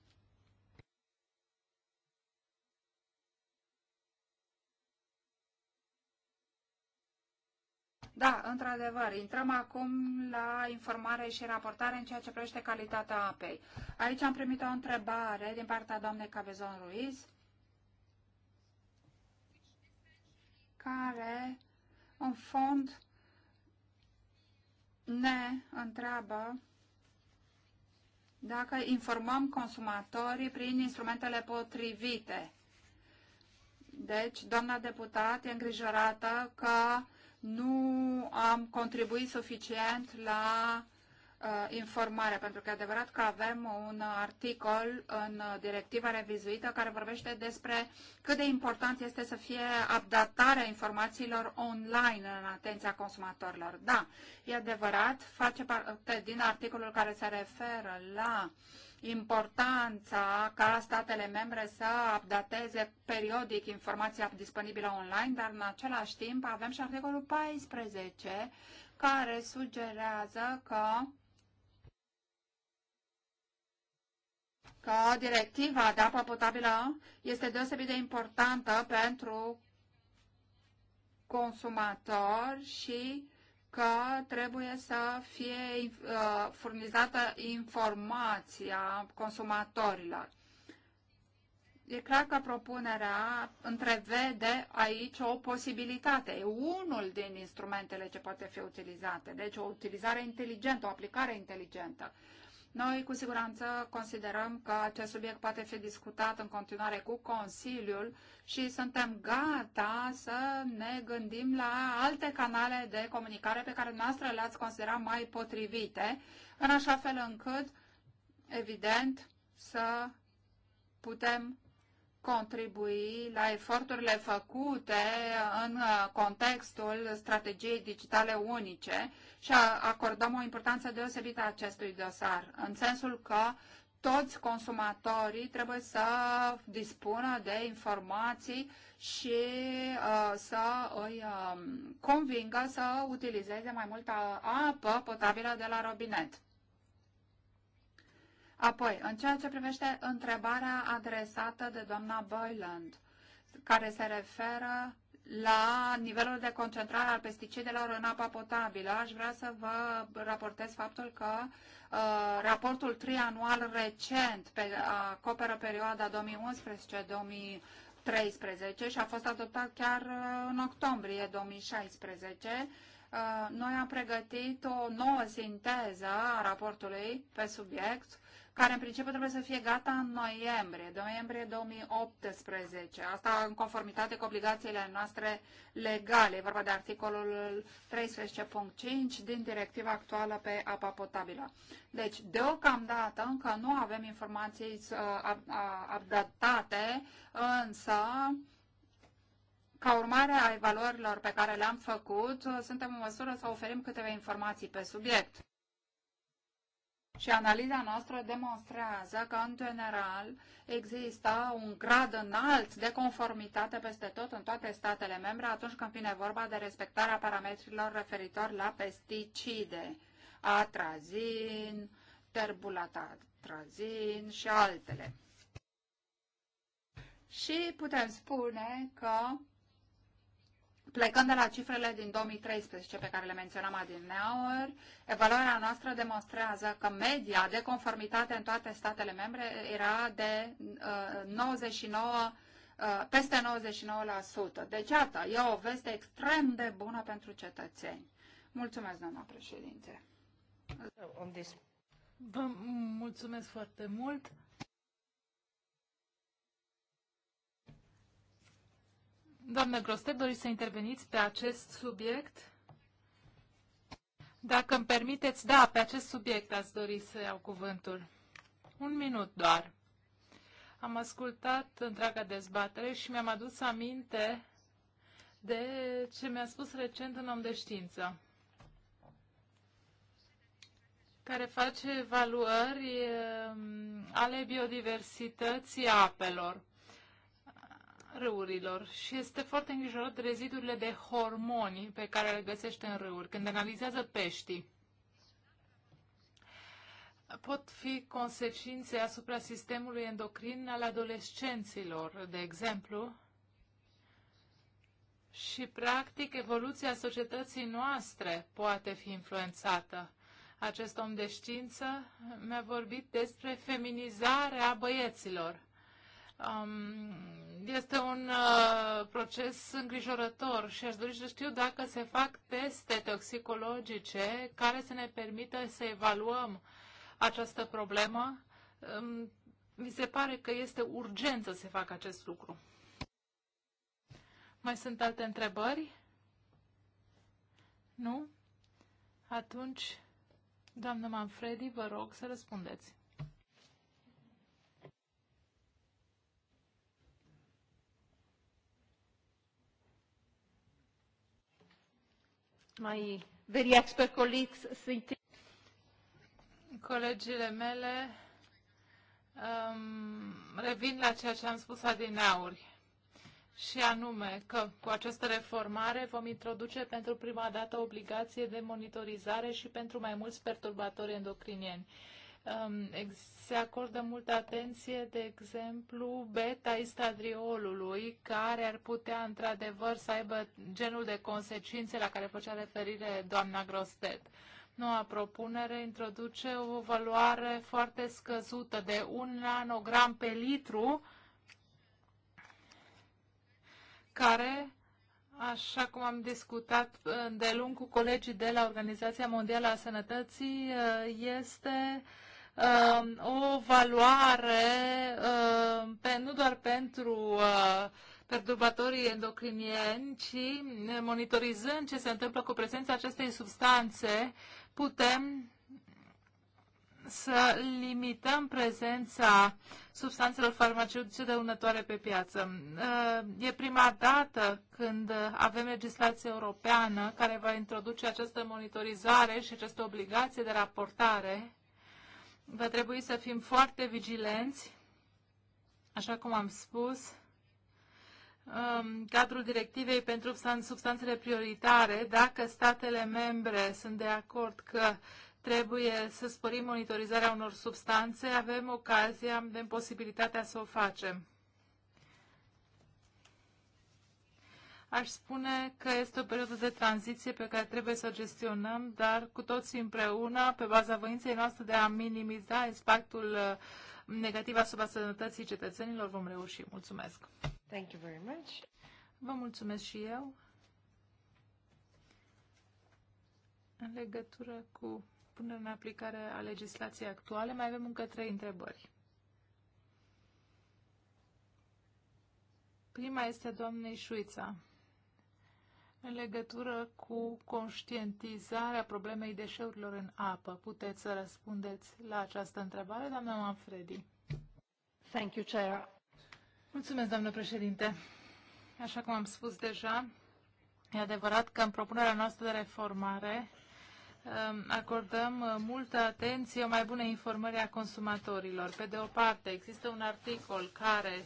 Da, într-adevăr, intrăm acum la informare și raportare în ceea ce privește calitatea apei. Aici am primit o întrebare din partea doamnei Cabezon Ruiz, care, în fond, ne întreabă dacă informăm consumatorii prin instrumentele potrivite. Deci, doamna deputat e îngrijorată că nu am contribuit suficient la uh, informare, pentru că e adevărat că avem un articol în directiva revizuită care vorbește despre cât de important este să fie updatarea informațiilor online în atenția consumatorilor. Da, e adevărat, face parte din articolul care se referă la uh, importanța ca statele membre să updateze periodic informația disponibilă online, dar în același timp avem și articolul 14 care sugerează că că directiva de apă potabilă este deosebit de importantă pentru consumator și că trebuie să fie uh, furnizată informația consumatorilor. E clar că propunerea întrevede aici o posibilitate. E unul din instrumentele ce poate fi utilizate. Deci o utilizare inteligentă, o aplicare inteligentă. Noi cu siguranță considerăm că acest subiect poate fi discutat în continuare cu Consiliul și suntem gata să ne gândim la alte canale de comunicare pe care noastră le-ați considerat mai potrivite, în așa fel încât, evident, să putem contribui la eforturile făcute în uh, contextul strategiei digitale unice și acordăm o importanță deosebită acestui dosar, în sensul că toți consumatorii trebuie să dispună de informații și uh, să îi uh, convingă să utilizeze mai multă apă potabilă de la robinet. Apoi, în ceea ce privește întrebarea adresată de doamna Boyland, care se referă la nivelul de concentrare al pesticidelor în apa potabilă, aș vrea să vă raportez faptul că uh, raportul trianual recent pe, acoperă perioada 2011-2012 13 și a fost adoptat chiar uh, în octombrie 2016. Uh, noi am pregătit o nouă sinteză a raportului pe subiect care în principiu trebuie să fie gata în noiembrie, noiembrie 2018. Asta în conformitate cu obligațiile noastre legale. E vorba de articolul 13.5 din directiva actuală pe apa potabilă. Deci, deocamdată încă nu avem informații uh, uh, updatate, însă ca urmare a evaluărilor pe care le-am făcut, suntem în măsură să oferim câteva informații pe subiect. Și analiza noastră demonstrează că, în general, există un grad înalt de conformitate peste tot în toate statele membre atunci când vine vorba de respectarea parametrilor referitor la pesticide, atrazin, atrazin și altele. Și putem spune că Plecând de la cifrele din 2013 pe care le menționam adineori, evaluarea noastră demonstrează că media de conformitate în toate statele membre era de uh, 99, uh, peste 99%. Deci, iată, e o veste extrem de bună pentru cetățeni. Mulțumesc, doamna președinte. Vă mulțumesc foarte mult. Doamnă Grostet, doriți să interveniți pe acest subiect? Dacă îmi permiteți, da, pe acest subiect ați dori să iau cuvântul. Un minut doar. Am ascultat întreaga dezbatere și mi-am adus aminte de ce mi-a spus recent un om de știință care face evaluări ehm, ale biodiversității apelor râurilor și este foarte îngrijorat de rezidurile de hormoni pe care le găsește în râuri. Când analizează peștii, pot fi consecințe asupra sistemului endocrin al adolescenților, de exemplu, și, practic, evoluția societății noastre poate fi influențată. Acest om de știință mi-a vorbit despre feminizarea băieților. Um, este un uh, proces îngrijorător și aș dori să știu dacă se fac teste toxicologice care să ne permită să evaluăm această problemă. Um, mi se pare că este urgent să se facă acest lucru. Mai sunt alte întrebări? Nu? Atunci, doamnă Manfredi, vă rog să răspundeți. my very expert colleagues think... Colegile mele um, revin la ceea ce am spus adineauri și anume că cu această reformare vom introduce pentru prima dată obligație de monitorizare și pentru mai mulți perturbatori endocrinieni se acordă multă atenție, de exemplu, beta-istadriolului, care ar putea, într-adevăr, să aibă genul de consecințe la care făcea referire doamna Grostet. Noua propunere introduce o valoare foarte scăzută de 1 nanogram pe litru, care, așa cum am discutat de lung cu colegii de la Organizația Mondială a Sănătății, este uh, Um, o valoare um, pe, nu doar pentru uh, perturbatorii endocrinieni, ci monitorizând ce se întâmplă cu prezența acestei substanțe, putem să limităm prezența substanțelor farmaceutice dăunătoare pe piață. Uh, e prima dată când avem legislație europeană care va introduce această monitorizare și această obligație de raportare Va trebui să fim foarte vigilenți, așa cum am spus, um, cadrul directivei pentru substanțele prioritare, dacă statele membre sunt de acord că trebuie să sporim monitorizarea unor substanțe, avem ocazia, avem posibilitatea să o facem. Aș spune că este o perioadă de tranziție pe care trebuie să o gestionăm, dar cu toții împreună, pe baza voinței noastre de a minimiza impactul uh, negativ asupra sănătății cetățenilor, vom reuși. Mulțumesc! Thank you very much. Vă mulțumesc și eu. În legătură cu punerea în aplicare a legislației actuale, mai avem încă trei întrebări. Prima este doamnei Șuița în legătură cu conștientizarea problemei deșeurilor în apă. Puteți să răspundeți la această întrebare, doamna Manfredi? Thank you, Chair. Mulțumesc, doamnă președinte. Așa cum am spus deja, e adevărat că în propunerea noastră de reformare um, acordăm uh, multă atenție o mai bună informare a consumatorilor. Pe de o parte, există un articol care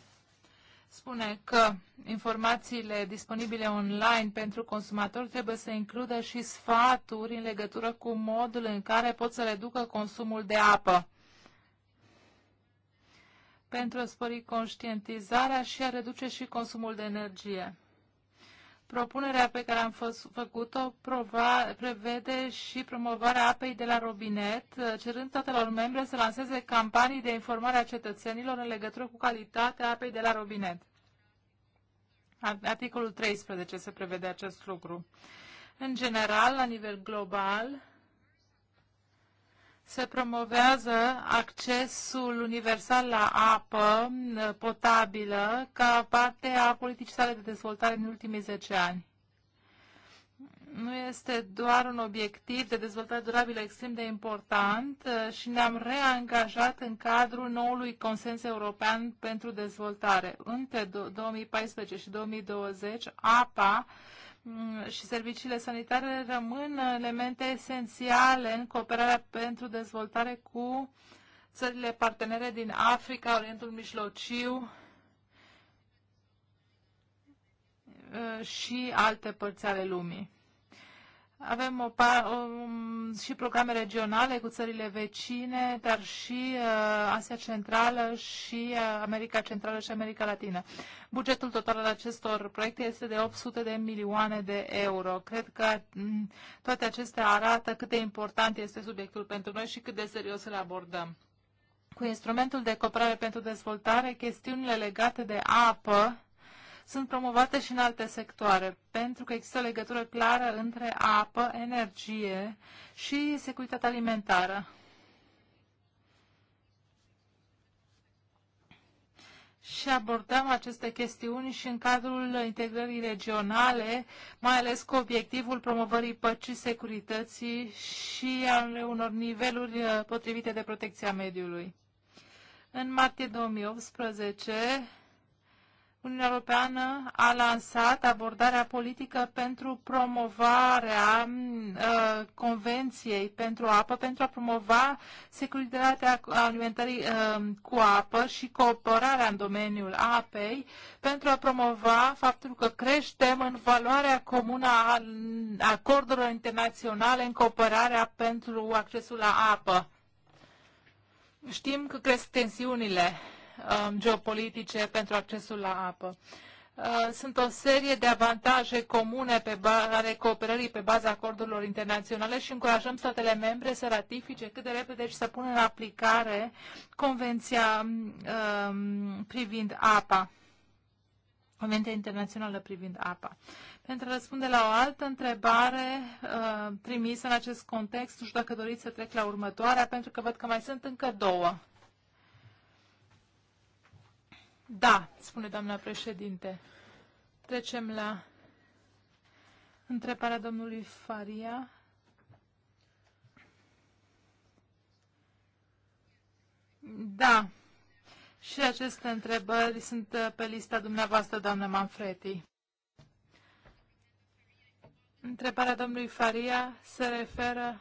spune că informațiile disponibile online pentru consumatori trebuie să includă și sfaturi în legătură cu modul în care pot să reducă consumul de apă pentru a spori conștientizarea și a reduce și consumul de energie. Propunerea pe care am făcut-o prevede și promovarea apei de la robinet, uh, cerând statelor membre să lanseze campanii de informare a cetățenilor în legătură cu calitatea apei de la robinet. Articolul 13 se prevede acest lucru. În general, la nivel global, se promovează accesul universal la apă potabilă ca parte a politicii sale de dezvoltare în ultimii 10 ani. Nu este doar un obiectiv de dezvoltare durabilă extrem de important uh, și ne-am reangajat în cadrul noului consens european pentru dezvoltare. Între 2014 și 2020, apa Mm, și serviciile sanitare rămân elemente esențiale în cooperarea pentru dezvoltare cu țările partenere din Africa, Orientul Mijlociu mm, și alte părți ale lumii. Avem o, um, și programe regionale cu țările vecine, dar și uh, Asia Centrală și uh, America Centrală și America Latină. Bugetul total al acestor proiecte este de 800 de milioane de euro. Cred că um, toate acestea arată cât de important este subiectul pentru noi și cât de serios îl abordăm. Cu instrumentul de cooperare pentru dezvoltare, chestiunile legate de apă, sunt promovate și în alte sectoare, pentru că există o legătură clară între apă, energie și securitatea alimentară. și abordăm aceste chestiuni și în cadrul integrării regionale, mai ales cu obiectivul promovării păcii, securității și a unor niveluri uh, potrivite de protecția mediului. În martie 2018 Uniunea Europeană a lansat abordarea politică pentru promovarea uh, Convenției pentru apă, pentru a promova securitatea alimentării uh, cu apă și cooperarea în domeniul apei, pentru a promova faptul că creștem în valoarea comună a acordurilor internaționale în cooperarea pentru accesul la apă. Știm că cresc tensiunile Um, geopolitice pentru accesul la apă. Uh, sunt o serie de avantaje comune pe ale cooperării pe baza acordurilor internaționale și încurajăm statele membre să ratifice cât de repede și să pună în aplicare Convenția um, privind apa. Convenția internațională privind apa. Pentru a răspunde la o altă întrebare uh, trimisă în acest context, nu știu dacă doriți să trec la următoarea, pentru că văd că mai sunt încă două. Da, spune doamna președinte. Trecem la întrebarea domnului Faria. Da, și aceste întrebări sunt uh, pe lista dumneavoastră, doamna Manfredi. Întrebarea domnului Faria se referă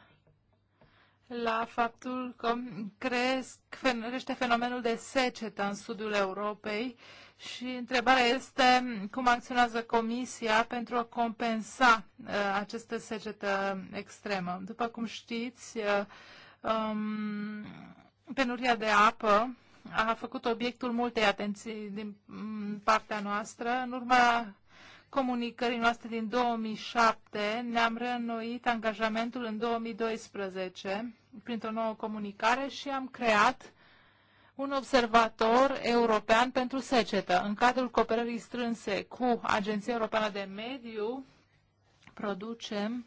la faptul că cresc, crește fenomenul de secetă în sudul Europei și întrebarea este cum acționează Comisia pentru a compensa uh, această secetă extremă. După cum știți, uh, um, penuria de apă a făcut obiectul multei atenții din mm, partea noastră în urma comunicării noastre din 2007, ne-am reînnoit angajamentul în 2012 printr-o nouă comunicare și am creat un observator european pentru secetă în cadrul cooperării strânse cu Agenția Europeană de Mediu producem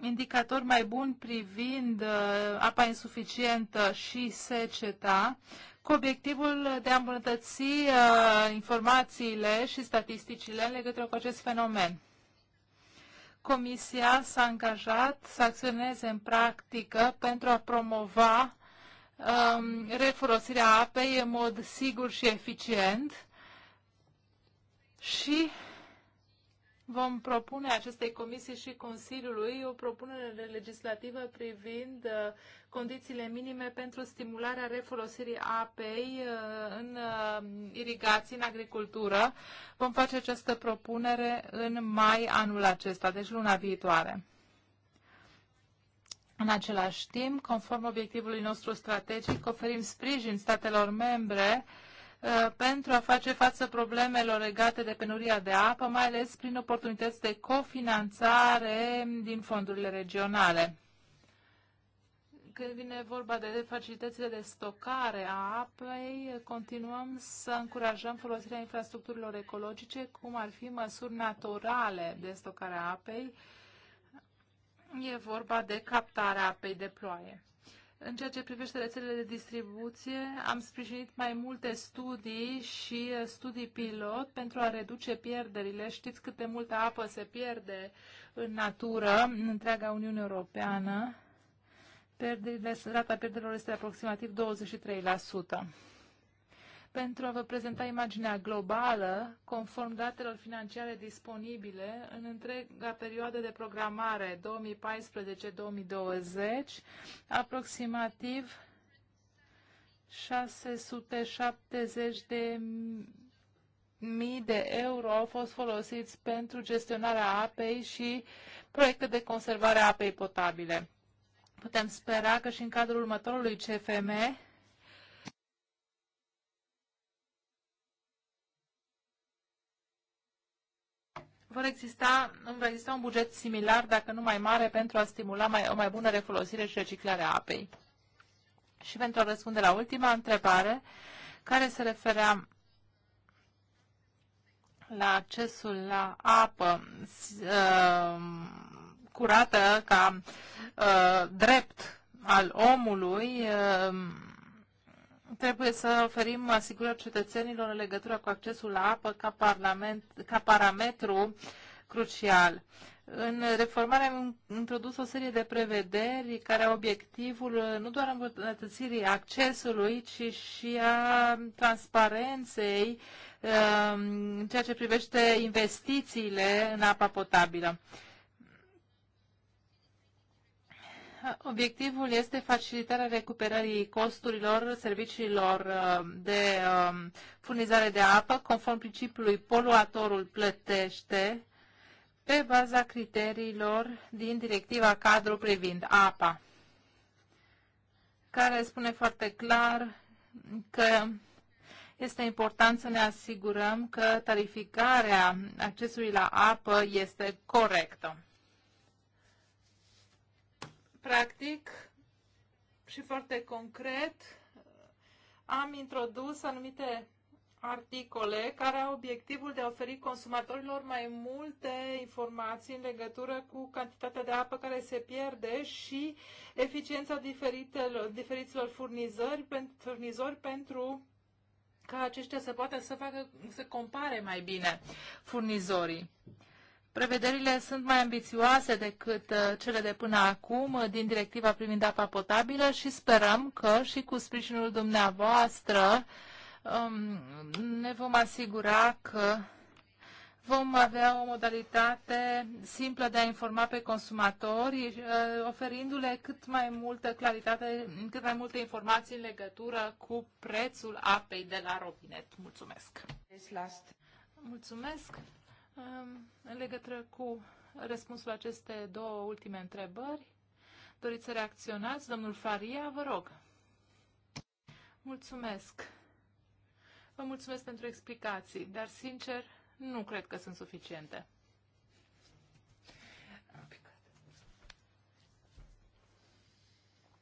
indicatori mai buni privind uh, apa insuficientă și seceta cu obiectivul de a îmbunătăți uh, informațiile și statisticile în legătură cu acest fenomen. Comisia s-a angajat să acționeze în practică pentru a promova um, refolosirea apei în mod sigur și eficient și Vom propune acestei comisii și Consiliului o propunere legislativă privind uh, condițiile minime pentru stimularea refolosirii apei uh, în uh, irigații, în agricultură. Vom face această propunere în mai anul acesta, deci luna viitoare. În același timp, conform obiectivului nostru strategic, oferim sprijin statelor membre uh, Uh, pentru a face față problemelor legate de penuria de apă, mai ales prin oportunități de cofinanțare din fondurile regionale. Când vine vorba de facilitățile de stocare a apei, continuăm să încurajăm folosirea infrastructurilor ecologice, cum ar fi măsuri naturale de stocare a apei. E vorba de captarea apei de ploaie. În ceea ce privește rețelele de distribuție, am sprijinit mai multe studii și uh, studii pilot pentru a reduce pierderile. Știți cât de multă apă se pierde în natură, în întreaga Uniune Europeană. Pierderile, rata pierderilor este aproximativ 23% pentru a vă prezenta imaginea globală conform datelor financiare disponibile în întreaga perioadă de programare 2014-2020, aproximativ 670 de mii de euro au fost folosiți pentru gestionarea apei și proiecte de conservare a apei potabile. Putem spera că și în cadrul următorului CFM vor exista, va exista un buget similar, dacă nu mai mare, pentru a stimula mai, o mai bună refolosire și reciclare a apei. Și pentru a răspunde la ultima întrebare, care se referea la accesul la apă uh, curată ca uh, drept al omului, uh, Trebuie să oferim asigurări cetățenilor în legătură cu accesul la apă ca, parlament, ca parametru crucial. În reformare am introdus o serie de prevederi care au obiectivul uh, nu doar îmbunătățirii accesului, ci și a transparenței uh, în ceea ce privește investițiile în apa potabilă. obiectivul este facilitarea recuperării costurilor serviciilor uh, de um, furnizare de apă, conform principiului poluatorul plătește, pe baza criteriilor din directiva cadru privind apa, care spune foarte clar că este important să ne asigurăm că tarificarea accesului la apă este corectă practic și foarte concret, am introdus anumite articole care au obiectivul de a oferi consumatorilor mai multe informații în legătură cu cantitatea de apă care se pierde și eficiența diferitelor, diferiților furnizori, pentru, furnizori pentru ca aceștia să poată să facă, să compare mai bine furnizorii. Prevederile sunt mai ambițioase decât uh, cele de până acum uh, din directiva privind apa potabilă și sperăm că și cu sprijinul dumneavoastră um, ne vom asigura că vom avea o modalitate simplă de a informa pe consumatori, uh, oferindu-le cât mai multă claritate, cât mai multe informații în legătură cu prețul apei de la robinet. Mulțumesc! Deci, Mulțumesc! În legătură cu răspunsul la aceste două ultime întrebări, doriți să reacționați? Domnul Faria, vă rog. Mulțumesc. Vă mulțumesc pentru explicații, dar sincer, nu cred că sunt suficiente.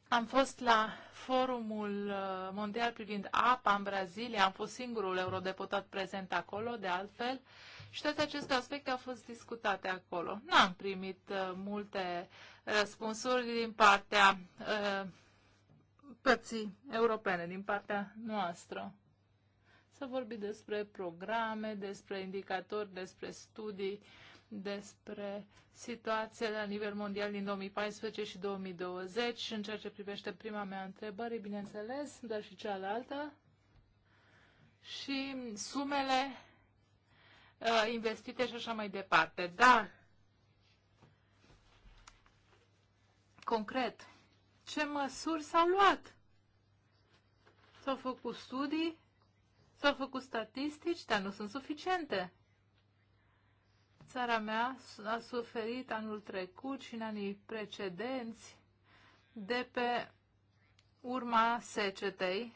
Am fost la forumul uh, mondial privind apa în Brazilia, am fost singurul eurodeputat prezent acolo, de altfel, și toate aceste aspecte au fost discutate acolo. N-am primit uh, multe răspunsuri din partea uh, europene, din partea noastră. Să vorbi despre programe, despre indicatori, despre studii, despre situația la nivel mondial din 2014 și 2020. În ceea ce privește prima mea întrebare, bineînțeles, dar și cealaltă. Și sumele Uh, investite și așa mai departe. Dar, concret, ce măsuri s-au luat? S-au făcut studii, s-au făcut statistici, dar nu sunt suficiente. Țara mea a suferit anul trecut și în anii precedenți de pe urma secetei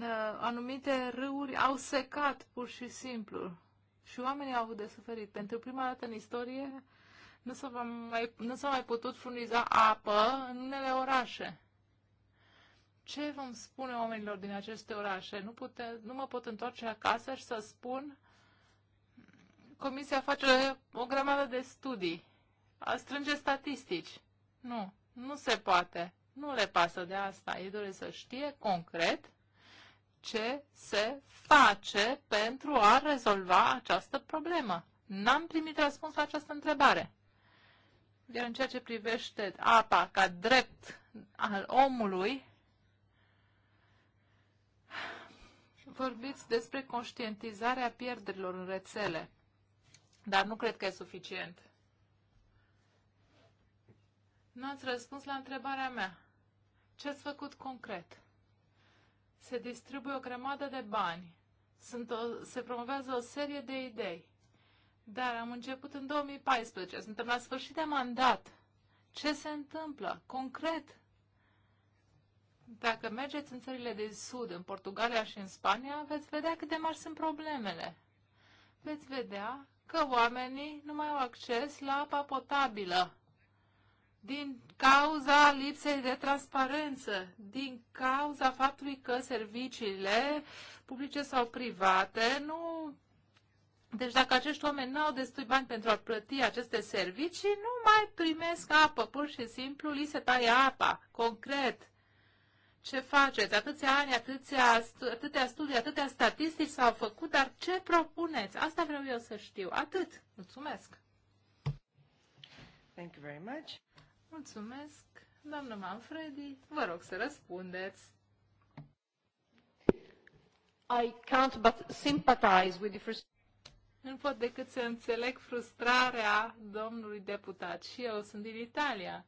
Uh, anumite râuri au secat pur și simplu și oamenii au avut de suferit. Pentru prima dată în istorie nu s-a mai, nu s-a mai putut furniza apă în unele orașe. Ce vom spune oamenilor din aceste orașe? Nu, pute, nu mă pot întoarce acasă și să spun Comisia face o grămadă de studii, a strânge statistici. Nu, nu se poate. Nu le pasă de asta. Ei doresc să știe concret ce se face pentru a rezolva această problemă. N-am primit răspuns la această întrebare. Iar în ceea ce privește apa ca drept al omului, vorbiți despre conștientizarea pierderilor în rețele, dar nu cred că e suficient. Nu ați răspuns la întrebarea mea. Ce ați făcut concret? se distribuie o grămadă de bani, Sunt o, se promovează o serie de idei. Dar am început în 2014, suntem la sfârșit de mandat. Ce se întâmplă concret? Dacă mergeți în țările de sud, în Portugalia și în Spania, veți vedea cât de mari sunt problemele. Veți vedea că oamenii nu mai au acces la apa potabilă din cauza lipsei de transparență, din cauza faptului că serviciile publice sau private nu deci dacă acești oameni nu au destui bani pentru a plăti aceste servicii, nu mai primesc apă, pur și simplu li se taie apa, concret. Ce faceți? Atâția ani, atâția, atâtea studii, atâtea statistici s-au făcut, dar ce propuneți? Asta vreau eu să știu. Atât. Mulțumesc. Thank you very much. Mulțumesc. Doamnă Manfredi, vă rog să răspundeți. I can't but sympathize with the first... Nu pot decât să înțeleg frustrarea domnului deputat. Și eu sunt din Italia.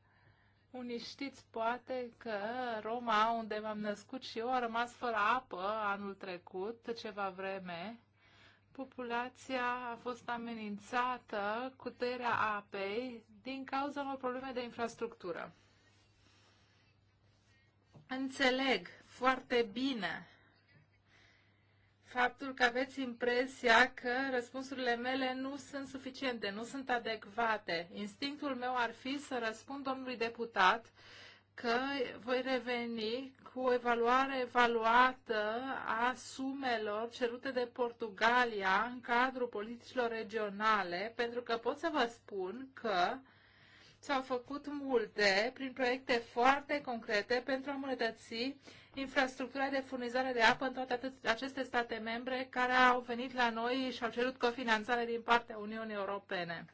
Unii știți poate că Roma, unde m-am născut și eu, a rămas fără apă anul trecut, ceva vreme. Populația a fost amenințată cu tăierea apei din cauza unor probleme de infrastructură. Înțeleg foarte bine faptul că aveți impresia că răspunsurile mele nu sunt suficiente, nu sunt adecvate. Instinctul meu ar fi să răspund domnului deputat că voi reveni cu o evaluare evaluată a sumelor cerute de Portugalia în cadrul politicilor regionale, pentru că pot să vă spun că s-au făcut multe prin proiecte foarte concrete pentru a îmbunătăți infrastructura de furnizare de apă în toate aceste state membre care au venit la noi și au cerut cofinanțare din partea Uniunii Europene.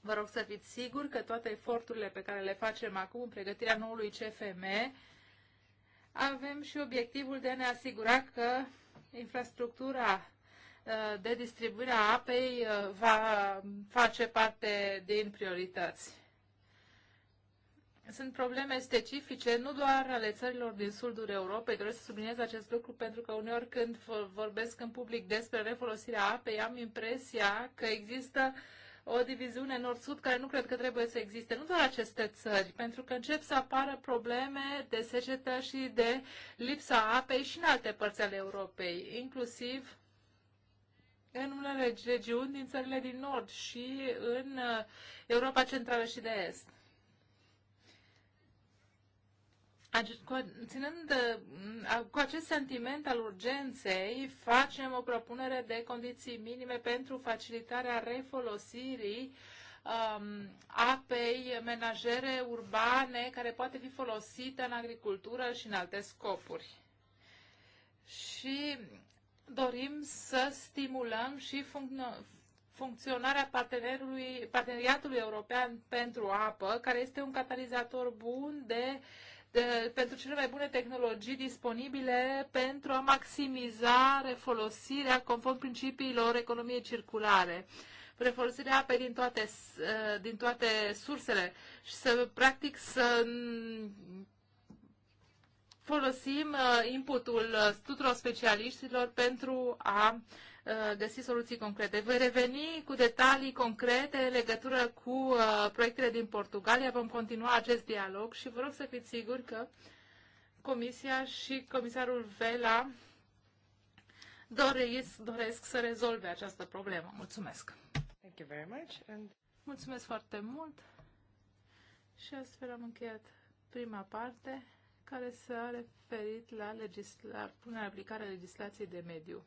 Vă rog să fiți siguri că toate eforturile pe care le facem acum în pregătirea noului CFM avem și obiectivul de a ne asigura că infrastructura Uh, de distribuire a apei uh, va face parte din priorități. Sunt probleme specifice, nu doar ale țărilor din sudul Europei. Doresc să subliniez acest lucru pentru că uneori când vorbesc în public despre refolosirea apei, am impresia că există o diviziune nord-sud care nu cred că trebuie să existe, nu doar aceste țări, pentru că încep să apară probleme de secetă și de lipsa apei și în alte părți ale Europei, inclusiv în unele regiuni din țările din Nord și în uh, Europa Centrală și de Est. Ținând uh, cu acest sentiment al urgenței, facem o propunere de condiții minime pentru facilitarea refolosirii um, apei menajere urbane care poate fi folosită în agricultură și în alte scopuri. Și dorim să stimulăm și funcționarea partenerului, parteneriatului european pentru apă, care este un catalizator bun de, de, pentru cele mai bune tehnologii disponibile pentru a maximiza refolosirea conform principiilor economiei circulare prefolosirea apei din toate, din toate sursele și să, practic, să folosim uh, inputul uh, tuturor specialiștilor pentru a uh, găsi soluții concrete. Voi reveni cu detalii concrete în legătură cu proiectele din Portugalia. Vom continua acest dialog și vă rog să fiți siguri că Comisia și comisarul Vela doresc, doresc să rezolve această problemă. Mulțumesc! Thank you very much and... Mulțumesc foarte mult și astfel am încheiat prima parte care s-a referit la, legisla, punerea în aplicare a legislației de mediu.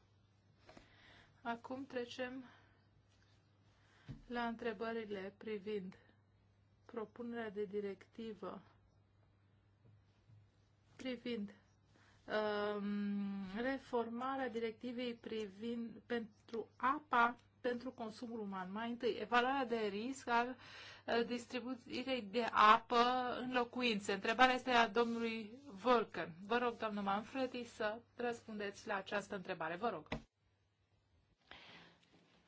Acum trecem la întrebările privind propunerea de directivă privind um, reformarea directivei privind pentru apa pentru consumul uman. Mai întâi, evaluarea de risc al Uh, distribuției de apă în locuințe. Întrebarea este a domnului Volcan. Vă rog, domnul Manfredi, să răspundeți la această întrebare. Vă rog.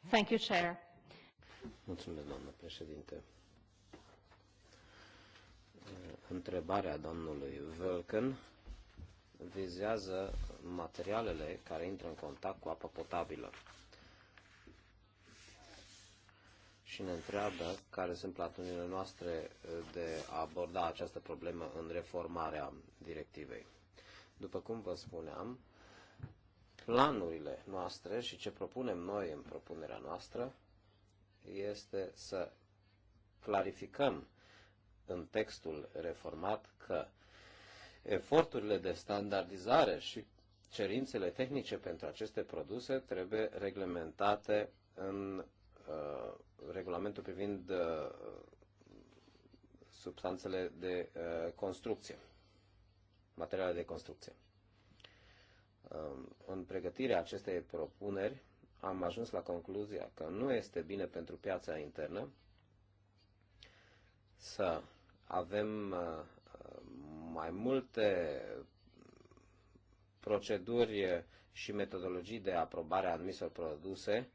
Thank you, Chair. Mulțumesc, doamnă președinte. Uh, întrebarea domnului Vulcan vizează materialele care intră în contact cu apă potabilă și ne întreabă care sunt platonile noastre uh, de a aborda această problemă în reformarea directivei. După cum vă spuneam, planurile noastre și ce propunem noi în propunerea noastră este să clarificăm în textul reformat că eforturile de standardizare și cerințele tehnice pentru aceste produse trebuie reglementate în Uh, regulamentul privind uh, substanțele de uh, construcție, materiale de construcție. Um, în pregătirea acestei propuneri am ajuns la concluzia că nu este bine pentru piața internă să avem uh, mai multe proceduri și metodologii de aprobare a anumitor produse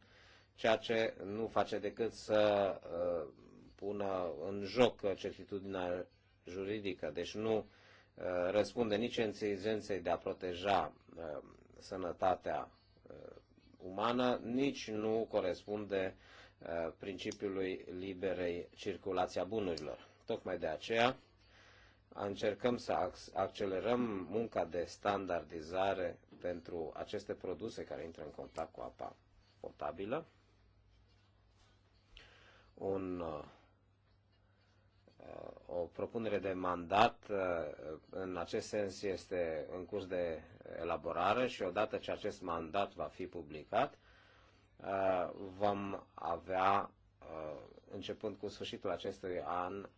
ceea ce nu face decât să uh, pună în joc certitudinea juridică. Deci nu uh, răspunde nici exigenței de a proteja uh, sănătatea umană, nici nu corespunde principiului liberei circulații a bunurilor. Tocmai de aceea încercăm să accelerăm munca de standardizare pentru aceste produse care intră în contact cu apa potabilă un, uh, o propunere de mandat uh, în acest sens este în curs de elaborare și odată ce acest mandat va fi publicat, uh, vom avea, începând cu sfârșitul acestui an,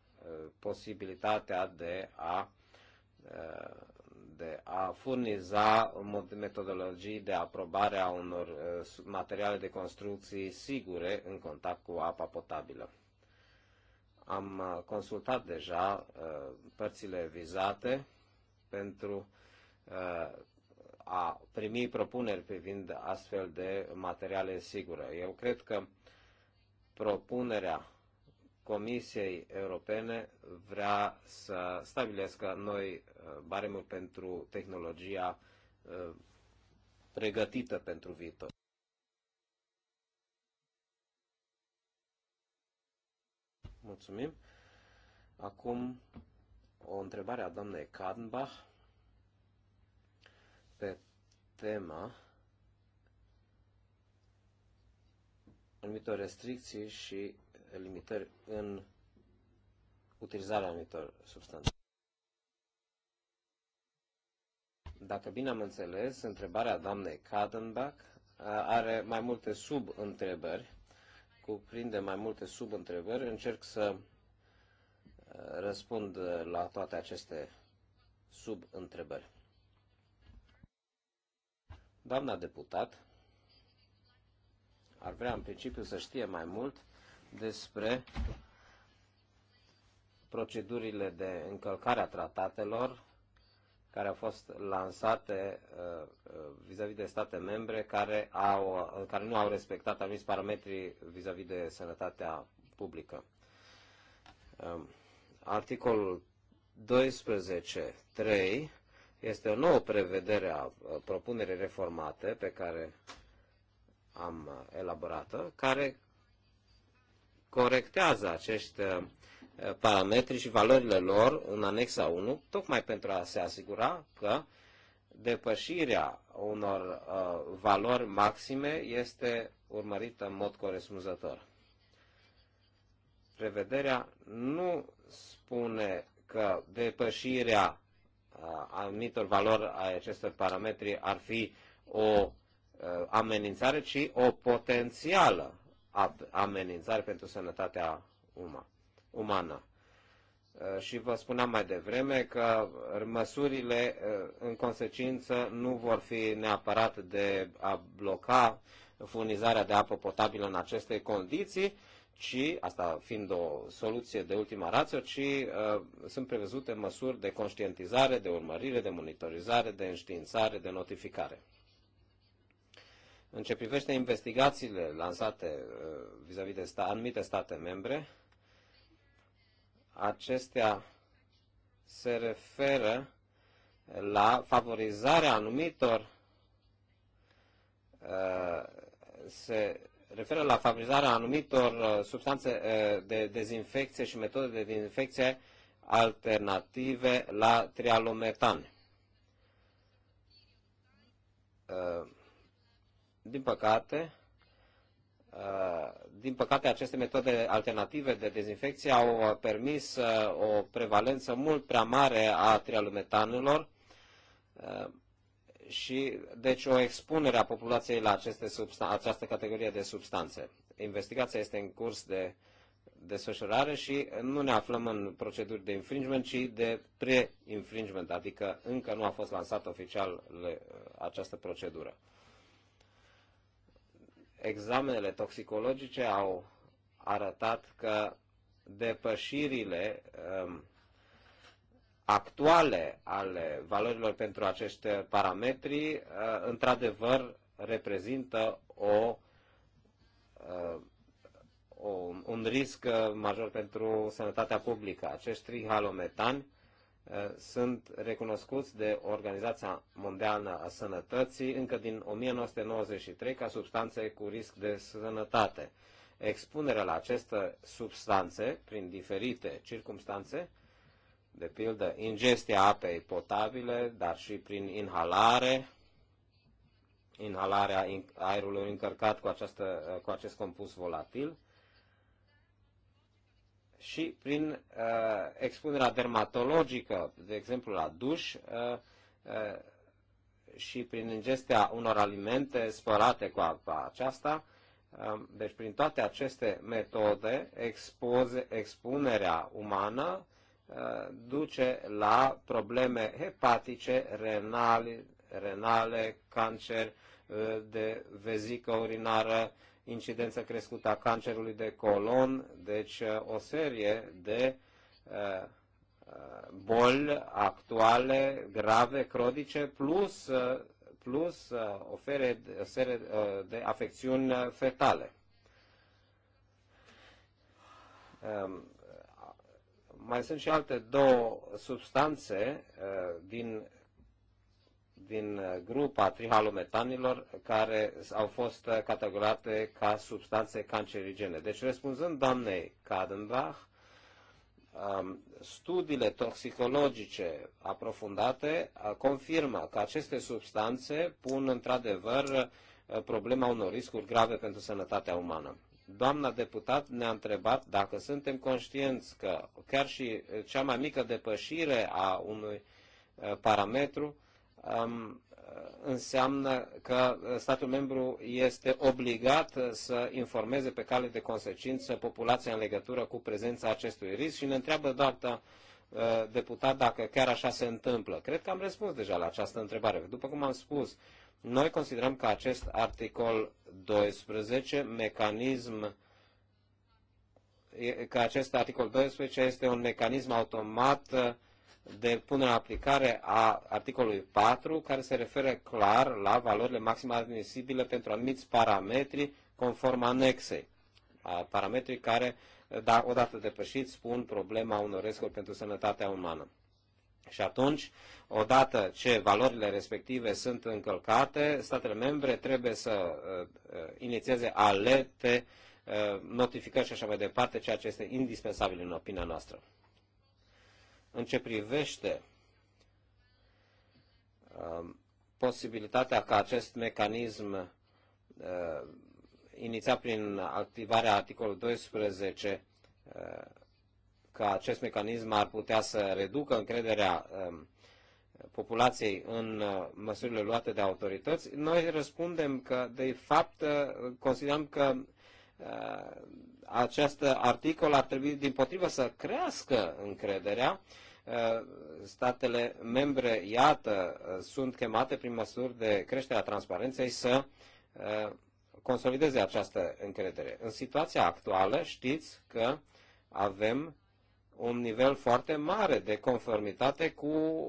posibilitatea de a de a furniza metodologii de aprobare a unor uh, materiale de construcții sigure în contact cu apa potabilă. Am uh, consultat deja uh, părțile vizate pentru a primi propuneri privind astfel de materiale sigure. Eu cred că propunerea Comisiei Europene vrea să stabilească noi uh, baremuri pentru tehnologia uh, pregătită pentru viitor. Mulțumim. Acum o întrebare a doamnei Kadenbach pe tema anumitor restricții și limitări în utilizarea anumitor substanțe. Dacă bine am înțeles, întrebarea doamnei Kadenbach uh, are mai multe sub-întrebări, cuprinde mai multe sub-întrebări. Încerc să uh, răspund uh, la toate aceste sub-întrebări. Doamna deputat ar vrea în principiu să știe mai mult despre procedurile de încălcare a tratatelor care au fost lansate uh, uh, vis-a-vis -vis de state membre care, au, uh, care nu au respectat anumiți parametri vis-a-vis -vis de sănătatea publică. Um, articolul 12.3 este o nouă prevedere a propunerii reformate pe care am elaborată, care corectează acești uh, parametri și valorile lor în anexa 1, tocmai pentru a se asigura că depășirea unor uh, valori maxime este urmărită în mod corespunzător. Prevederea nu spune că depășirea uh, anumitor valori a acestor parametri ar fi o uh, amenințare, ci o potențială amenințare pentru sănătatea uma, umană. Uh, și vă spuneam mai devreme că uh, măsurile, uh, în consecință, nu vor fi neapărat de a bloca furnizarea de apă potabilă în aceste condiții, ci, asta fiind o soluție de ultima rație, ci uh, sunt prevăzute măsuri de conștientizare, de urmărire, de monitorizare, de înștiințare, de notificare. În ce privește investigațiile lansate uh, vis-a-vis -vis de sta, anumite state membre, acestea se referă la favorizarea anumitor uh, se referă la favorizarea anumitor uh, substanțe de dezinfecție și metode de dezinfecție alternative la trialometan. Din păcate, uh, din păcate, aceste metode alternative de dezinfecție au uh, permis uh, o prevalență mult prea mare a trialumetanelor și, deci, o expunere a populației la aceste această categorie de substanțe. Investigația este în curs de desfășurare și nu ne aflăm în proceduri de infringement, ci de pre-infringement, adică încă nu a fost lansată oficial această procedură examenele toxicologice au arătat că depășirile um, actuale ale valorilor pentru acești parametri, uh, într-adevăr, reprezintă o, uh, o, un risc major pentru sănătatea publică. Acești trihalometani Eh, sunt recunoscuți de Organizația Mondială a Sănătății încă din 1993 ca substanțe cu risc de sănătate. Expunerea la aceste substanțe, prin diferite circumstanțe, de pildă ingestia apei potabile, dar și prin inhalare, inhalarea aerului încărcat cu, această, cu acest compus volatil, și prin uh, expunerea dermatologică, de exemplu la duș, uh, uh, și prin ingestia unor alimente spălate cu apa aceasta. Um, deci prin toate aceste metode, expoze, expunerea umană uh, duce la probleme hepatice, renale, renale cancer uh, de vezică urinară, incidență crescută a cancerului de colon, deci uh, o serie de uh, uh, boli actuale, grave, cronice, plus, plus ofere o serie de afecțiuni fetale. Um, mai sunt și alte două substanțe din din grupa trihalometanilor care au fost categorate ca substanțe cancerigene. Deci, răspunzând doamnei Kadenbach, um, studiile toxicologice aprofundate uh, confirmă că aceste substanțe pun într-adevăr uh, problema unor riscuri grave pentru sănătatea umană. Doamna deputat ne-a întrebat dacă suntem conștienți că chiar și cea mai mică depășire a unui uh, parametru Uh, înseamnă că uh, statul membru este obligat uh, să informeze pe cale de consecință populația în legătură cu prezența acestui risc și ne întreabă doamna deputat dacă chiar așa se întâmplă. Cred că am răspuns deja la această întrebare. După cum am spus, noi considerăm că acest articol 12, mecanism că acest articol 12 este un mecanism automat de punere în aplicare a articolului 4, care se referă clar la valorile maxime admisibile pentru anumiți parametri conform anexei. Parametri care, da, odată depășiți, spun problema unor riscuri pentru sănătatea umană. Și atunci, odată ce valorile respective sunt încălcate, statele membre trebuie să uh, uh inițieze alerte, uh, notificări și așa mai departe, ceea ce este indispensabil în opinia noastră. În ce privește um, posibilitatea ca acest mecanism uh, inițiat prin activarea articolului 12 uh, ca că acest mecanism ar putea să reducă încrederea um, populației în uh, măsurile luate de autorități, noi răspundem că, de fapt, considerăm că acest articol ar trebui din potrivă să crească încrederea. Uh, statele membre, iată, uh, sunt chemate prin măsuri de creștere a transparenței să uh, consolideze această încredere. În situația actuală știți că avem un nivel foarte mare de conformitate cu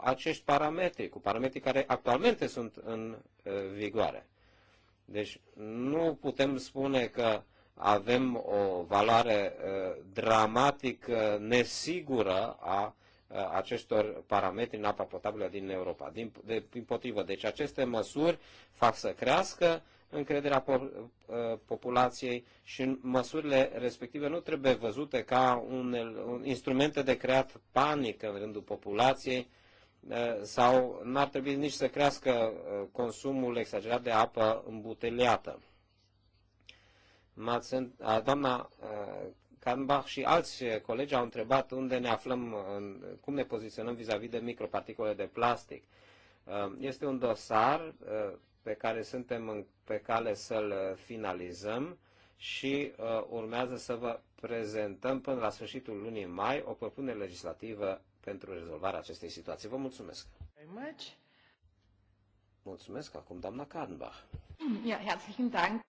acești parametri, cu parametrii care actualmente sunt în vigoare. Deci nu putem spune că avem o valoare uh, dramatic uh, nesigură a uh, acestor parametri în apa potabilă din Europa. Din, de, din potrivă, deci aceste măsuri fac să crească încrederea po- populației și măsurile respective nu trebuie văzute ca un, un instrument de creat panică în rândul populației sau n-ar trebui nici să crească consumul exagerat de apă îmbuteliată doamna Kanbach și alți colegi au întrebat unde ne aflăm, cum ne poziționăm vis-a-vis -vis de microparticule de plastic. Este un dosar pe care suntem pe cale să-l finalizăm și urmează să vă prezentăm până la sfârșitul lunii mai o propunere legislativă pentru rezolvarea acestei situații. Vă mulțumesc! Mulțumesc acum, doamna Kanbach. Ja, herzlichen Dank.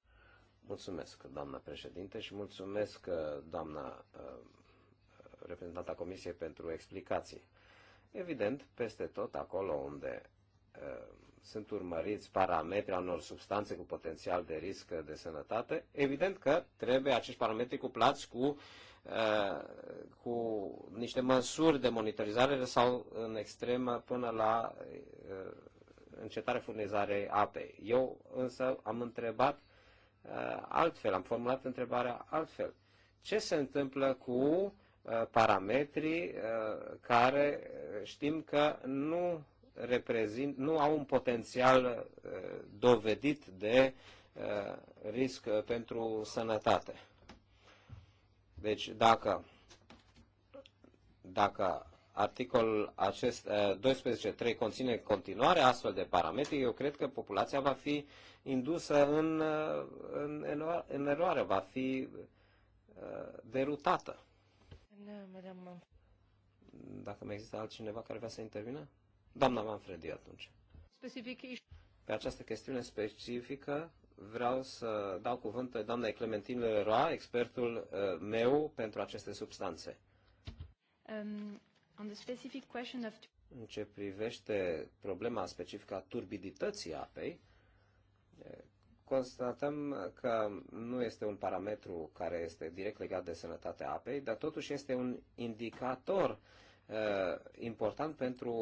Mulțumesc, doamna președinte, și mulțumesc, uh, doamna uh, reprezentanta Comisiei, pentru explicații. Evident, peste tot acolo unde uh, sunt urmăriți parametri a unor substanțe cu potențial de risc de sănătate, evident că trebuie acești parametri cuplați cu, cu niște măsuri de monitorizare sau în extremă până la încetarea furnizarei apei. Eu însă am întrebat Uh, altfel, am formulat întrebarea altfel. Ce se întâmplă cu uh, parametrii uh, care știm că nu reprezint, nu au un potențial dovedit de risc pentru sănătate. Deci dacă, dacă Articolul acest, 12.3 eh, conține continuare astfel de parametri. Eu cred că populația va fi indusă în, eh, în, în eroare, va fi eh, derutată. Da, Dacă mai există altcineva care vrea să intervină? Doamna Manfredi atunci. Specific Pe această chestiune specifică vreau să dau cuvântul doamna Clementin Leroy, expertul meu pentru aceste substanțe. Um, în ce privește problema specifică a turbidității apei, constatăm că nu este un parametru care este direct legat de sănătatea apei, dar totuși este un indicator uh, important pentru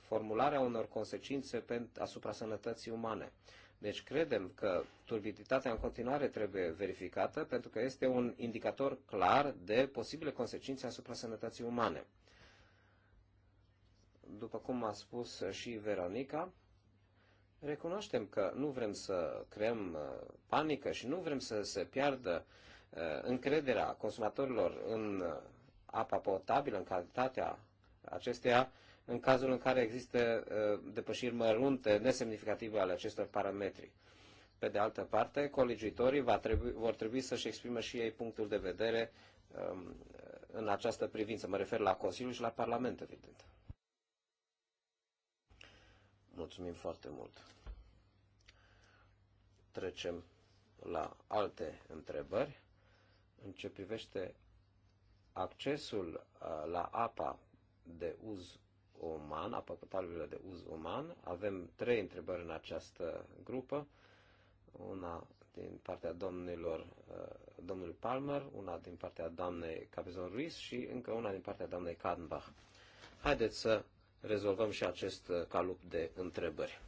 formularea unor consecințe asupra sănătății umane. Deci credem că turbiditatea în continuare trebuie verificată pentru că este un indicator clar de posibile consecințe asupra sănătății umane după cum a spus și Veronica, recunoaștem că nu vrem să creăm uh, panică și nu vrem să se piardă uh, încrederea consumatorilor în uh, apa potabilă, în calitatea acesteia, în cazul în care există depășiri mărunte, nesemnificative ale acestor parametri. Pe de altă parte, colegiitorii vor trebui să-și exprime și ei punctul de vedere um, în această privință. Mă refer la Consiliu și la Parlament, evident. Mulțumim foarte mult. Trecem la alte întrebări. În ce privește accesul uh, la apa de uz uman, apă potabilă de uz uman, avem trei întrebări în această grupă. Una din partea domnilor, uh, domnului Palmer, una din partea doamnei Capizon Ruiz și încă una din partea doamnei Kadenbach. Haideți să rezolvăm și acest uh, calup de întrebări.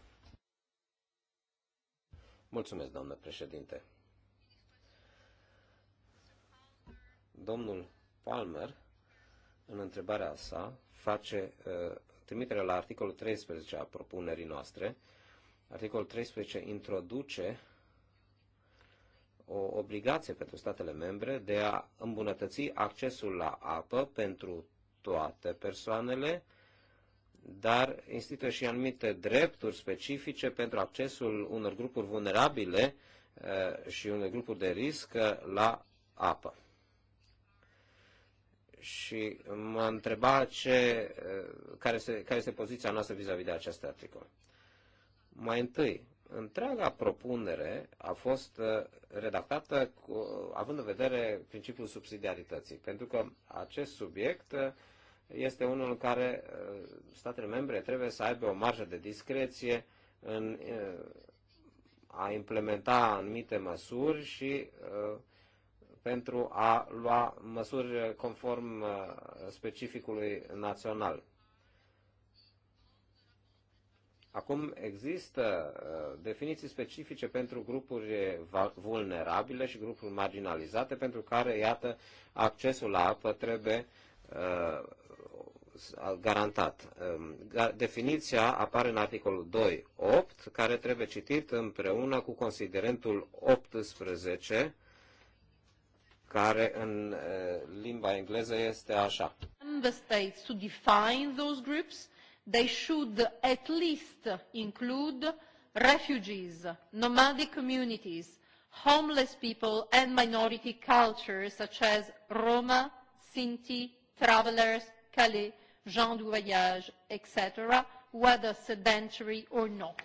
Mulțumesc, doamnă președinte. Domnul Palmer, în întrebarea sa, face uh, trimitere la articolul 13 a propunerii noastre. Articolul 13 introduce o obligație pentru statele membre de a îmbunătăți accesul la apă pentru toate persoanele dar instituie și anumite drepturi specifice pentru accesul unor grupuri vulnerabile eh, și unor grupuri de risc eh, la apă. Și mă întreba ce, eh, care, este, care este poziția noastră vis-a-vis -vis de acest articol. Mai întâi, întreaga propunere a fost redactată cu, având în vedere principiul subsidiarității, pentru că acest subiect este unul în care uh, statele membre trebuie să aibă o marjă de discreție în uh, a implementa anumite măsuri și uh, pentru a lua măsuri conform specificului național. Acum există definiții specifice pentru grupuri vulnerabile și grupuri marginalizate, pentru care, iată, accesul la apă trebuie garantat. Ehm, definiția apare în articolul 2.8, care trebuie citit împreună cu considerentul 18, care în limba engleză este așa. the states to define those groups, they should at least include refugees, nomadic communities, homeless people and minority cultures such as Roma, Sinti, travelers, Calais, gens du voyage, etc., whether sedentary or not.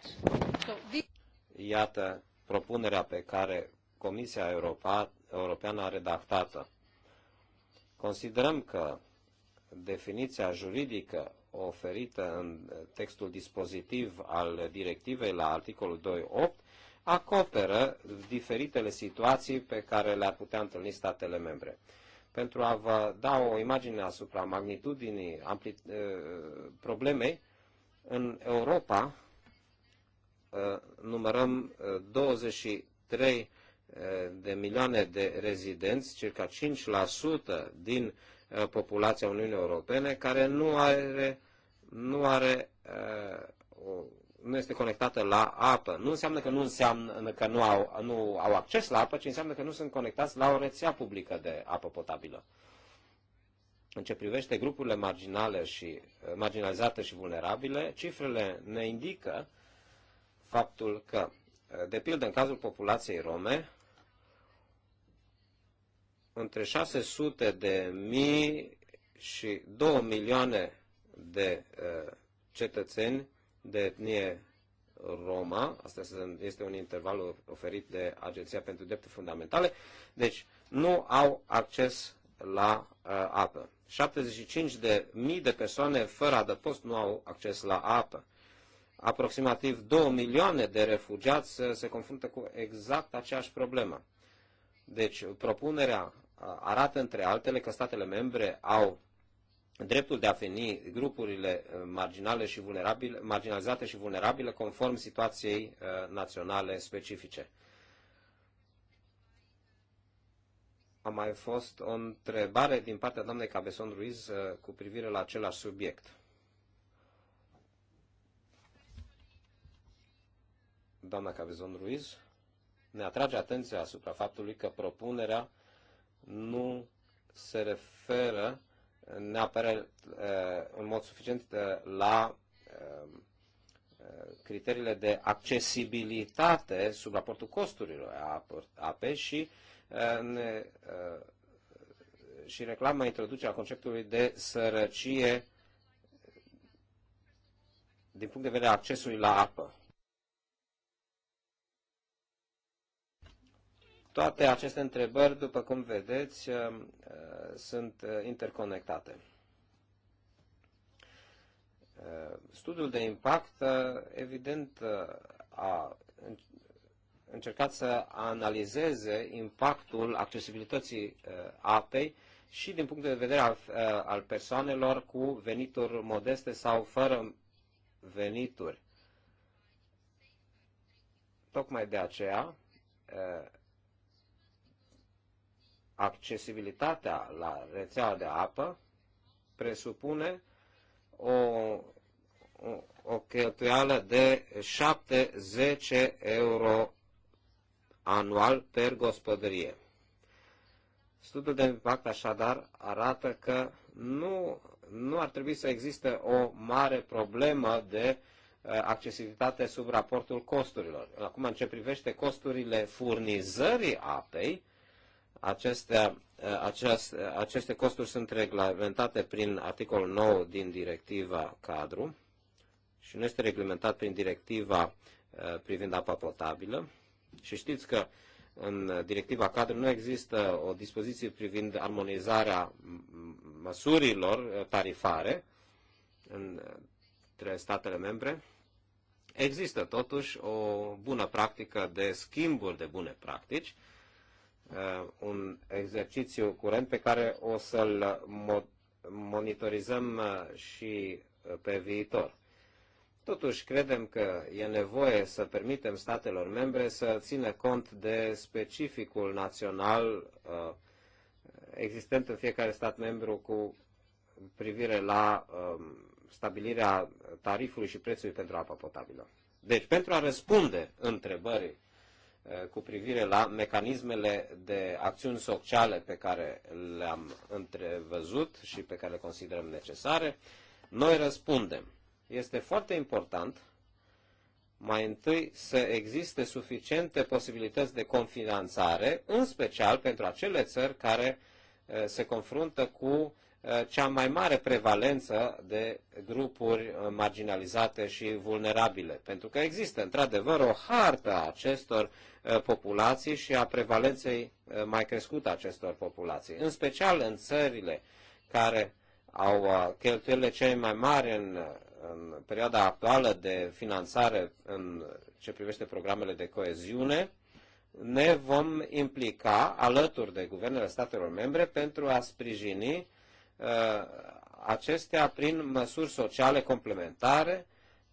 So this Iată propunerea pe care Comisia Europa, Europeană a redactat-o. Considerăm că definiția juridică oferită în textul dispozitiv al directivei la articolul 2.8 acoperă diferitele situații pe care le-ar putea întâlni statele membre pentru a vă da o imagine asupra magnitudinii ampli- eh, problemei, în Europa eh, numărăm 23 eh, de milioane de rezidenți, circa 5% din populația Uniunii Europene, care nu are, nu are o nu este conectată la apă. Nu înseamnă că nu înseamnă că nu au, nu au acces la apă, ci înseamnă că nu sunt conectați la o rețea publică de apă potabilă. În ce privește grupurile marginale și, marginalizate și vulnerabile, cifrele ne indică faptul că, de pildă, în cazul populației rome, între 600 de mii și 2 milioane de uh, cetățeni de etnie Roma, asta este un interval oferit de Agenția pentru Drepturi Fundamentale, deci nu au acces la uh, apă. 75 de mii de persoane fără adăpost nu au acces la apă. Aproximativ 2 milioane de refugiați uh, se confruntă cu exact aceeași problemă. Deci, propunerea uh, arată, între altele, că statele membre au dreptul de a veni grupurile uh, marginale și vulnerabile, marginalizate și vulnerabile conform situației uh, naționale specifice. A mai fost o întrebare din partea doamnei Cabeson Ruiz uh, cu privire la același subiect. Doamna Cabezon Ruiz ne atrage atenția asupra faptului că propunerea nu se referă apără uh, în mod suficient uh, la uh, criteriile de accesibilitate sub raportul costurilor a apei și, ne, și reclama introducerea conceptului de sărăcie din punct de vedere accesului la apă. Toate aceste întrebări, după cum vedeți, uh, uh, sunt uh, interconectate. Studiul de impact, evident, a încercat să analizeze impactul accesibilității apei și din punct de vedere al, al persoanelor cu venituri modeste sau fără venituri. Tocmai de aceea, accesibilitatea la rețeaua de apă presupune o, o, o cheltuială de 7-10 euro anual per gospodărie. Studiul de impact așadar arată că nu, nu ar trebui să existe o mare problemă de uh, accesibilitate sub raportul costurilor. Acum, în ce privește costurile furnizării apei, Acestea, eh, aceste, eh, aceste costuri sunt reglementate prin articolul 9 din directiva cadru și nu este reglementat prin directiva eh, privind apa potabilă. Și știți că în directiva cadru nu există o dispoziție privind armonizarea măsurilor tarifare între statele membre. Există totuși o bună practică de schimburi de bune practici Uh, un exercițiu curent pe care o să-l monitorizăm uh, și uh, pe viitor. Totuși, credem că e nevoie să permitem statelor membre să țină cont de specificul național existent în fiecare stat membru cu privire la um, stabilirea tarifului și prețului pentru apa potabilă. Deci, pentru a răspunde întrebării Eh, cu privire la mecanismele de acțiuni sociale pe care le-am întrevăzut și pe care le considerăm necesare, noi răspundem. Este foarte important mai întâi să existe suficiente posibilități de confinanțare, în special pentru acele țări care eh, se confruntă cu Uh, cea mai mare prevalență de grupuri uh, marginalizate și vulnerabile. Pentru că există, într-adevăr, o hartă a acestor uh, populații și a prevalenței mai crescută a acestor populații, în special în țările care au cheltuielile cele mai mari în, în perioada actuală de finanțare în ce privește programele de coeziune, ne vom implica alături de guvernele statelor membre pentru a sprijini Uh, acestea prin măsuri sociale complementare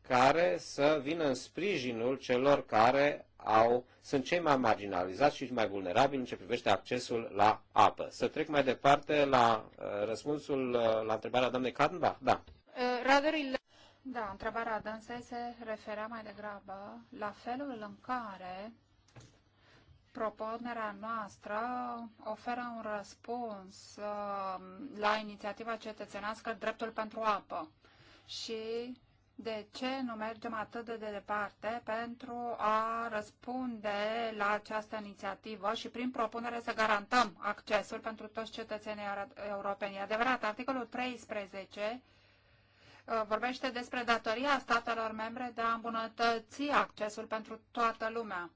care să vină în sprijinul celor care au, sunt cei mai marginalizați și mai vulnerabili în ce privește accesul la apă. Să trec mai departe la uh, răspunsul uh, la întrebarea doamnei Kadenbach? Da. Radările. Da, întrebarea dânsei se referea mai degrabă la felul în care Propunerea noastră oferă un răspuns uh, la inițiativa cetățenească Dreptul pentru apă și de ce nu mergem atât de departe pentru a răspunde la această inițiativă și prin propunere să garantăm accesul pentru toți cetățenii europeni. Adevărat, articolul 13 uh, vorbește despre datoria statelor membre de a îmbunătăți accesul pentru toată lumea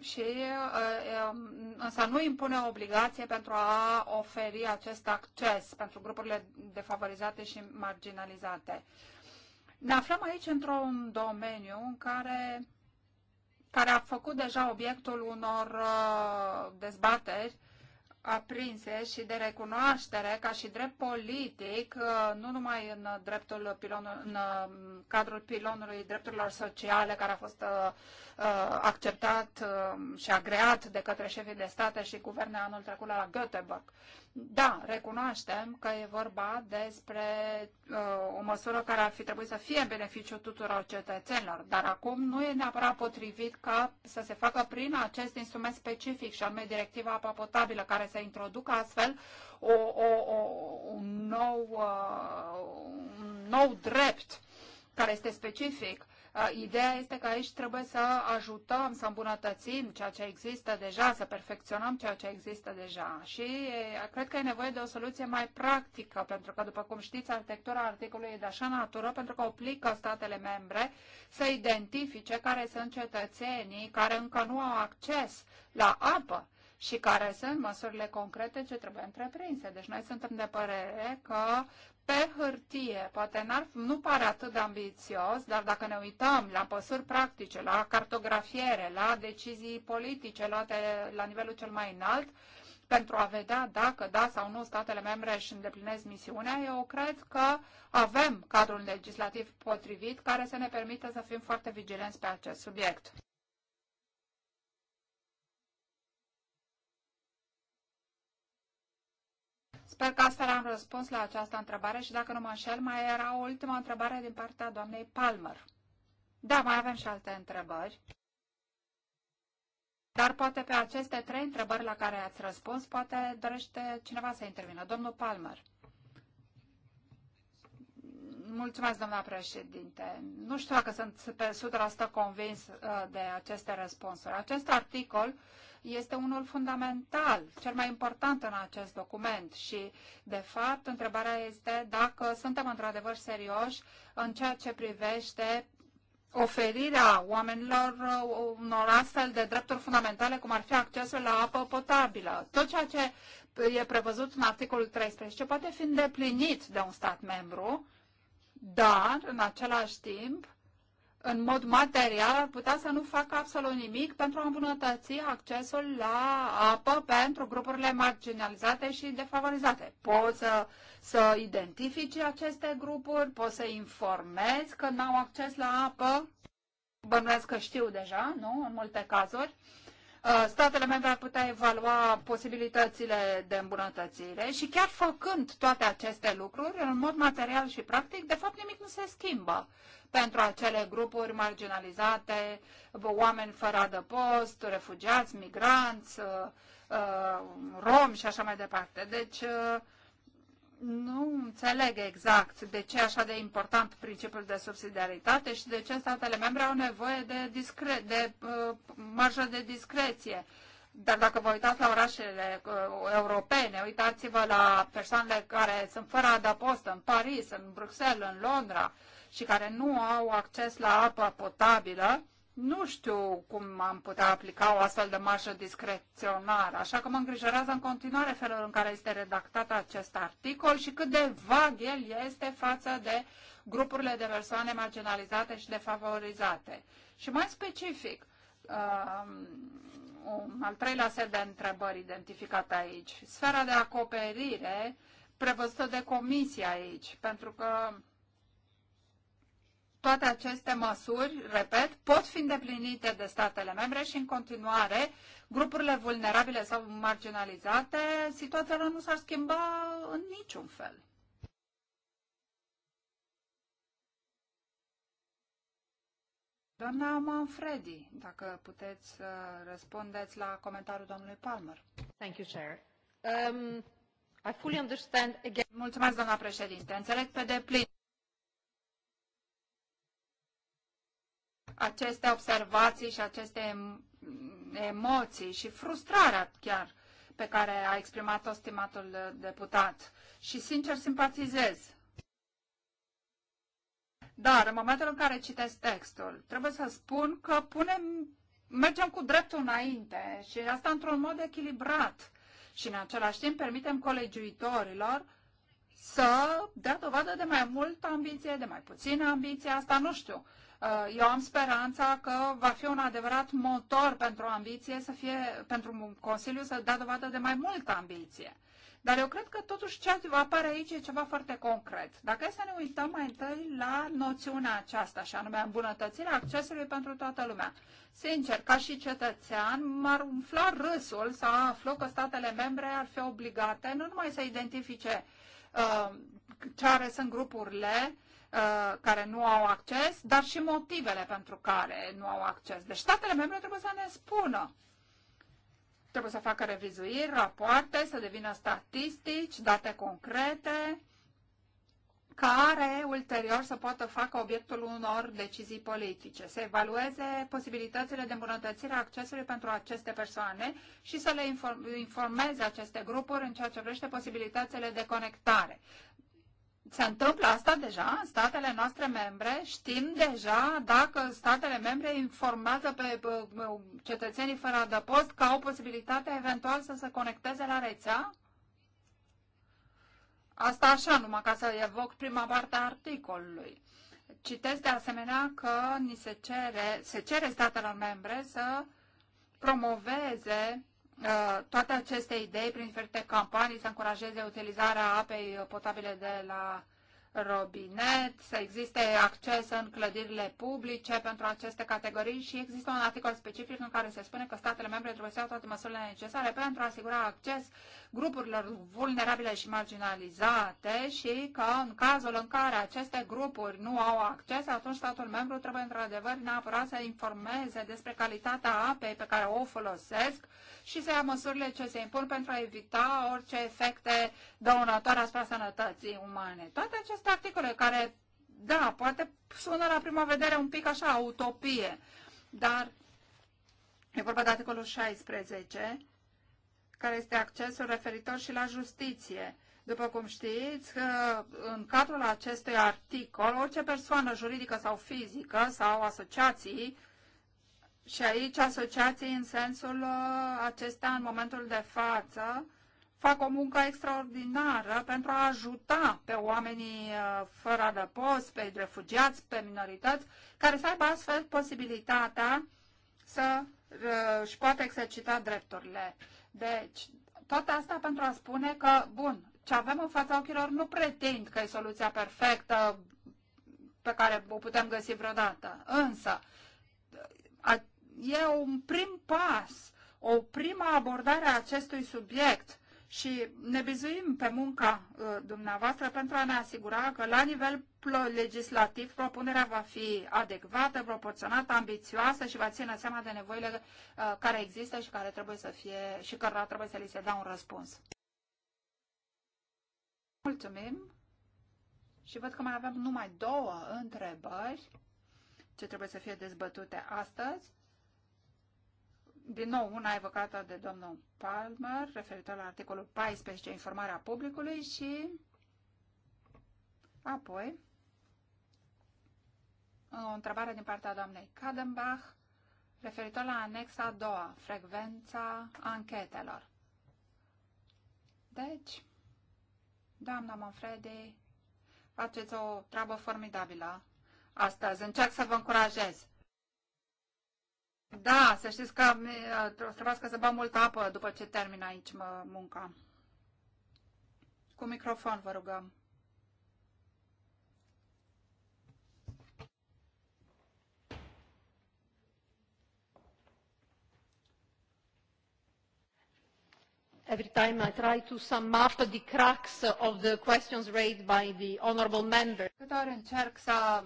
și uh, uh, însă nu impune o obligație pentru a oferi acest acces pentru grupurile defavorizate și marginalizate. Ne aflăm aici într-un domeniu în care, care a făcut deja obiectul unor uh, dezbateri aprinse și de recunoaștere ca și drept politic, uh, nu numai în, dreptul pilonul, în uh, cadrul pilonului drepturilor sociale care a fost uh, acceptat și agreat de către șefii de state și guverne anul trecut la Göteborg. Da, recunoaștem că e vorba despre uh, o măsură care ar fi trebuit să fie în beneficiu tuturor cetățenilor, dar acum nu e neapărat potrivit ca să se facă prin acest instrument specific și anume directiva apa potabilă, care să introducă astfel o, o, o, un, nou, uh, un nou drept care este specific uh, Uh, ideea este că aici trebuie să ajutăm, să îmbunătățim ceea ce există deja, să perfecționăm ceea ce există deja. Și uh, cred că e nevoie de o soluție mai practică, pentru că, după cum știți, arhitectura articolului e de așa natură, pentru că obliga statele membre să identifice care sunt cetățenii care încă nu au acces la apă și care sunt măsurile concrete ce trebuie întreprinse. Deci noi suntem de părere că pe hârtie, poate n-ar, nu pare atât de ambițios, dar dacă ne uităm la păsuri practice, la cartografiere, la decizii politice luate la nivelul cel mai înalt, pentru a vedea dacă da sau nu statele membre își îndeplinesc misiunea, eu cred că avem cadrul legislativ potrivit care să ne permită să fim foarte vigilenți pe acest subiect. Sper că astfel am răspuns la această întrebare și dacă nu mă înșel, mai era o ultimă întrebare din partea doamnei Palmer. Da, mai avem și alte întrebări. Dar poate pe aceste trei întrebări la care ați răspuns, poate dorește cineva să intervină. Domnul Palmer. Mulțumesc, doamna președinte. Nu știu dacă sunt pe 100% convins uh, de aceste răspunsuri. Acest articol este unul fundamental, cel mai important în acest document și, de fapt, întrebarea este dacă suntem într-adevăr serioși în ceea ce privește oferirea oamenilor unor astfel de drepturi fundamentale, cum ar fi accesul la apă potabilă. Tot ceea ce e prevăzut în articolul 13 poate fi îndeplinit de un stat membru, dar, în același timp, în mod material ar putea să nu facă absolut nimic pentru a îmbunătăți accesul la apă pentru grupurile marginalizate și defavorizate. Poți să, să identifici aceste grupuri, poți să informezi că n-au acces la apă, bănuiesc că știu deja, nu, în multe cazuri, Uh, statele membre ar putea evalua posibilitățile de îmbunătățire și chiar făcând toate aceste lucruri, în mod material și practic, de fapt nimic nu se schimbă pentru acele grupuri marginalizate, oameni fără adăpost, refugiați, migranți, uh, uh, romi și așa mai departe. Deci, nu înțeleg exact de ce e așa de important principiul de subsidiaritate și de ce statele membre au nevoie de, discre- de uh, marjă de discreție. Dar dacă vă uitați la orașele uh, europene, uitați-vă la persoanele care sunt fără adăpost în Paris, în Bruxelles, în Londra și care nu au acces la apă potabilă, uh, nu știu cum am putea aplica o astfel de marșă discreționară, așa că mă îngrijorează în continuare felul în care este redactat acest articol și cât de vag el este față de grupurile de persoane marginalizate și defavorizate. Și mai specific, um, un al treilea set de întrebări identificat aici, sfera de acoperire prevăzută de comisie aici, pentru că toate aceste măsuri, repet, pot fi îndeplinite de statele membre și în continuare grupurile vulnerabile sau marginalizate, situația lor nu s-ar schimba în niciun fel. Doamna Manfredi, dacă puteți să uh, răspundeți la comentariul domnului Palmer. Thank you, Chair. Um, I fully understand again... Mulțumesc, doamna președinte. Înțeleg pe deplin aceste observații și aceste emoții și frustrarea chiar pe care a exprimat-o stimatul deputat. Și sincer simpatizez. Dar în momentul în care citesc textul, trebuie să spun că punem, mergem cu dreptul înainte și asta într-un mod echilibrat. Și în același timp permitem colegiuitorilor să dea dovadă de mai multă ambiție, de mai puțină ambiție, asta nu știu. Uh, eu am speranța că va fi un adevărat motor pentru ambiție, să fie, pentru Consiliu să dea dovadă de mai multă ambiție. Dar eu cred că totuși ce apare aici e ceva foarte concret. Dacă e să ne uităm mai întâi la noțiunea aceasta, și anume îmbunătățirea accesului pentru toată lumea. Sincer, ca și cetățean, m-ar umfla râsul să aflu că statele membre ar fi obligate nu numai să identifice uh, ce are sunt grupurile, Uh, care nu au acces, dar și motivele pentru care nu au acces. Deci statele membre trebuie să ne spună. Trebuie să facă revizuiri, rapoarte, să devină statistici, date concrete, care ulterior să poată facă obiectul unor decizii politice, să evalueze posibilitățile de îmbunătățire a accesului pentru aceste persoane și să le informeze aceste grupuri în ceea ce privește posibilitățile de conectare, se întâmplă asta deja în statele noastre membre. Știm deja dacă statele membre informează pe cetățenii fără adăpost că au posibilitatea eventual să se conecteze la rețea? Asta așa, numai ca să evoc prima parte a articolului. Citesc de asemenea că ni se cere, se cere statelor membre să promoveze Uh, toate aceste idei prin diferite campanii să încurajeze utilizarea apei potabile de la robinet, să existe acces în clădirile publice pentru aceste categorii și există un articol specific în care se spune că statele membre trebuie să iau toate măsurile necesare pentru a asigura acces grupurilor vulnerabile și marginalizate și că în cazul în care aceste grupuri nu au acces, atunci statul membru trebuie într-adevăr neapărat să informeze despre calitatea apei pe care o folosesc și să ia măsurile ce se impun pentru a evita orice efecte dăunătoare asupra sănătății umane. Toate aceste articole care, da, poate sună la prima vedere un pic așa, utopie, dar E vorba de articolul 16 care este accesul referitor și la justiție. După cum știți, în cadrul acestui articol, orice persoană juridică sau fizică sau asociații, și aici asociații în sensul uh, acesta în momentul de față, fac o muncă extraordinară pentru a ajuta pe oamenii uh, fără adăpost, pe refugiați, pe minorități, care să aibă astfel posibilitatea să uh, își poată exercita drepturile. Deci, tot asta pentru a spune că, bun, ce avem în fața ochilor nu pretind că e soluția perfectă pe care o putem găsi vreodată. Însă, a, e un prim pas, o prima abordare a acestui subiect și ne bizuim pe munca uh, dumneavoastră pentru a ne asigura că la nivel legislativ propunerea va fi adecvată, proporționată, ambițioasă și va ține seama de nevoile uh, care există și care trebuie să fie și cărora trebuie să li se dea un răspuns. Mulțumim și văd că mai avem numai două întrebări ce trebuie să fie dezbătute astăzi din nou una evocată de domnul Palmer, referitor la articolul 14, informarea publicului și apoi o întrebare din partea doamnei Kadenbach referitor la anexa a doua, frecvența anchetelor. Deci, doamna Manfredi, faceți o treabă formidabilă astăzi. Încerc să vă încurajez. Da, să știți că eh, trebuie să bea multă apă după ce termin aici munca. Cu microfon, vă rugăm. every time I try to sum up the cracks of the questions raised by the honourable member. Câte ori încerc să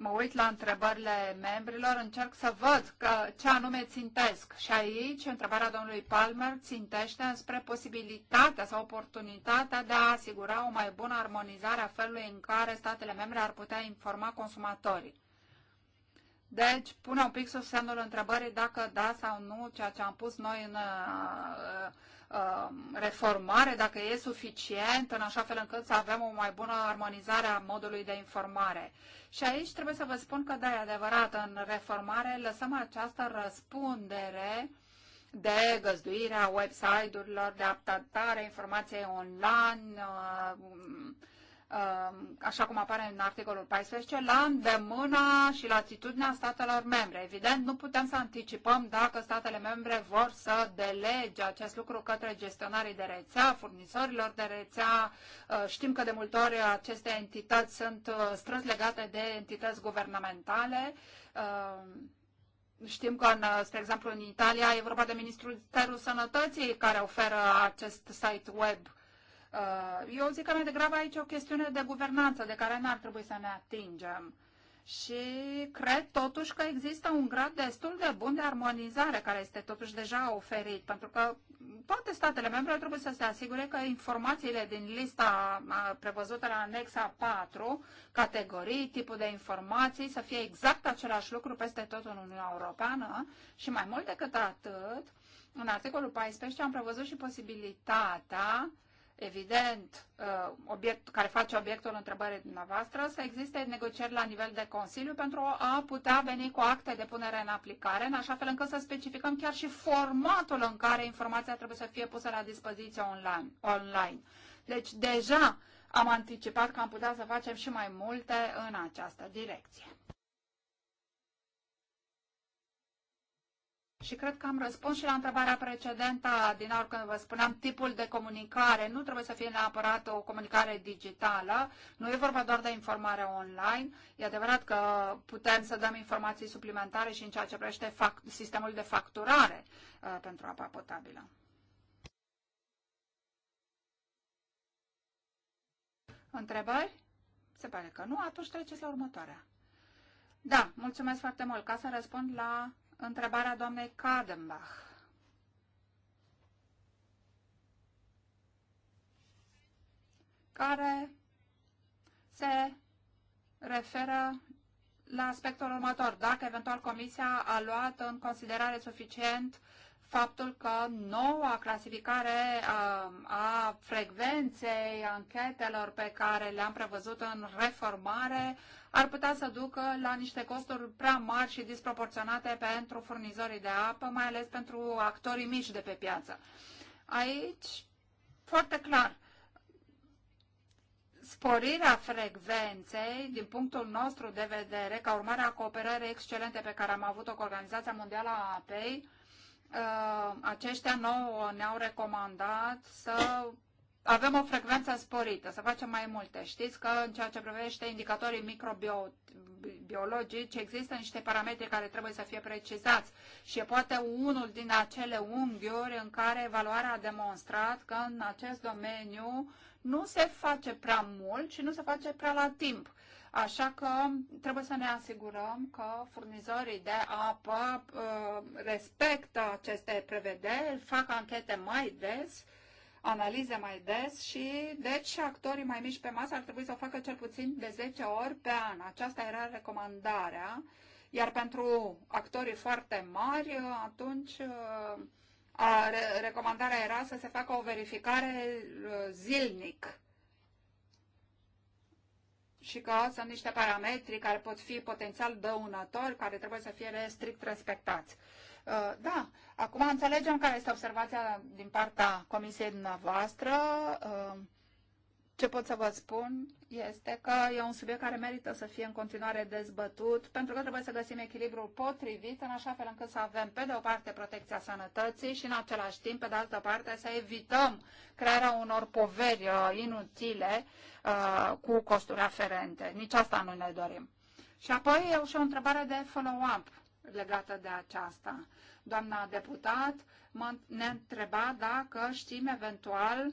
mă uit la întrebările membrilor, încerc să văd că ce anume țintesc. Și aici, întrebarea domnului Palmer țintește spre posibilitatea sau oportunitatea de a asigura o mai bună armonizare a felului în care statele membre ar putea informa consumatorii. Deci, pune un pic sub semnul întrebării dacă da sau nu ceea ce am pus noi în uh, Um, reformare, dacă e suficient, în așa fel încât să avem o mai bună armonizare a modului de informare. Și aici trebuie să vă spun că, da, e adevărat, în reformare lăsăm această răspundere de găzduirea website-urilor, de adaptarea informației online, uh, Um, așa cum apare în articolul 14, la îndemâna și la atitudinea statelor membre. Evident, nu putem să anticipăm dacă statele membre vor să delege acest lucru către gestionarii de rețea, furnizorilor de rețea. Uh, știm că de multe ori aceste entități sunt uh, strâns legate de entități guvernamentale. Uh, știm că, în, spre exemplu, în Italia e vorba de Ministrul Sănătății care oferă acest site web Uh, eu zic că mai degrabă aici e o chestiune de guvernanță de care n-ar trebui să ne atingem. Și cred totuși că există un grad destul de bun de armonizare care este totuși deja oferit, pentru că toate statele membre trebuie să se asigure că informațiile din lista uh, prevăzută la anexa 4, categorii, tipul de informații, să fie exact același lucru peste tot în Uniunea Europeană și mai mult decât atât, în articolul 14 am prevăzut și posibilitatea evident, uh, obiect, care face obiectul întrebării dumneavoastră, să existe negocieri la nivel de Consiliu pentru a putea veni cu acte de punere în aplicare, în așa fel încât să specificăm chiar și formatul în care informația trebuie să fie pusă la dispoziție online. online. Deci, deja am anticipat că am putea să facem și mai multe în această direcție. Și cred că am răspuns și la întrebarea precedentă din ori când vă spuneam tipul de comunicare. Nu trebuie să fie neapărat o comunicare digitală, nu e vorba doar de informare online. E adevărat că putem să dăm informații suplimentare și în ceea ce privește sistemul de facturare uh, pentru apa potabilă. Întrebări? Se pare că nu, atunci treceți la următoarea. Da, mulțumesc foarte mult. Ca să răspund la întrebarea doamnei Kadenbach. care se referă la aspectul următor. Dacă eventual Comisia a luat în considerare suficient faptul că noua clasificare a, um, a frecvenței anchetelor pe care le-am prevăzut în reformare ar putea să ducă la niște costuri prea mari și disproporționate pentru furnizorii de apă, mai ales pentru actorii mici de pe piață. Aici, foarte clar, sporirea frecvenței, din punctul nostru de vedere, ca urmare a cooperării excelente pe care am avut-o cu Organizația Mondială a Apei, Uh, aceștia nouă ne-au recomandat să avem o frecvență sporită, să facem mai multe. Știți că în ceea ce privește indicatorii microbiologici există niște parametri care trebuie să fie precizați și e poate unul din acele unghiuri în care evaluarea a demonstrat că în acest domeniu nu se face prea mult și nu se face prea la timp. Așa că trebuie să ne asigurăm că furnizorii de apă uh, respectă aceste prevederi, fac anchete mai des, analize mai des și deci actorii mai mici pe masă ar trebui să o facă cel puțin de 10 ori pe an. Aceasta era recomandarea. Iar pentru actorii foarte mari, uh, atunci uh, a, re, recomandarea era să se facă o verificare zilnic și că sunt niște parametri care pot fi potențial dăunători, care trebuie să fie strict respectați. Uh, da, acum înțelegem care este observația din partea comisiei dumneavoastră. Uh, ce pot să vă spun este că e un subiect care merită să fie în continuare dezbătut, pentru că trebuie să găsim echilibrul potrivit, în așa fel încât să avem, pe de o parte, protecția sănătății și, în același timp, pe de altă parte, să evităm crearea unor poveri uh, inutile uh, cu costuri aferente. Nici asta nu ne dorim. Și apoi eu și o întrebare de follow-up legată de aceasta. Doamna deputat ne întreba dacă știm eventual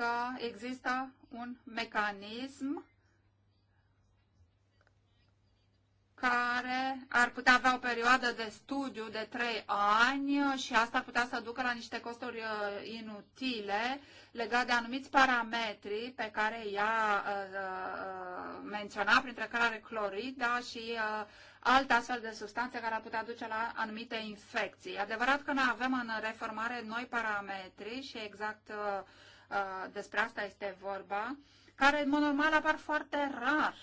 că există un mecanism care ar putea avea o perioadă de studiu de 3 ani și asta ar putea să ducă la niște costuri uh, inutile legate de anumiți parametri pe care ea uh, uh, menționa, printre care clorida da, și alte astfel de substanțe care ar putea duce la anumite infecții. Adevărat că noi avem în reformare noi parametri și exact uh, Uh, despre asta este vorba, care în mod normal apar foarte rar.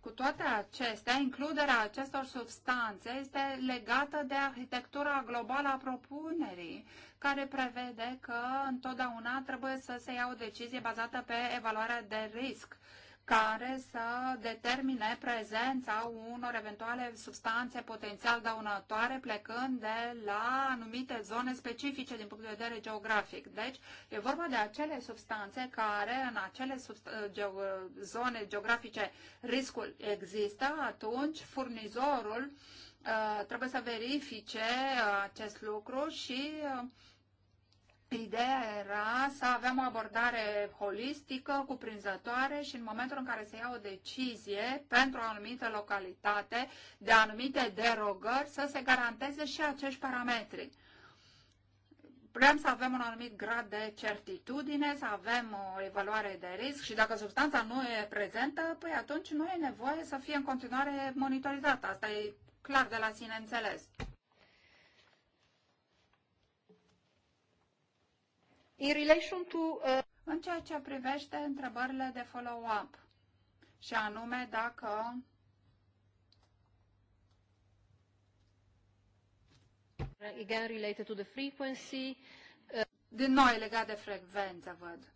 Cu toate acestea, includerea acestor substanțe este legată de arhitectura globală a propunerii, care prevede că întotdeauna trebuie să se ia o decizie bazată pe evaluarea de risc care să determine prezența unor eventuale substanțe potențial dăunătoare plecând de la anumite zone specifice din punct de vedere geografic. Deci e vorba de acele substanțe care în acele ă, ge- ă, zone geografice riscul există, atunci furnizorul uh, trebuie să verifice acest lucru și uh, Ideea era să avem o abordare holistică, cuprinzătoare și în momentul în care se ia o decizie pentru o anumită localitate, de anumite derogări, să se garanteze și acești parametri. Vrem să avem un anumit grad de certitudine, să avem o evaluare de risc și dacă substanța nu e prezentă, păi atunci nu e nevoie să fie în continuare monitorizată. Asta e clar de la sine înțeles. In relation to, uh... În ceea ce privește întrebările de follow-up, și anume dacă Again, related to the frequency. Uh... Din nou legat de frecvență, văd.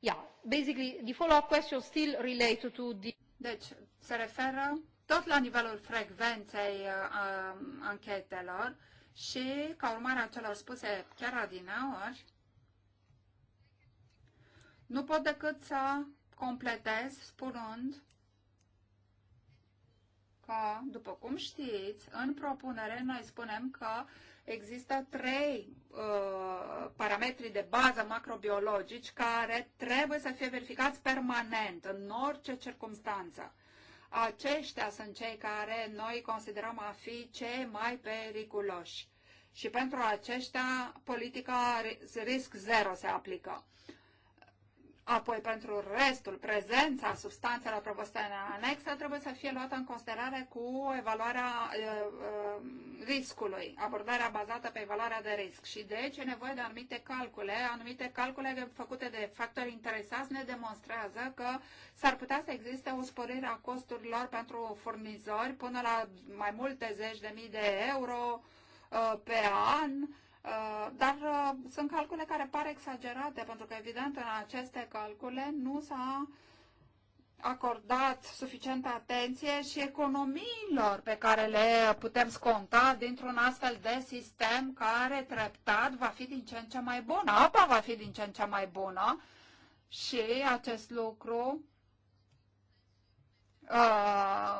Yeah, basically, the follow-up question still related to the... Deci, se referă tot la nivelul frecvenței uh, anchetelor, și, ca urmare a celor spuse chiar adinaori, nu pot decât să completez spunând că, după cum știți, în propunere noi spunem că există trei uh, parametri de bază macrobiologici care trebuie să fie verificați permanent, în orice circunstanță aceștia sunt cei care noi considerăm a fi cei mai periculoși. Și pentru aceștia politica risc zero se aplică. Apoi, pentru restul, prezența substanțelor propuse în anexă trebuie să fie luată în considerare cu evaluarea uh, riscului, abordarea bazată pe evaluarea de risc. Și deci e nevoie de anumite calcule. Anumite calcule făcute de factori interesați ne demonstrează că s-ar putea să existe o sporire a costurilor pentru furnizori până la mai multe zeci de mii de euro uh, pe an, Uh, dar uh, sunt calcule care par exagerate, pentru că, evident, în aceste calcule nu s-a acordat suficientă atenție și economiilor pe care le putem sconta dintr-un astfel de sistem care treptat va fi din ce în ce mai bună. Apa va fi din ce în ce mai bună și acest lucru uh,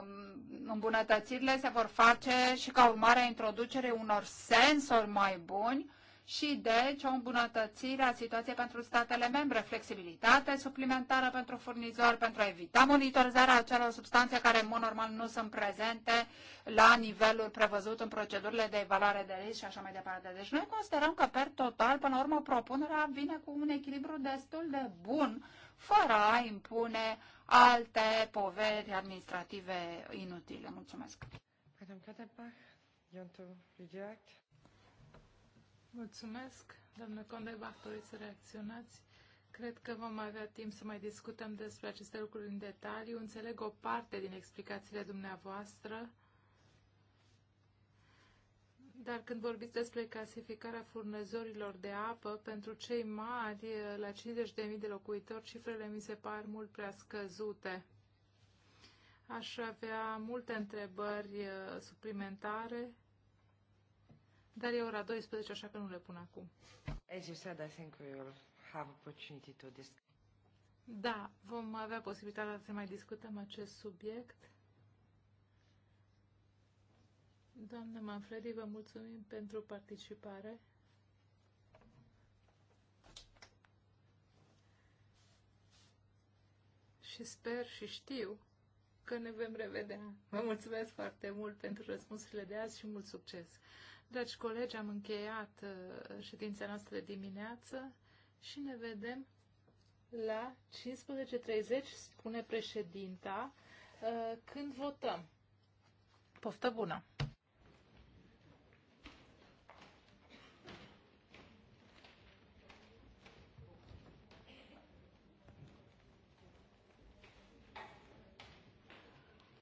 îmbunătățirile se vor face și ca urmare a introducerii unor sensori mai buni și deci o îmbunătățire a situației pentru statele membre, flexibilitate suplimentară pentru furnizori, pentru a evita monitorizarea acelor substanțe care în mod normal nu sunt prezente la nivelul prevăzut în procedurile de evaluare de risc și așa mai departe. Deci noi considerăm că per total, până la urmă, propunerea vine cu un echilibru destul de bun, fără a impune alte poveri administrative inutile. Mulțumesc! Mulțumesc, doamnă Condebach, doriți să reacționați? Cred că vom avea timp să mai discutăm despre aceste lucruri în detaliu. Înțeleg o parte din explicațiile dumneavoastră dar când vorbiți despre clasificarea furnizorilor de apă, pentru cei mari, la 50.000 de locuitori, cifrele mi se par mult prea scăzute. Aș avea multe întrebări uh, suplimentare, dar e ora 12, așa că nu le pun acum. Da, vom avea posibilitatea să mai discutăm acest subiect. Doamna Manfredi, vă mulțumim pentru participare. Și sper și știu că ne vom revedea. Vă mulțumesc foarte mult pentru răspunsurile de azi și mult succes. Dragi colegi, am încheiat uh, ședința noastră de dimineață și ne vedem la 15.30, spune președinta, uh, când votăm. Poftă bună!